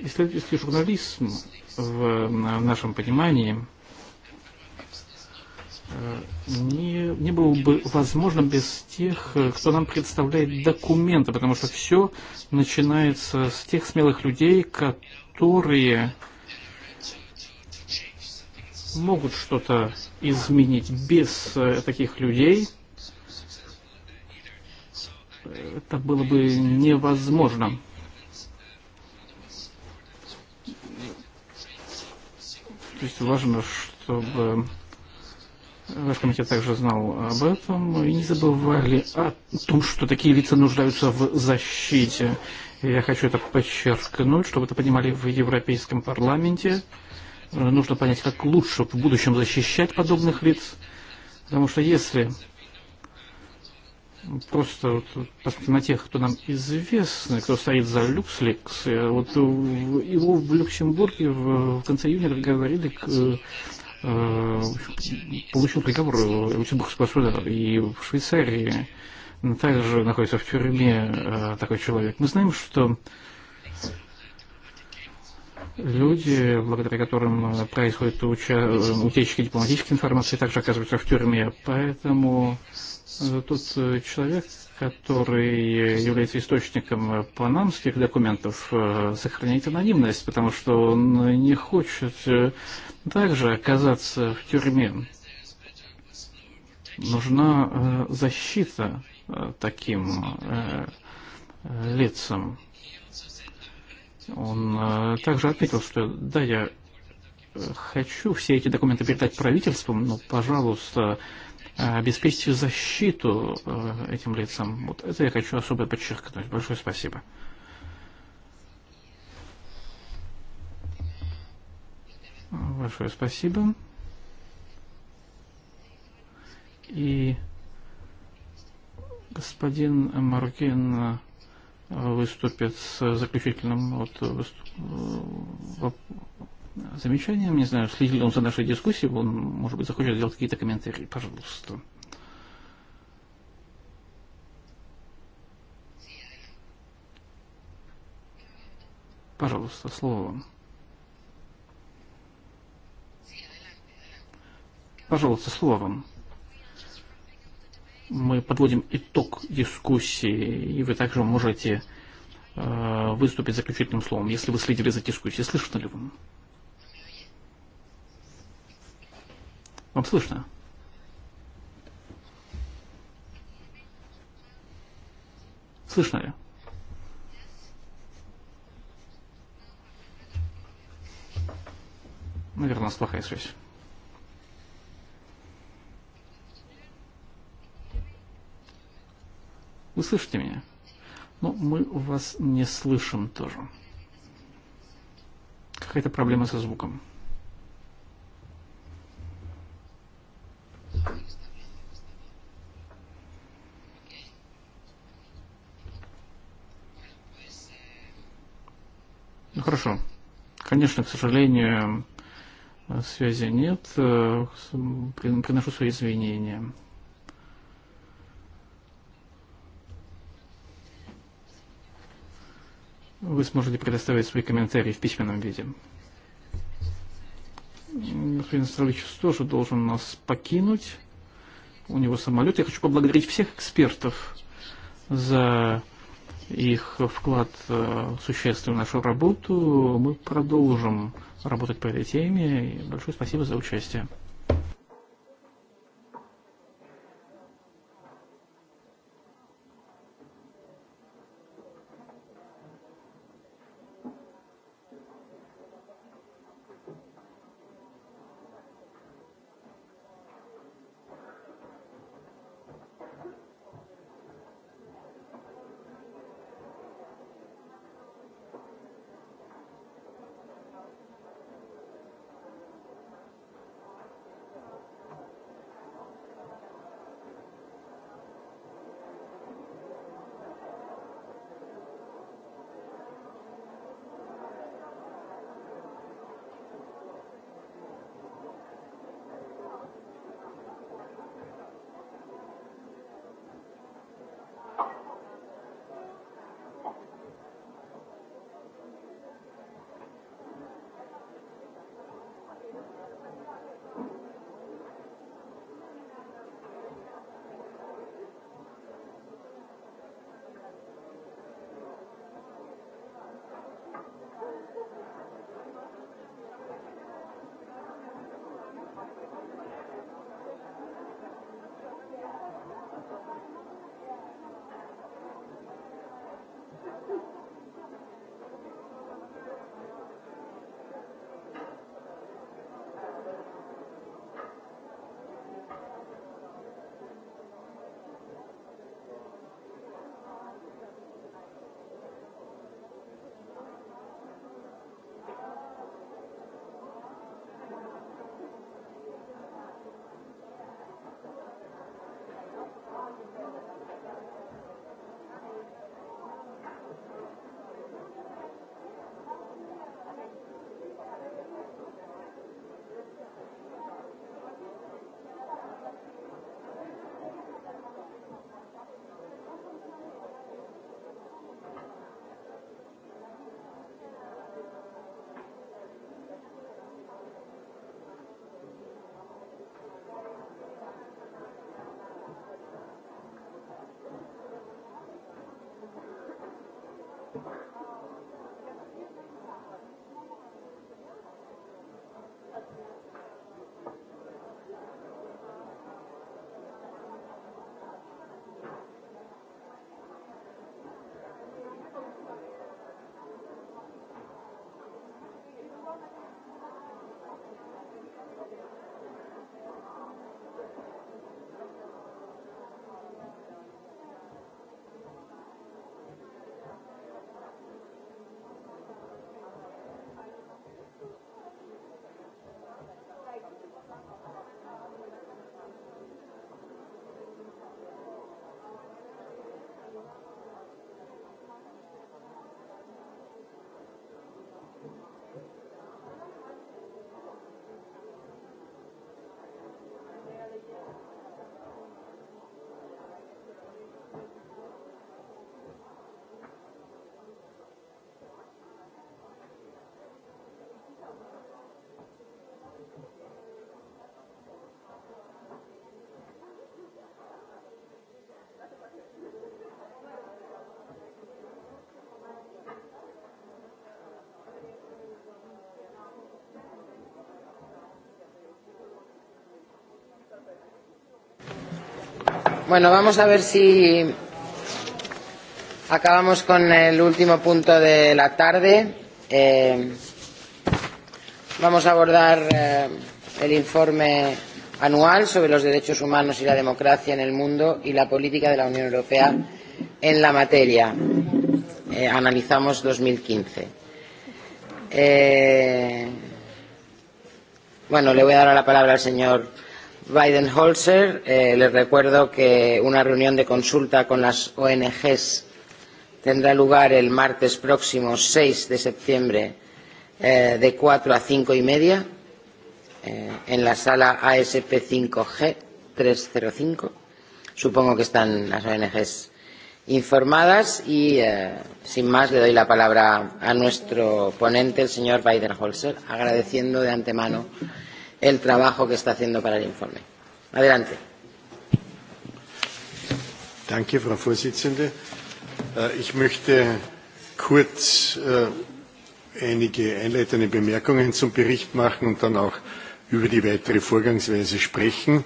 Speaker 2: Исследовательский журнализм в нашем понимании Э, не, не было бы возможно без тех, э, кто нам представляет документы, потому что все начинается с тех смелых людей, которые могут что-то изменить без э, таких людей. Это было бы невозможно. То есть важно, чтобы Ваш комитет также знал об этом и не забывали о том, что такие лица нуждаются в защите. Я хочу это подчеркнуть, чтобы это понимали в Европейском парламенте. Нужно понять, как лучше в будущем защищать подобных лиц, потому что если просто вот, на тех, кто нам известны, кто стоит за LuxLeaks. Вот его в Люксембурге в, в конце июня говорили получил приговор суда и в Швейцарии также находится в тюрьме такой человек. Мы знаем, что люди, благодаря которым происходят уча... утечки дипломатической информации, также оказываются в тюрьме. Поэтому тот человек, который является источником панамских документов, э, сохраняет анонимность, потому что он не хочет э, также оказаться в тюрьме. Нужна э, защита э, таким э, лицам. Он также отметил, что да, я хочу все эти документы передать правительству, но, пожалуйста, обеспечьте защиту этим лицам. Вот это я хочу особо подчеркнуть. Большое спасибо. Большое спасибо. И господин Маркин выступит с заключительным вот, выступ... замечанием. Не знаю, следил он за нашей дискуссией, он, может быть, захочет сделать какие-то комментарии. Пожалуйста. Пожалуйста, слово вам. Пожалуйста, словом. Мы подводим итог дискуссии, и вы также можете э, выступить заключительным словом, если вы следили за дискуссией. Слышно ли вам? Вам слышно? Слышно ли? Наверное, у нас плохая связь. Вы слышите меня? Но мы вас не слышим тоже. Какая-то проблема со звуком. Ну хорошо. Конечно, к сожалению, связи нет. Э, приношу свои извинения. вы сможете предоставить свои комментарии в письменном виде. Господин Стравичев тоже должен нас покинуть. У него самолет. Я хочу поблагодарить всех экспертов за их вклад в э, существенную нашу работу. Мы продолжим работать по этой теме. И большое спасибо за участие.
Speaker 1: Bueno, vamos a ver si acabamos con el último punto de la tarde. Eh, vamos a abordar eh, el informe anual sobre los derechos humanos y la democracia en el mundo y la política de la Unión Europea en la materia. Eh, analizamos 2015. Eh, bueno, le voy a dar la palabra al señor Holzer. Eh, les recuerdo que una reunión de consulta con las ONGs tendrá lugar el martes próximo 6 de septiembre eh, de 4 a 5 y media eh, en la sala ASP 5G 305. Supongo que están las ONGs informadas y eh, sin más le doy la palabra a nuestro ponente, el señor Holzer, agradeciendo de antemano el trabajo que está haciendo para el informe. Adelante.
Speaker 8: Danke, Frau Vorsitzende. Äh, ich möchte kurz äh, einige einleitende Bemerkungen zum Bericht machen und dann auch über die weitere Vorgangsweise sprechen.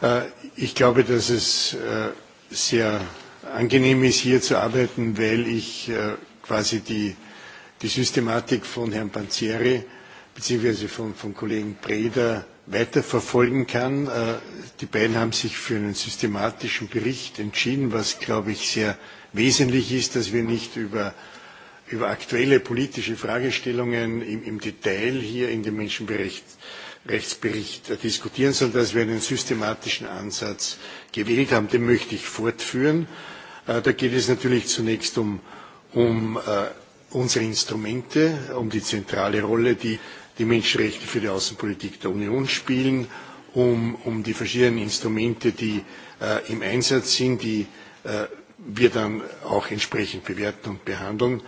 Speaker 8: Äh, ich glaube, dass es sehr angenehm ist, hier zu arbeiten, weil ich quasi die, die Systematik von Herrn Panzieri beziehungsweise vom, vom Kollegen Breder weiterverfolgen kann. Äh, die beiden haben sich für einen systematischen Bericht entschieden, was, glaube ich, sehr wesentlich ist, dass wir nicht über, über aktuelle politische Fragestellungen im, im Detail hier in dem Menschenrechtsbericht äh, diskutieren, sondern dass wir einen systematischen Ansatz gewählt haben. Den möchte ich fortführen. Äh, da geht es natürlich zunächst um, um unsere Instrumente, um die zentrale Rolle, die die Menschenrechte für die Außenpolitik der Union spielen, um, um die verschiedenen Instrumente, die äh, im Einsatz sind, die äh, wir dann auch entsprechend bewerten und behandeln.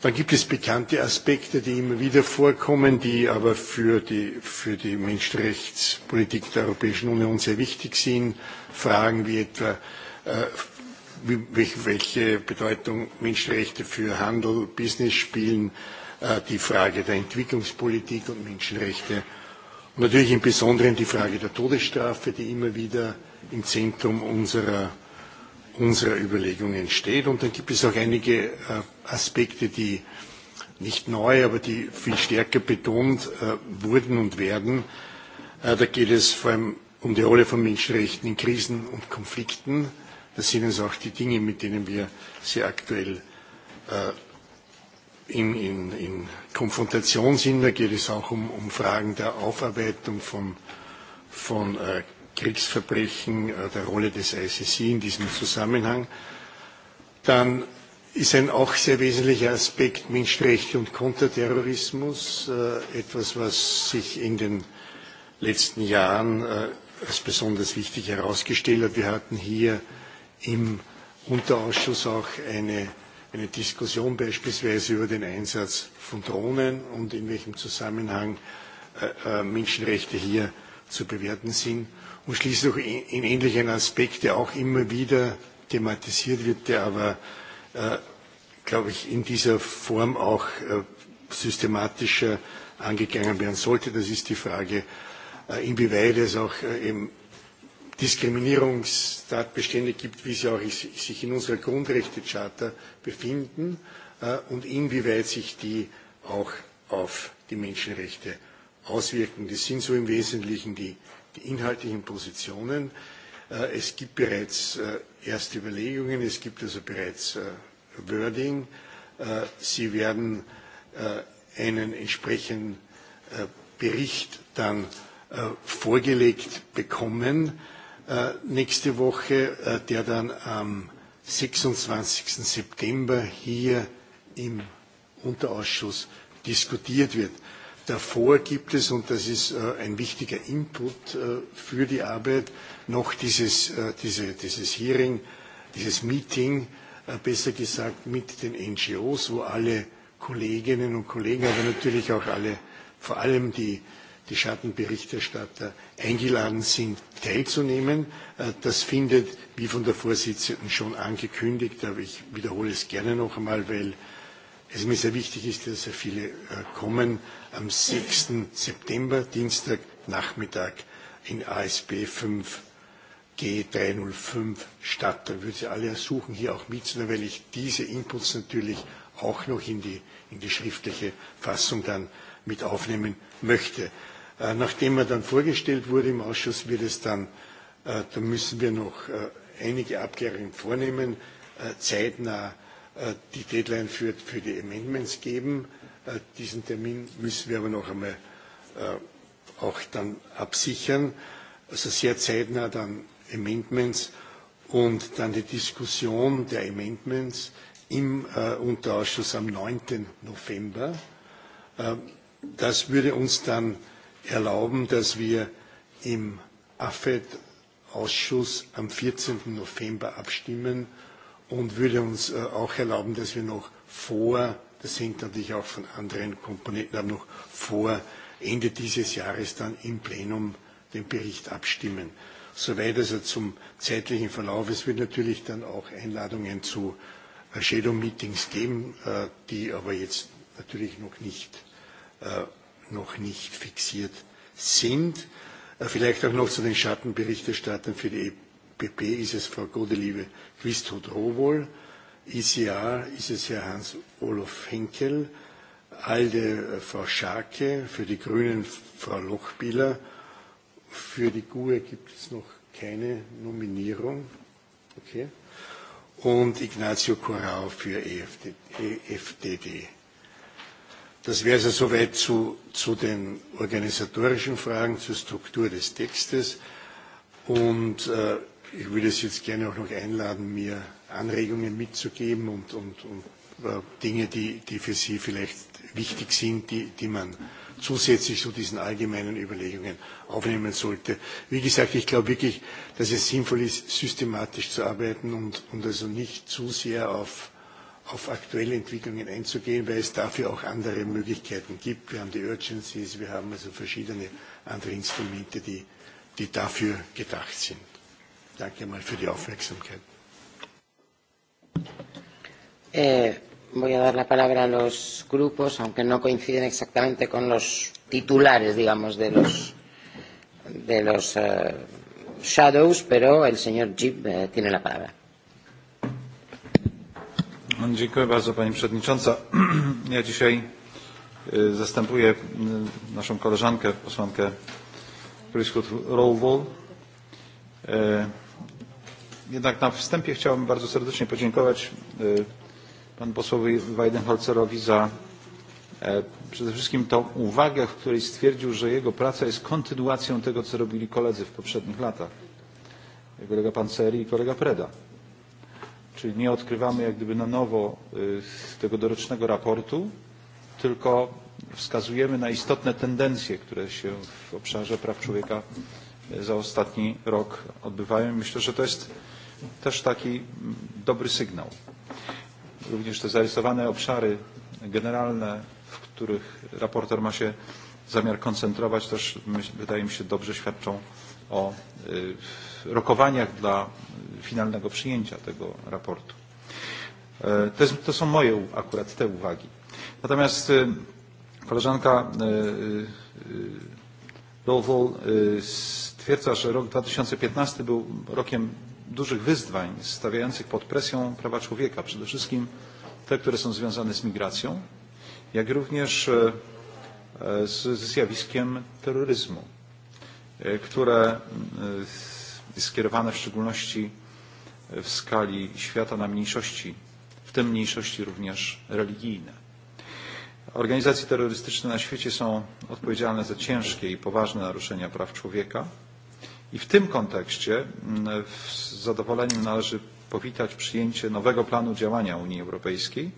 Speaker 8: Dann gibt es bekannte Aspekte, die immer wieder vorkommen, die aber für die, für die Menschenrechtspolitik der Europäischen Union sehr wichtig sind. Fragen wie etwa, äh, welche Bedeutung Menschenrechte für Handel, Business spielen, Äh, die Frage der Entwicklungspolitik und Menschenrechte und natürlich im Besonderen die Frage der Todesstrafe, die immer wieder im Zentrum unserer, unserer Überlegungen steht. Und dann gibt es auch einige äh, Aspekte, die nicht neu, aber die viel stärker betont äh, wurden und werden. Da geht es vor allem um die Rolle von Menschenrechten in Krisen und Konflikten. Das sind also auch die Dinge, mit denen wir sehr aktuell in, in, in Konfrontation sind. Da geht es auch um, um Fragen der Aufarbeitung von, von äh, Kriegsverbrechen, äh, der Rolle des ICC in diesem Zusammenhang. Dann ist ein auch sehr wesentlicher Aspekt Menschenrechte und Konterterrorismus, äh, etwas, was sich in den letzten Jahren äh, als besonders wichtig herausgestellt hat. Wir hatten hier im Unterausschuss auch eine eine Diskussion beispielsweise über den Einsatz von Drohnen und in welchem Zusammenhang äh, äh Menschenrechte hier zu bewerten sind. Und schließlich auch in ähnlichen Aspekt, der auch immer wieder thematisiert wird, der aber, äh, glaube ich, in dieser Form auch äh, systematischer angegangen werden sollte. Das ist die Frage, äh, inwieweit es auch äh, eben Diskriminierungstatbestände gibt, wie sie auch sich in unserer Grundrechtecharta befinden äh, und inwieweit sich die auch auf die Menschenrechte auswirken. Das sind so im Wesentlichen die, die inhaltlichen Positionen. Äh, es gibt bereits äh, erste Überlegungen, es gibt also bereits Wording. Sie werden einen entsprechenden Bericht dann vorgelegt bekommen. Äh, nächste Woche, äh, der dann am 26. September hier im Unterausschuss diskutiert wird. Davor gibt es, und das ist äh, ein wichtiger Input äh, für die Arbeit, noch dieses, äh, diese, dieses Hearing, dieses Meeting, äh, besser gesagt mit den NGOs, wo alle Kolleginnen und Kollegen, aber natürlich auch alle, vor allem die die Schattenberichterstatter eingeladen sind, teilzunehmen. Äh, das findet, wie von der Vorsitzenden schon angekündigt, aber ich wiederhole es gerne noch einmal, weil es mir sehr wichtig ist, dass sehr viele äh, kommen, am 6. September, Dienstag, Nachmittag in ASB 5 G305 statt. Da würde ich alle ersuchen, hier auch mitzunehmen, weil ich diese Inputs natürlich auch noch in die, in die schriftliche Fassung dann mit aufnehmen möchte. Äh, nachdem er dann vorgestellt wurde im Ausschuss, wird es dann, äh, da müssen wir noch äh, einige Abklärungen vornehmen, zeitnah die Deadline für, für die Amendments geben. diesen Termin müssen wir aber noch einmal auch dann absichern. Also sehr zeitnah dann Amendments und dann die Diskussion der Amendments im äh, Unterausschuss am 9. November. Äh, das würde uns dann erlauben, dass wir im AFED-Ausschuss am 14. November abstimmen und würde uns äh, auch erlauben, dass wir noch vor, das hängt natürlich auch von anderen Komponenten ab, noch vor Ende dieses Jahres dann im Plenum den Bericht abstimmen. Soweit also zum zeitlichen Verlauf. Es wird natürlich dann auch Einladungen zu äh, Shadow Meetings geben, äh, die aber jetzt natürlich noch nicht noch nicht fixiert sind. Äh, vielleicht auch noch zu den Schattenberichterstattern für die EPP ist es Frau Godeliebe Quisthut Rowohl, ICR ist es Herr Hans-Olof Henkel, ALDE äh, Frau Scharke, für die Grünen Frau Lochbieler, für die GUE gibt es noch keine Nominierung. Okay. Und Ignazio Corrao für EFD, e EFDD. Das wäre also soweit zu, zu den organisatorischen Fragen, zur Struktur des Textes. Und äh, ich würde es jetzt gerne auch noch einladen, mir Anregungen mitzugeben und, und, und äh, Dinge, die, die für Sie vielleicht wichtig sind, die, die man zusätzlich zu diesen allgemeinen Überlegungen aufnehmen sollte. Wie gesagt, ich glaube wirklich, dass es sinnvoll ist, systematisch zu arbeiten und, und also nicht zu sehr auf auf aktuelle Entwicklungen einzugehen, weil es dafür auch andere Möglichkeiten gibt. Wir haben die Urgencies, wir haben also verschiedene andere Instrumente, die, die dafür gedacht sind. Danke mal für die Aufmerksamkeit.
Speaker 1: Äh, voy a dar la palabra a los grupos, aunque no coinciden exactamente con los titulares, digamos, de los, de los uh, shadows, pero el señor Jeep uh, tiene la palabra.
Speaker 9: Dziękuję bardzo Pani Przewodnicząca. *clears throat* Ja dzisiaj zastępuję naszą koleżankę, posłankę Pryskut Rowol. Jednak na wstępie chciałbym bardzo serdecznie podziękować panu posłowi Weidenholzerowi za e, przede wszystkim tą uwagę, w której stwierdził, że jego praca jest kontynuacją tego, co robili koledzy w poprzednich latach. Kolega Panceri i kolega Preda. Czyli nie odkrywamy jak gdyby na nowo z tego dorocznego raportu, tylko wskazujemy na istotne tendencje, które się w obszarze praw człowieka za ostatni rok odbywają. Myślę, że to jest też taki dobry sygnał. Również te zarysowane obszary generalne, w których raporter ma się zamiar koncentrować, też wydaje mi się dobrze świadczą o w rokowaniach dla finalnego przyjęcia tego raportu. E, to, jest, to są moje akurat te uwagi. Natomiast e, koleżanka e, Lowell stwierdza, że rok 2015 był rokiem dużych wyzwań stawiających pod presją prawa człowieka, przede wszystkim te, które są związane z migracją, jak również ze zjawiskiem terroryzmu, które skierowane w szczególności e, w skali świata na mniejszości, w tym mniejszości również religijne. Organizacje terrorystyczne na świecie są odpowiedzialne za ciężkie i poważne naruszenia praw człowieka i w tym kontekście z zadowoleniem należy powitać przyjęcie nowego planu działania Unii Europejskiej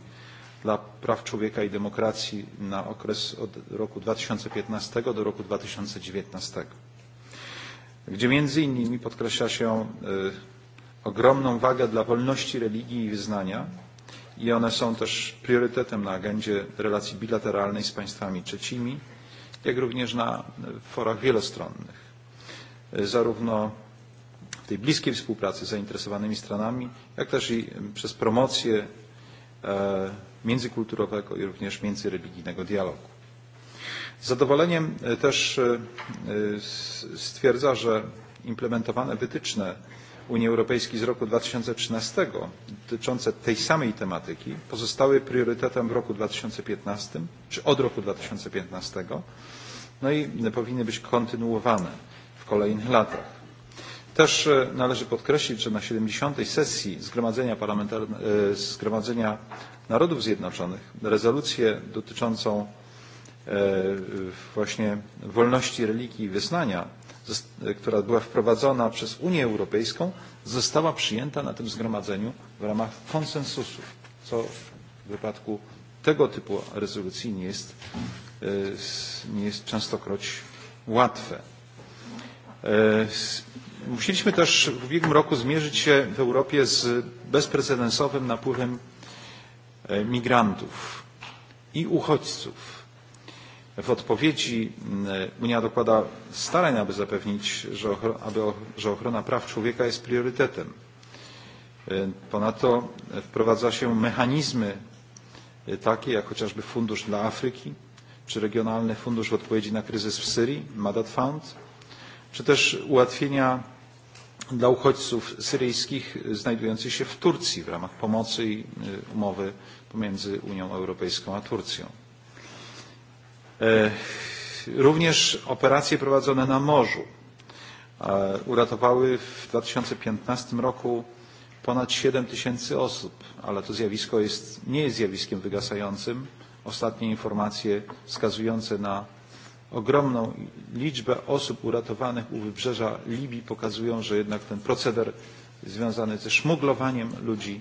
Speaker 9: dla praw człowieka i demokracji na okres od roku 2015 do roku 2019 gdzie między innymi podkreśla się e, ogromną wagę dla wolności religii i wyznania i one są też priorytetem na agendzie relacji bilateralnej z państwami trzecimi, jak również na forach wielostronnych. E, zarówno w tej bliskiej współpracy z zainteresowanymi stronami, jak też i przez promocję e, międzykulturowego i również międzyreligijnego dialogu. Z zadowoleniem e, też e, e, stwierdza, że implementowane wytyczne Unii Europejskiej z roku 2013 dotyczące tej samej tematyki pozostały priorytetem w roku 2015 czy od roku 2015 no i powinny być kontynuowane w kolejnych latach. Też należy podkreślić, że na 70. sesji Zgromadzenia, Parlamentarne, Zgromadzenia Narodów Zjednoczonych rezolucję dotyczącą E, właśnie wolności religii i wyznania, która była wprowadzona przez Unię Europejską, została przyjęta na tym zgromadzeniu w ramach konsensusu, co w wypadku tego typu rezolucji nie jest, e, nie jest częstokroć łatwe. E, musieliśmy też w ubiegłym roku zmierzyć się w Europie z bezprecedensowym napływem migrantów i uchodźców W odpowiedzi mm, Unia dokłada starań, aby zapewnić, że ochrona, aby, że ochrona praw człowieka jest priorytetem. Ponadto wprowadza się mechanizmy takie jak chociażby Fundusz dla Afryki, czy Regionalny Fundusz w odpowiedzi na kryzys w Syrii, Madat Fund, czy też ułatwienia dla uchodźców syryjskich znajdujących się w Turcji w ramach pomocy i umowy pomiędzy Unią Europejską a Turcją. E, również operacje prowadzone na morzu uratowały w 2015 roku ponad 7 tysięcy osób, ale to zjawisko jest, nie jest zjawiskiem wygasającym. Ostatnie informacje wskazujące na ogromną liczbę osób uratowanych u wybrzeża Libii pokazują, że jednak ten proceder związany ze szmuglowaniem ludzi,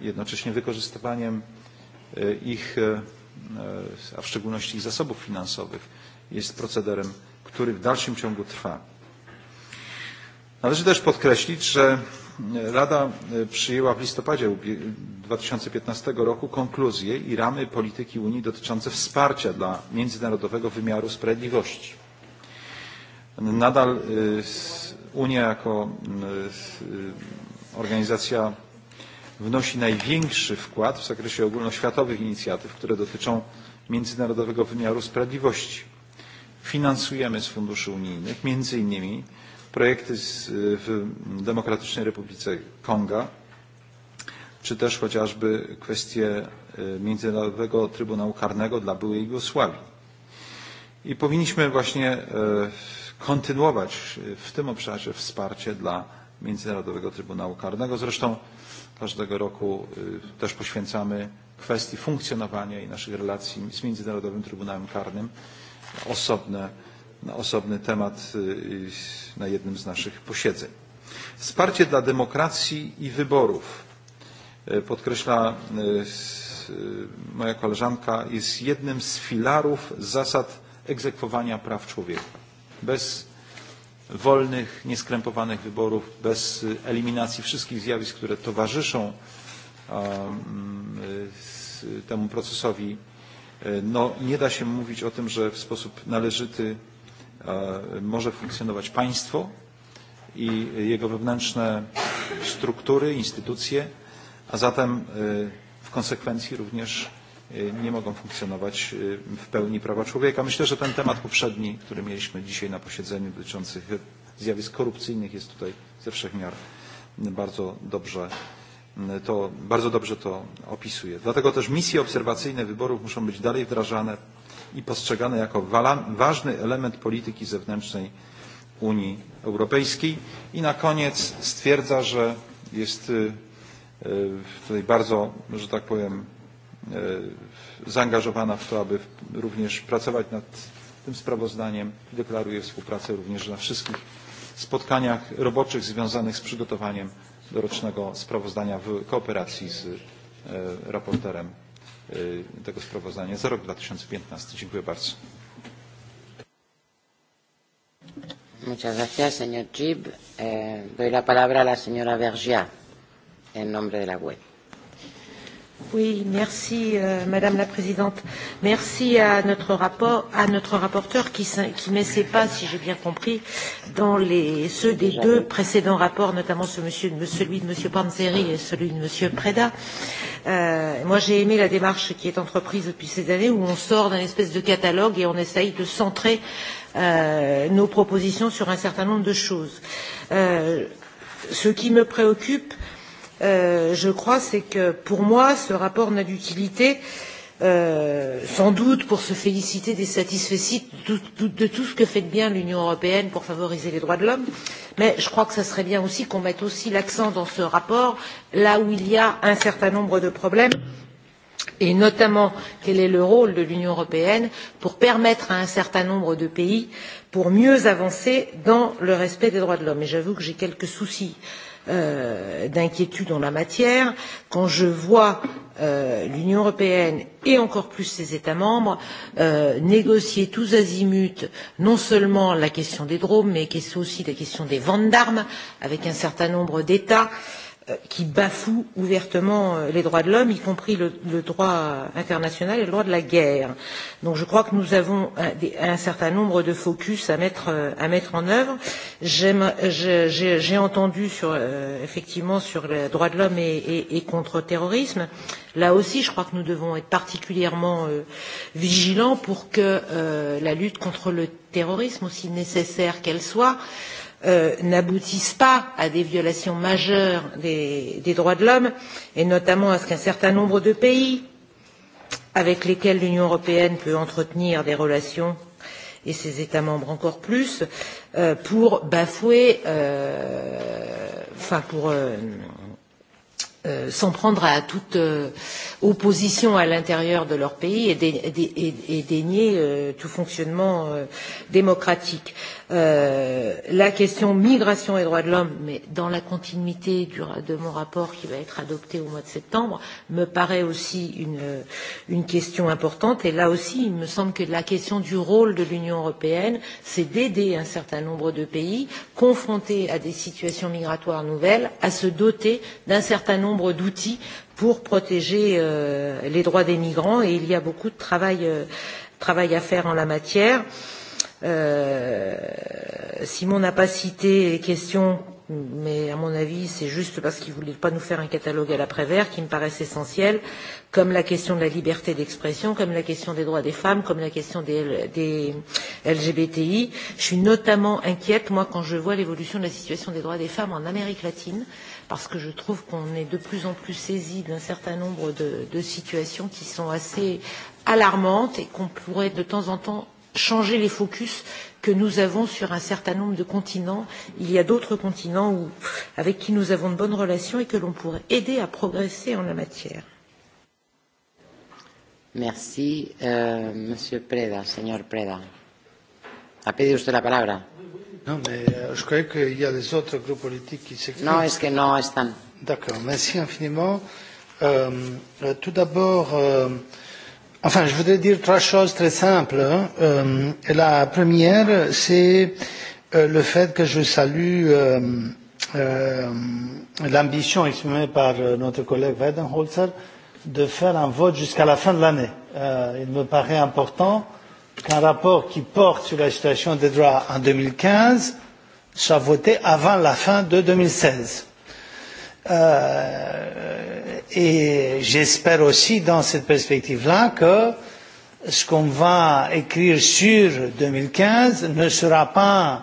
Speaker 9: jednocześnie wykorzystywaniem e, ich e, E, a w szczególności ich zasobów finansowych, jest procederem, który w dalszym ciągu trwa. Należy też podkreślić, że e, Rada e, przyjęła w listopadzie 2015 roku konkluzje i ramy polityki Unii dotyczące wsparcia dla międzynarodowego wymiaru sprawiedliwości. Nadal Unia jako organizacja wnosi największy wkład w zakresie ogólnoświatowych inicjatyw, które dotyczą międzynarodowego wymiaru sprawiedliwości. Finansujemy z funduszy unijnych między innymi projekty z, w Demokratycznej Republice Konga, czy też chociażby kwestie Międzynarodowego Trybunału Karnego dla byłej Jugosławii. I powinniśmy właśnie e, kontynuować w tym obszarze wsparcie dla Międzynarodowego Trybunału Karnego. Zresztą każdego roku też poświęcamy kwestii funkcjonowania i naszych relacji z Międzynarodowym Trybunałem Karnym. Osobne, osobny temat na jednym z naszych posiedzeń. Wsparcie dla demokracji i wyborów, podkreśla moja koleżanka, jest jednym z filarów zasad egzekwowania praw człowieka. Bez wolnych, nieskrępowanych wyborów, bez eliminacji wszystkich zjawisk, które towarzyszą mm, temu procesowi, no, nie da się mówić o tym, że w sposób należyty może funkcjonować państwo i jego wewnętrzne struktury, instytucje, a zatem w konsekwencji również E, nie mogą funkcjonować e, w pełni prawa człowieka. Myślę, że ten temat poprzedni, który mieliśmy dzisiaj na posiedzeniu dotyczących zjawisk korupcyjnych jest tutaj ze wszech miar bardzo dobrze to, bardzo dobrze to opisuje. Dlatego też misje obserwacyjne wyborów muszą być dalej wdrażane i postrzegane jako ważny element polityki zewnętrznej Unii Europejskiej. I na koniec stwierdza, że jest e, tutaj bardzo, że tak powiem, E, zaangażowana w to, aby również pracować nad tym sprawozdaniem. Deklaruję współpracę również na wszystkich spotkaniach roboczych związanych z przygotowaniem dorocznego sprawozdania w kooperacji z e, raporterem e, tego sprawozdania za rok 2015. Dziękuję bardzo.
Speaker 1: Muchas gracias, señor Chib. Eh, doy la palabra a la señora Vergia en nombre de la web.
Speaker 7: Oui, merci euh, Madame la Présidente. Merci à notre, rapport, à notre rapporteur qui, qui met ses pas, si j'ai bien compris, dans les, ceux des deux précédents rapports, notamment ce monsieur, celui de Monsieur Panzeri et celui de Monsieur Preda. Euh, moi, j'ai aimé la démarche qui est entreprise depuis ces années où on sort d'un espèce de catalogue et on essaye de centrer euh, nos propositions sur un certain nombre de choses. Euh, ce qui me préoccupe, euh, Euh, je crois, c'est que pour moi, ce rapport n'a d'utilité euh, sans doute pour se féliciter des satisfaits de, de, de tout ce que fait de bien l'Union européenne pour favoriser les droits de l'homme, mais je crois que ce serait bien aussi qu'on mette aussi l'accent dans ce rapport là où il y a un certain nombre de problèmes et notamment quel est le rôle de l'Union européenne pour permettre à un certain nombre de pays pour mieux avancer dans le respect des droits de l'homme. Et j'avoue que j'ai quelques soucis euh, Euh, d'inquiétude en la matière quand je vois euh, l'Union européenne et encore plus ses États membres euh, négocier tous azimuts non seulement la question des drones mais aussi la question des ventes d'armes avec un certain nombre d'États. Euh, Euh, qui bafoue ouvertement euh, les droits de l'homme, y compris le, le droit international et le droit de la guerre. Donc je crois que nous avons un, un certain nombre de focus à mettre, euh, à mettre en œuvre. J'ai entendu sur, euh, effectivement sur les droits de l'homme et, et, et contre terrorisme. Là aussi, je crois que nous devons être particulièrement euh, vigilants pour que euh, la lutte contre le terrorisme, aussi nécessaire qu'elle soit, euh, euh, n'aboutissent pas à des violations majeures des, des droits de l'homme, et notamment à ce qu'un certain nombre de pays avec lesquels l'Union européenne peut entretenir des relations et ses États membres encore plus, euh, pour bafouer, euh, enfin euh, pour euh, euh, s'en prendre à toute euh, opposition à l'intérieur de leur pays et, dé, et, et, et dénier euh, tout fonctionnement euh, démocratique. Euh, la question migration et droits de l'homme, mais dans la continuité du, de mon rapport qui va être adopté au mois de septembre, me paraît aussi une, une question importante. Et là aussi, il me semble que la question du rôle de l'Union européenne, c'est d'aider un certain nombre de pays confrontés à des situations migratoires nouvelles à se doter d'un certain nombre d'outils pour protéger euh, les droits des migrants. Et il y a beaucoup de travail, euh, travail à faire en la matière. Euh, Euh, Simon n'a pas cité les questions, mais à mon avis, c'est juste parce qu'il ne voulait pas nous faire un catalogue à l'après-vert qui me paraissent essentiels, comme la question de la liberté d'expression, comme la question des droits des femmes, comme la question des, des LGBTI. Je suis notamment inquiète, moi, quand je vois l'évolution de la situation des droits des femmes en Amérique latine, parce que je trouve qu'on est de plus en plus saisi d'un certain nombre de, de situations qui sont assez alarmantes et qu'on pourrait de temps en temps changer les focus que nous avons sur un certain nombre de continents. Il y a d'autres continents où, avec qui nous avons de bonnes relations et que l'on pourrait aider à progresser en la matière.
Speaker 1: Merci, euh, Monsieur Preda, Señor Preda. A pedido usted la palabra?
Speaker 10: Non, mais euh, je croyais qu'il y a des autres groupes politiques qui s'expriment. Non, est-ce que
Speaker 1: non, están. D'accord,
Speaker 10: merci infiniment. Euh, tout d'abord, euh, Enfin, je voudrais dire trois choses très simples. Euh, la première, c'est euh, le fait que je salue euh, euh, l'ambition exprimée par euh, notre collègue Weidenholzer de faire un vote jusqu'à la fin de l'année. Euh, il me paraît important qu'un rapport qui porte sur la situation des droits en 2015 soit voté avant la fin de 2016 Euh, et j'espère aussi dans cette perspective-là que ce qu'on va écrire sur 2015 ne sera pas,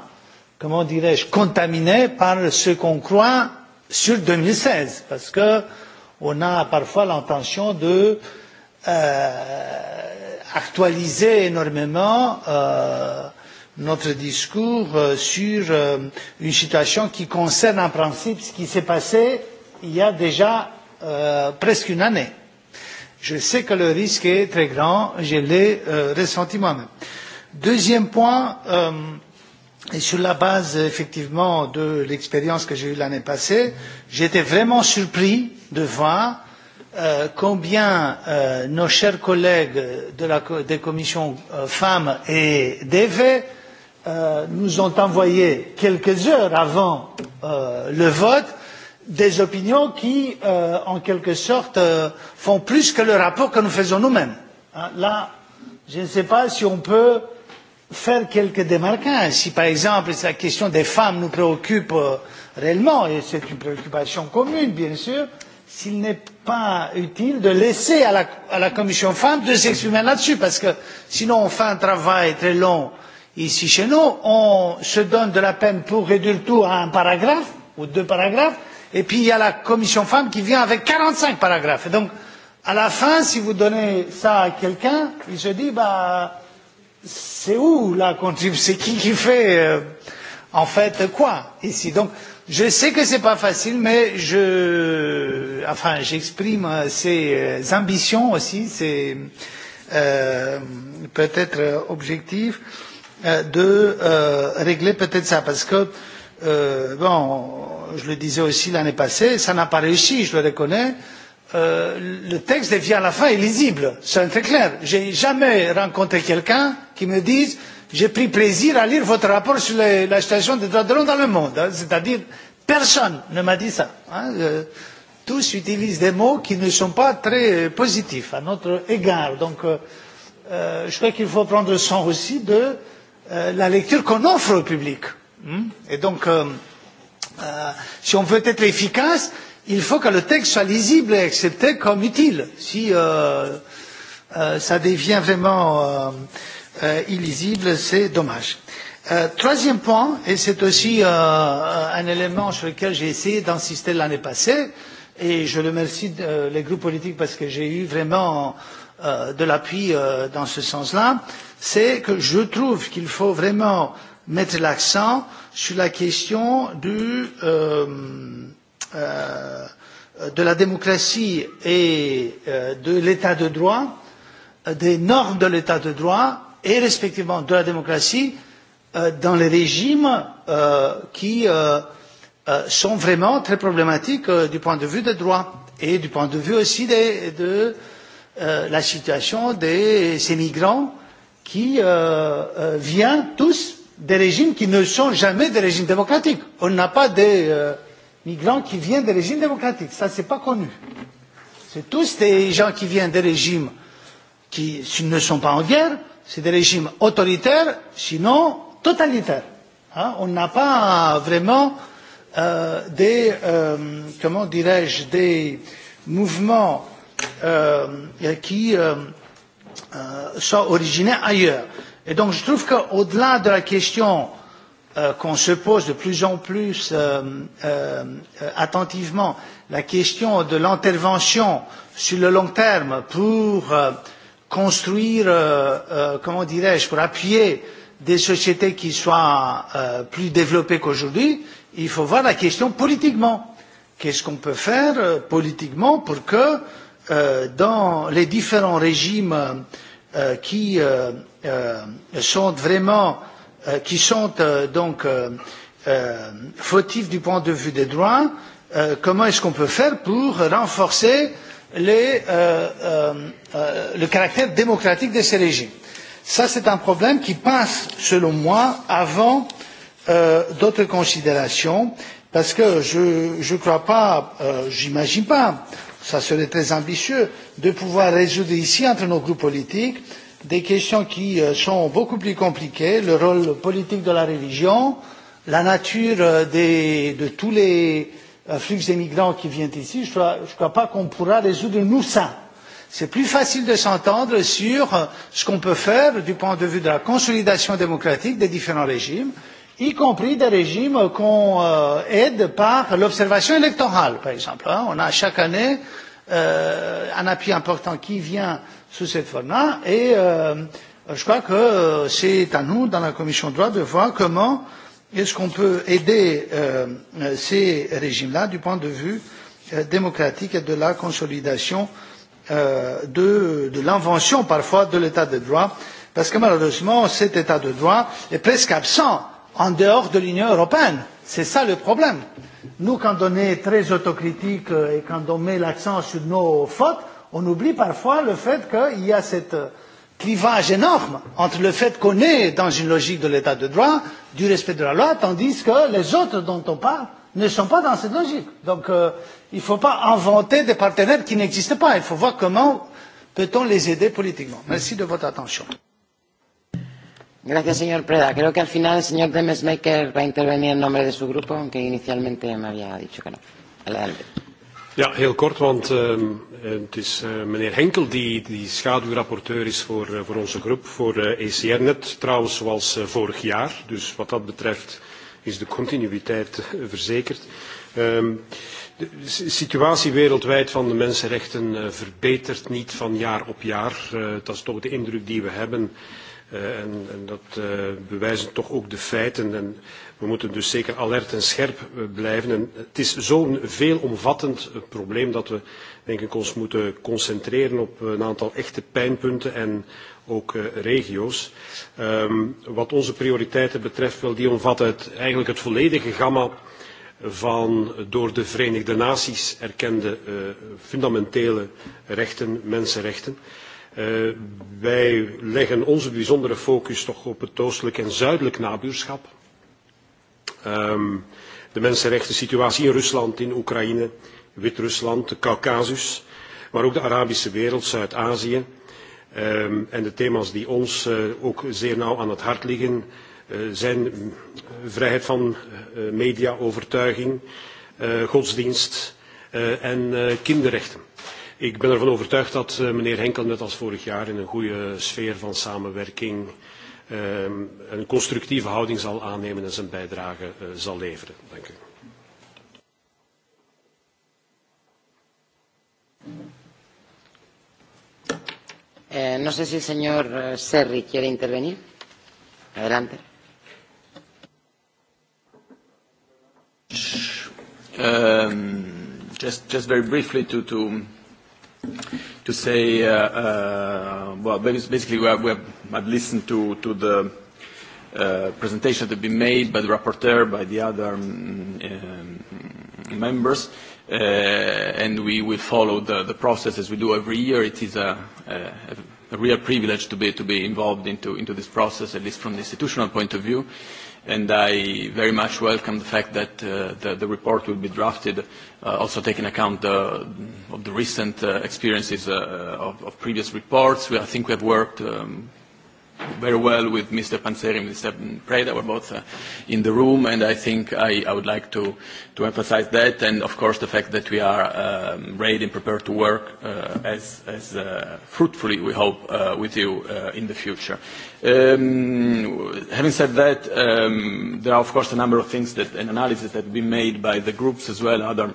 Speaker 10: comment dirais-je, contaminé par ce qu'on croit sur 2016, parce que on a parfois l'intention de euh, actualiser énormément euh, notre discours euh, sur euh, une situation qui concerne en principe ce qui s'est passé il y a déjà euh, presque une année. Je sais que le risque est très grand, je l'ai euh, ressenti moi-même. Deuxième point, euh, et sur la base effectivement de l'expérience que j'ai eue l'année passée, j'étais vraiment surpris de voir euh, combien euh, nos chers collègues de la, des commissions euh, femmes et DV euh, nous ont envoyé quelques heures avant euh, le vote des opinions qui, euh, en quelque sorte, euh, font plus que le rapport que nous faisons nous-mêmes. Hein, là, je ne sais pas si on peut faire quelques démarquages. Si, par exemple, la question des femmes nous préoccupe euh, réellement, et c'est une préoccupation commune, bien sûr, s'il n'est pas utile de laisser à la, à la Commission femmes de s'exprimer là-dessus, parce que sinon on fait un travail très long ici chez nous, on se donne de la peine pour réduire tout à un paragraphe ou deux paragraphes, Et puis il y a la commission femmes qui vient avec 45 paragraphes. Et donc, à la fin, si vous donnez ça à quelqu'un, il se dit, bah, c'est où la contribution C'est qui qui fait euh, en fait quoi ici Donc, je sais que ce n'est pas facile, mais je, enfin, j'exprime euh, ces euh, ambitions aussi, ces euh, peut-être objectifs euh, de euh, régler peut-être ça, parce que euh, Euh, bon, je le disais aussi l'année passée, ça n'a pas réussi, je le reconnais. Euh, le texte devient à la fin illisible, c'est très clair. J'ai jamais rencontré quelqu'un qui me dise j'ai pris plaisir à lire votre rapport sur les, la situation des droits de l'homme dans le monde. Hein, C'est-à-dire, personne ne m'a dit ça. Hein, euh, tous utilisent des mots qui ne sont pas très positifs à notre égard. Donc, euh, euh je crois qu'il faut prendre soin aussi de euh, la lecture qu'on offre au public. Euh, Hmm? Et donc, euh, euh, si on veut être efficace, il faut que le texte soit lisible et accepté comme utile. Si euh, euh, ça devient vraiment euh, euh, illisible, c'est dommage. Euh, troisième point, et c'est aussi euh, euh un élément sur lequel j'ai essayé d'insister l'année passée, et je remercie euh, les groupes politiques parce que j'ai eu vraiment euh, de l'appui euh, dans ce sens-là, c'est que je trouve qu'il faut vraiment euh, mettre l'accent sur la question du, euh, euh, de la démocratie et euh, de l'état de droit, euh, des normes de l'état de droit et respectivement de la démocratie euh, dans les régimes euh, qui euh, euh, sont vraiment très problématiques euh, du point de vue des droits et du point de vue aussi des, de euh, la situation des ces migrants qui euh, euh, viennent tous des régimes qui ne sont jamais des régimes démocratiques. On n'a pas des euh, migrants qui viennent des régimes démocratiques. Ça, c'est pas connu. C'est tous des gens qui viennent des régimes qui ne sont pas en guerre, c'est des régimes autoritaires, sinon totalitaires. Hein? On n'a pas vraiment euh, des, euh, comment dirais-je, des mouvements euh, qui euh, euh, sont originés ailleurs. Et donc je trouve qu'au-delà de la question euh, qu'on se pose de plus en plus euh, euh, euh, attentivement, la question de l'intervention sur le long terme pour euh, construire, euh, euh, comment dirais-je, pour appuyer des sociétés qui soient euh, plus développées qu'aujourd'hui, il faut voir la question politiquement. Qu'est-ce qu'on peut faire euh, politiquement pour que euh, dans les différents régimes euh, Euh, qui euh, euh, sont vraiment euh, qui sont euh, donc euh, euh, fautifs du point de vue des droits, euh, comment est-ce qu'on peut faire pour renforcer les, euh, euh, euh, le caractère démocratique de ces régimes Ça, c'est un problème qui passe, selon moi, avant euh, d'autres considérations, parce que je ne crois pas, euh, j'imagine pas, ça serait très ambitieux, de pouvoir résoudre ici, entre nos groupes politiques, des questions qui euh, sont beaucoup plus compliquées, le rôle politique de la religion, la nature euh, des, de tous les euh, flux des migrants qui viennent ici. Je ne crois, je crois pas qu'on pourra résoudre nous ça. C'est plus facile de s'entendre sur ce qu'on peut faire du point de vue de la consolidation démocratique des différents régimes, y compris des régimes qu'on euh, aide par l'observation électorale, par exemple. Hein. On a chaque année euh, un appui important qui vient sous cette forme-là et euh, je crois que euh, c'est à nous, dans la Commission de droit, de voir comment est-ce qu'on peut aider euh, ces régimes-là du point de vue euh, démocratique et de la consolidation euh, de, de l'invention parfois de l'état de droit, parce que malheureusement cet état de droit est presque absent en dehors de l'Union européenne. C'est ça le problème. Nous, quand on est très autocritique euh, et quand on met l'accent sur nos fautes, on oublie parfois le fait qu'il y a cet euh, clivage énorme entre le fait qu'on est dans une logique de l'état de droit, du respect de la loi, tandis que les autres dont on parle ne sont pas dans cette logique. Donc euh, il ne faut pas inventer des partenaires qui n'existent pas. Il faut voir comment peut-on les aider politiquement. Merci de votre
Speaker 1: attention. Gracias, señor Preda. Creo que al final el señor Demesmaker va a intervenir en nombre de su grupo, aunque inicialmente me había dicho que no. Adelante. Ja,
Speaker 11: heel kort, want uh, het is uh, meneer Henkel die, die schaduwrapporteur is voor, uh, voor onze groep, voor uh, eh, ECR-net, trouwens zoals uh, vorig jaar. Dus wat dat betreft is de continuïteit uh, verzekerd. Uh, de situatie wereldwijd van de mensenrechten uh, verbetert niet van jaar op jaar. Uh, dat is toch de indruk die we hebben. Uh, Uh, en, en dat uh, bewijzen toch ook de feiten. En we moeten dus zeker alert en scherp uh, blijven. En het is zo'n veelomvattend uh, probleem dat we denk ik, ons moeten concentreren op een aantal echte pijnpunten en ook uh, regio's. Um, wat onze prioriteiten betreft, wel, die omvat het, eigenlijk het volledige gamma van door de Verenigde Naties erkende uh, fundamentele rechten, mensenrechten. Uh, wij leggen onze bijzondere focus toch op het oostelijk en zuidelijk nabuurschap. Um, de mensenrechten situatie in Rusland, in Oekraïne, Wit-Rusland, de Caucasus, maar ook de Arabische wereld, Zuid-Azië. Um, en de thema's die ons uh, ook zeer nauw aan het hart liggen uh, zijn vrijheid van uh, media, overtuiging, uh, godsdienst uh, en uh, kinderrechten. Ik ben ervan overtuigd dat uh, meneer Henkel net als vorig jaar in een goede sfeer van samenwerking uh, een constructieve houding zal aannemen en zijn bijdrage uh, zal leveren.
Speaker 2: Dank u.
Speaker 1: Eh, no sé si el señor eh, Serri quiere intervenir. Adelante.
Speaker 12: Um, just, just very briefly to, to to say, uh, uh, well, basically we have, we have I've listened to, to the uh, presentation that have been made by the rapporteur, by the other um, uh, members, uh, and we will follow the, the process as we do every year. It is a, a, a real privilege to be, to be involved into, into this process, at least from the institutional point of view. Uh, and I very much welcome the fact that uh, the, the report will be drafted uh, also taking account the, of the recent uh, experiences uh, of, of previous reports. We, I think we have worked um, very well with Mr. Panseri and Mr. Preda were both uh, in the room, and I think I, I would like to, to emphasize that, and of course the fact that we are um, ready and prepared to work uh, as, as uh, fruitfully, we hope, uh, with you uh, in the future. Um, having said that, um, there are of course a number of things that, and analysis that have been made by the groups as well, other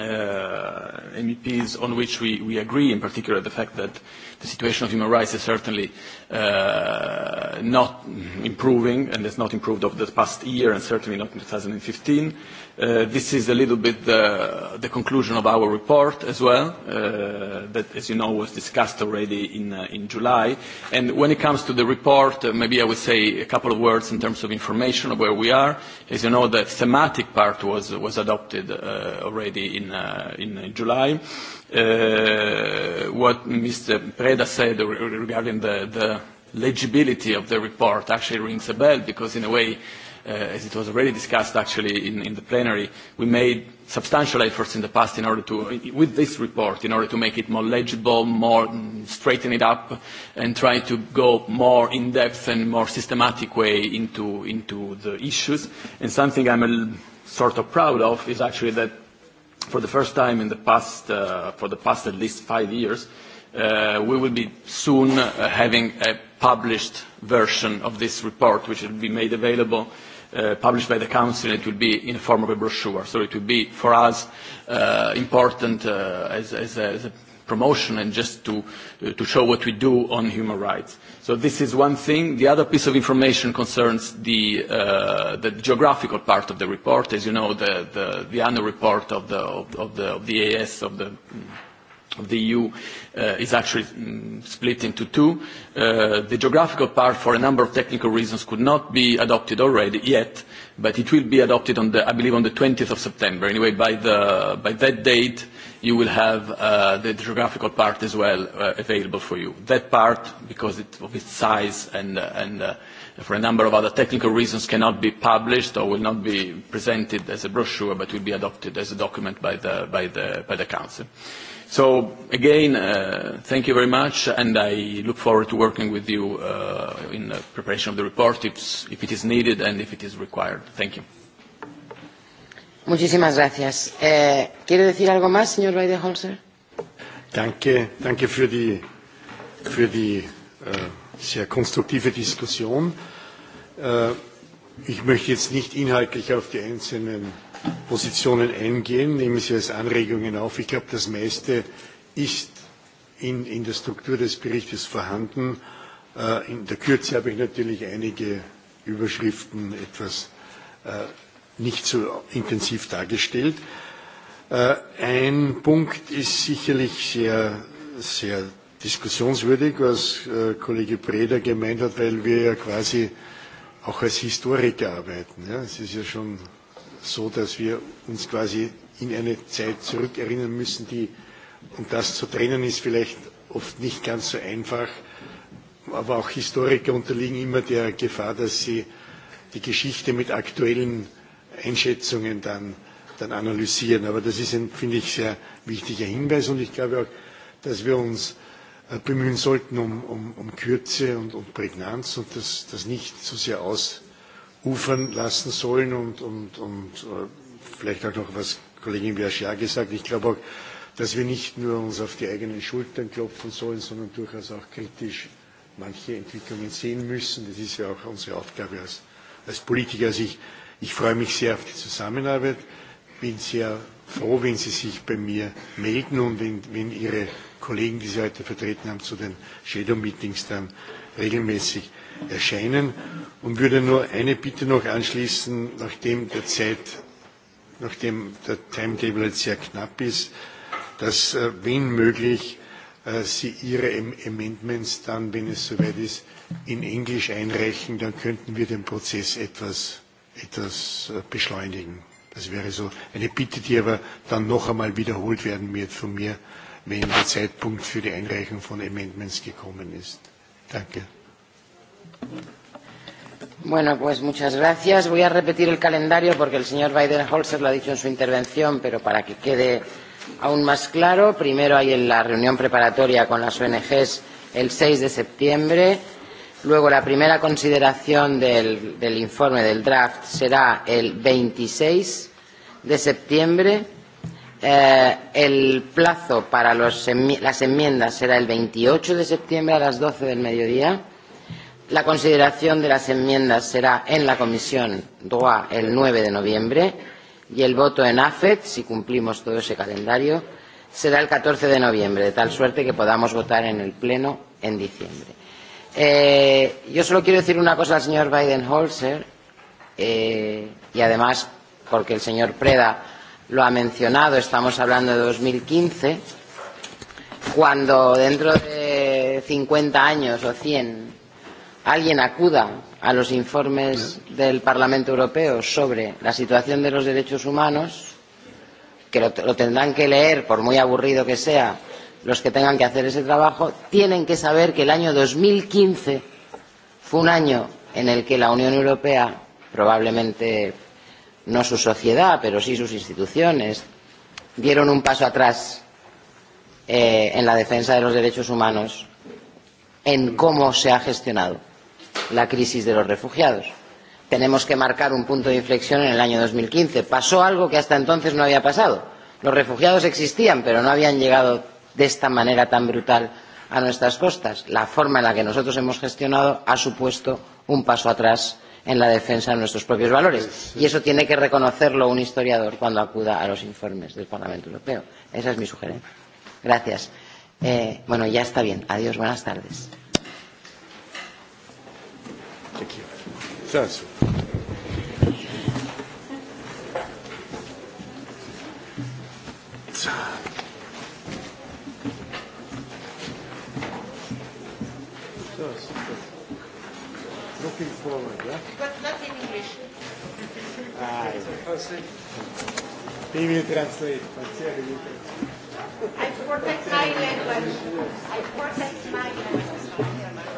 Speaker 12: uh, MEPs on which we, we agree, in particular the fact that the situation of human rights is certainly uh, not improving and has not improved over the past year and certainly not in 2015. Uh, this is a little bit the, the conclusion of our report as well, uh, that, as you know, was discussed already in, uh, in July. And when it comes to the report, uh, maybe I would say a couple of words in terms of information of where we are. As you know, the thematic part was, was adopted uh, already in, uh, in uh, July. Uh, what Mr. Preda said regarding the, the legibility of the report actually rings a bell because, in a way, uh, as it was already discussed actually in, in the plenary, we made substantial efforts in the past in order to, with this report, in order to make it more legible, more straighten it up, and try to go more in depth and more systematic way into, into the issues. And something I'm a, sort of proud of is actually that for the first time in the past, uh, for the past at least five years, uh, we will be soon uh, having a published version of this report, which will be made available Uh, published by the Council, it will be in the form of a brochure. So it will be, for us, uh, important uh, as, as, a, as a promotion and just to, uh, to show what we do on human rights. So this is one thing. The other piece of information concerns the, uh, the geographical part of the report. As you know, the, the, the annual report of the, of, of the, of the AS, of the, of the EU, uh, is actually um, split into two. Uh, the geographical part, for a number of technical reasons, could not be adopted already yet, but it will be adopted, on the, I believe, on the 20th of September. Anyway, by, the, by that date, you will have uh, the geographical part as well uh, available for you. That part, because it, of its size and, uh, and uh, for a number of other technical reasons, cannot be published or will not be presented as a brochure, but will be adopted as a document by the, by the, by the Council. So again, uh, Uh, thank you very much, and I look forward to working with you uh, in the uh, preparation of the report if, if it is needed and if it is required. Thank you.
Speaker 1: Muchísimas gracias. Eh, ¿Quiere decir algo más, señor Weideholzer?
Speaker 8: Danke, danke für die, für die uh, sehr konstruktive Diskussion. Uh, ich möchte jetzt nicht inhaltlich auf die einzelnen Positionen eingehen, nehmen Sie als Anregungen auf. Ich glaube, das meiste ist in, in der Struktur des Berichtes vorhanden. Äh, in der Kürze habe ich natürlich einige Überschriften etwas äh, nicht so intensiv dargestellt. Äh, ein Punkt ist sicherlich sehr, sehr diskussionswürdig, was äh, Kollege Breda gemeint hat, weil wir ja quasi auch als Historiker arbeiten. Ja? Es ist ja schon so, dass wir uns quasi in eine Zeit zurückerinnern müssen, die und das zu trennen ist vielleicht oft nicht ganz so einfach, aber auch Historiker unterliegen immer der Gefahr, dass sie die Geschichte mit aktuellen Einschätzungen dann, dann analysieren. Aber das ist ein, finde ich, sehr wichtiger Hinweis und ich glaube auch, dass wir uns äh, bemühen sollten um, um, um Kürze und, um Prägnanz und das, das nicht zu so sehr ausufern lassen sollen und, und, und äh, vielleicht auch noch, was Kollegin Biaschia gesagt, ich glaube auch, dass wir nicht nur uns auf die eigenen Schultern klopfen sollen, sondern durchaus auch kritisch manche Entwicklungen sehen müssen. Das ist ja auch unsere Aufgabe als, als Politiker. Also ich, ich freue mich sehr auf die Zusammenarbeit, bin sehr froh, wenn Sie sich bei mir melden und wenn, wenn Ihre Kollegen, die Sie heute vertreten haben, zu den Shadow Meetings dann regelmäßig erscheinen und würde nur eine Bitte noch anschließen, nachdem der Zeit, nachdem der Timetable jetzt sehr knapp ist, dass, äh, wenn möglich, äh, Sie Ihre Am Amendments dann, wenn es soweit ist, in Englisch einreichen, dann könnten wir den Prozess etwas, etwas äh, beschleunigen. Das wäre so eine Bitte, die aber dann noch einmal wiederholt werden wird von mir, wenn der Zeitpunkt für die Einreichung von Amendments gekommen ist. Danke.
Speaker 1: Bueno, pues muchas gracias. Voy a repetir el calendario porque el señor Biden-Holzer lo ha dicho en su intervención, pero para que quede aún más claro. Primero hay en la reunión preparatoria con las ONGs el 6 de septiembre. Luego la primera consideración del, del informe del draft será el 26 de septiembre. Eh, el plazo para los, las enmiendas será el 28 de septiembre a las 12 del mediodía. La consideración de las enmiendas será en la comisión DOA el 9 de noviembre y el voto en AFET, si cumplimos todo ese calendario, será el 14 de noviembre, de tal suerte que podamos votar en el Pleno en diciembre. Eh, yo solo quiero decir una cosa al señor Biden-Holzer, eh, y además, porque el señor Preda lo ha mencionado, estamos hablando de 2015, cuando dentro de 50 años o 100 alguien acuda a los informes del Parlamento Europeo sobre la situación de los derechos humanos, que lo, lo tendrán que leer, por muy aburrido que sea, los que tengan que hacer ese trabajo, tienen que saber que el año 2015 fue un año en el que la Unión Europea, probablemente no su sociedad, pero sí sus instituciones, dieron un paso atrás eh, en la defensa de los derechos humanos en cómo se ha gestionado la crisis de los refugiados. Tenemos que marcar un punto de inflexión en el año 2015. Pasó algo que hasta entonces no había pasado. Los refugiados existían, pero no habían llegado de esta manera tan brutal a nuestras costas. La forma en la que nosotros hemos gestionado ha supuesto un paso atrás en la defensa de nuestros propios valores. Y eso tiene que reconocerlo un historiador cuando acuda a los informes del Parlamento Europeo. Esa es mi sugerencia. Gracias. Eh, bueno, ya está bien. Adiós. Buenas tardes. Thank you.
Speaker 8: Looking forward, yeah?
Speaker 7: But not in English.
Speaker 8: Ah, He translate. I protect my language. I protect my language.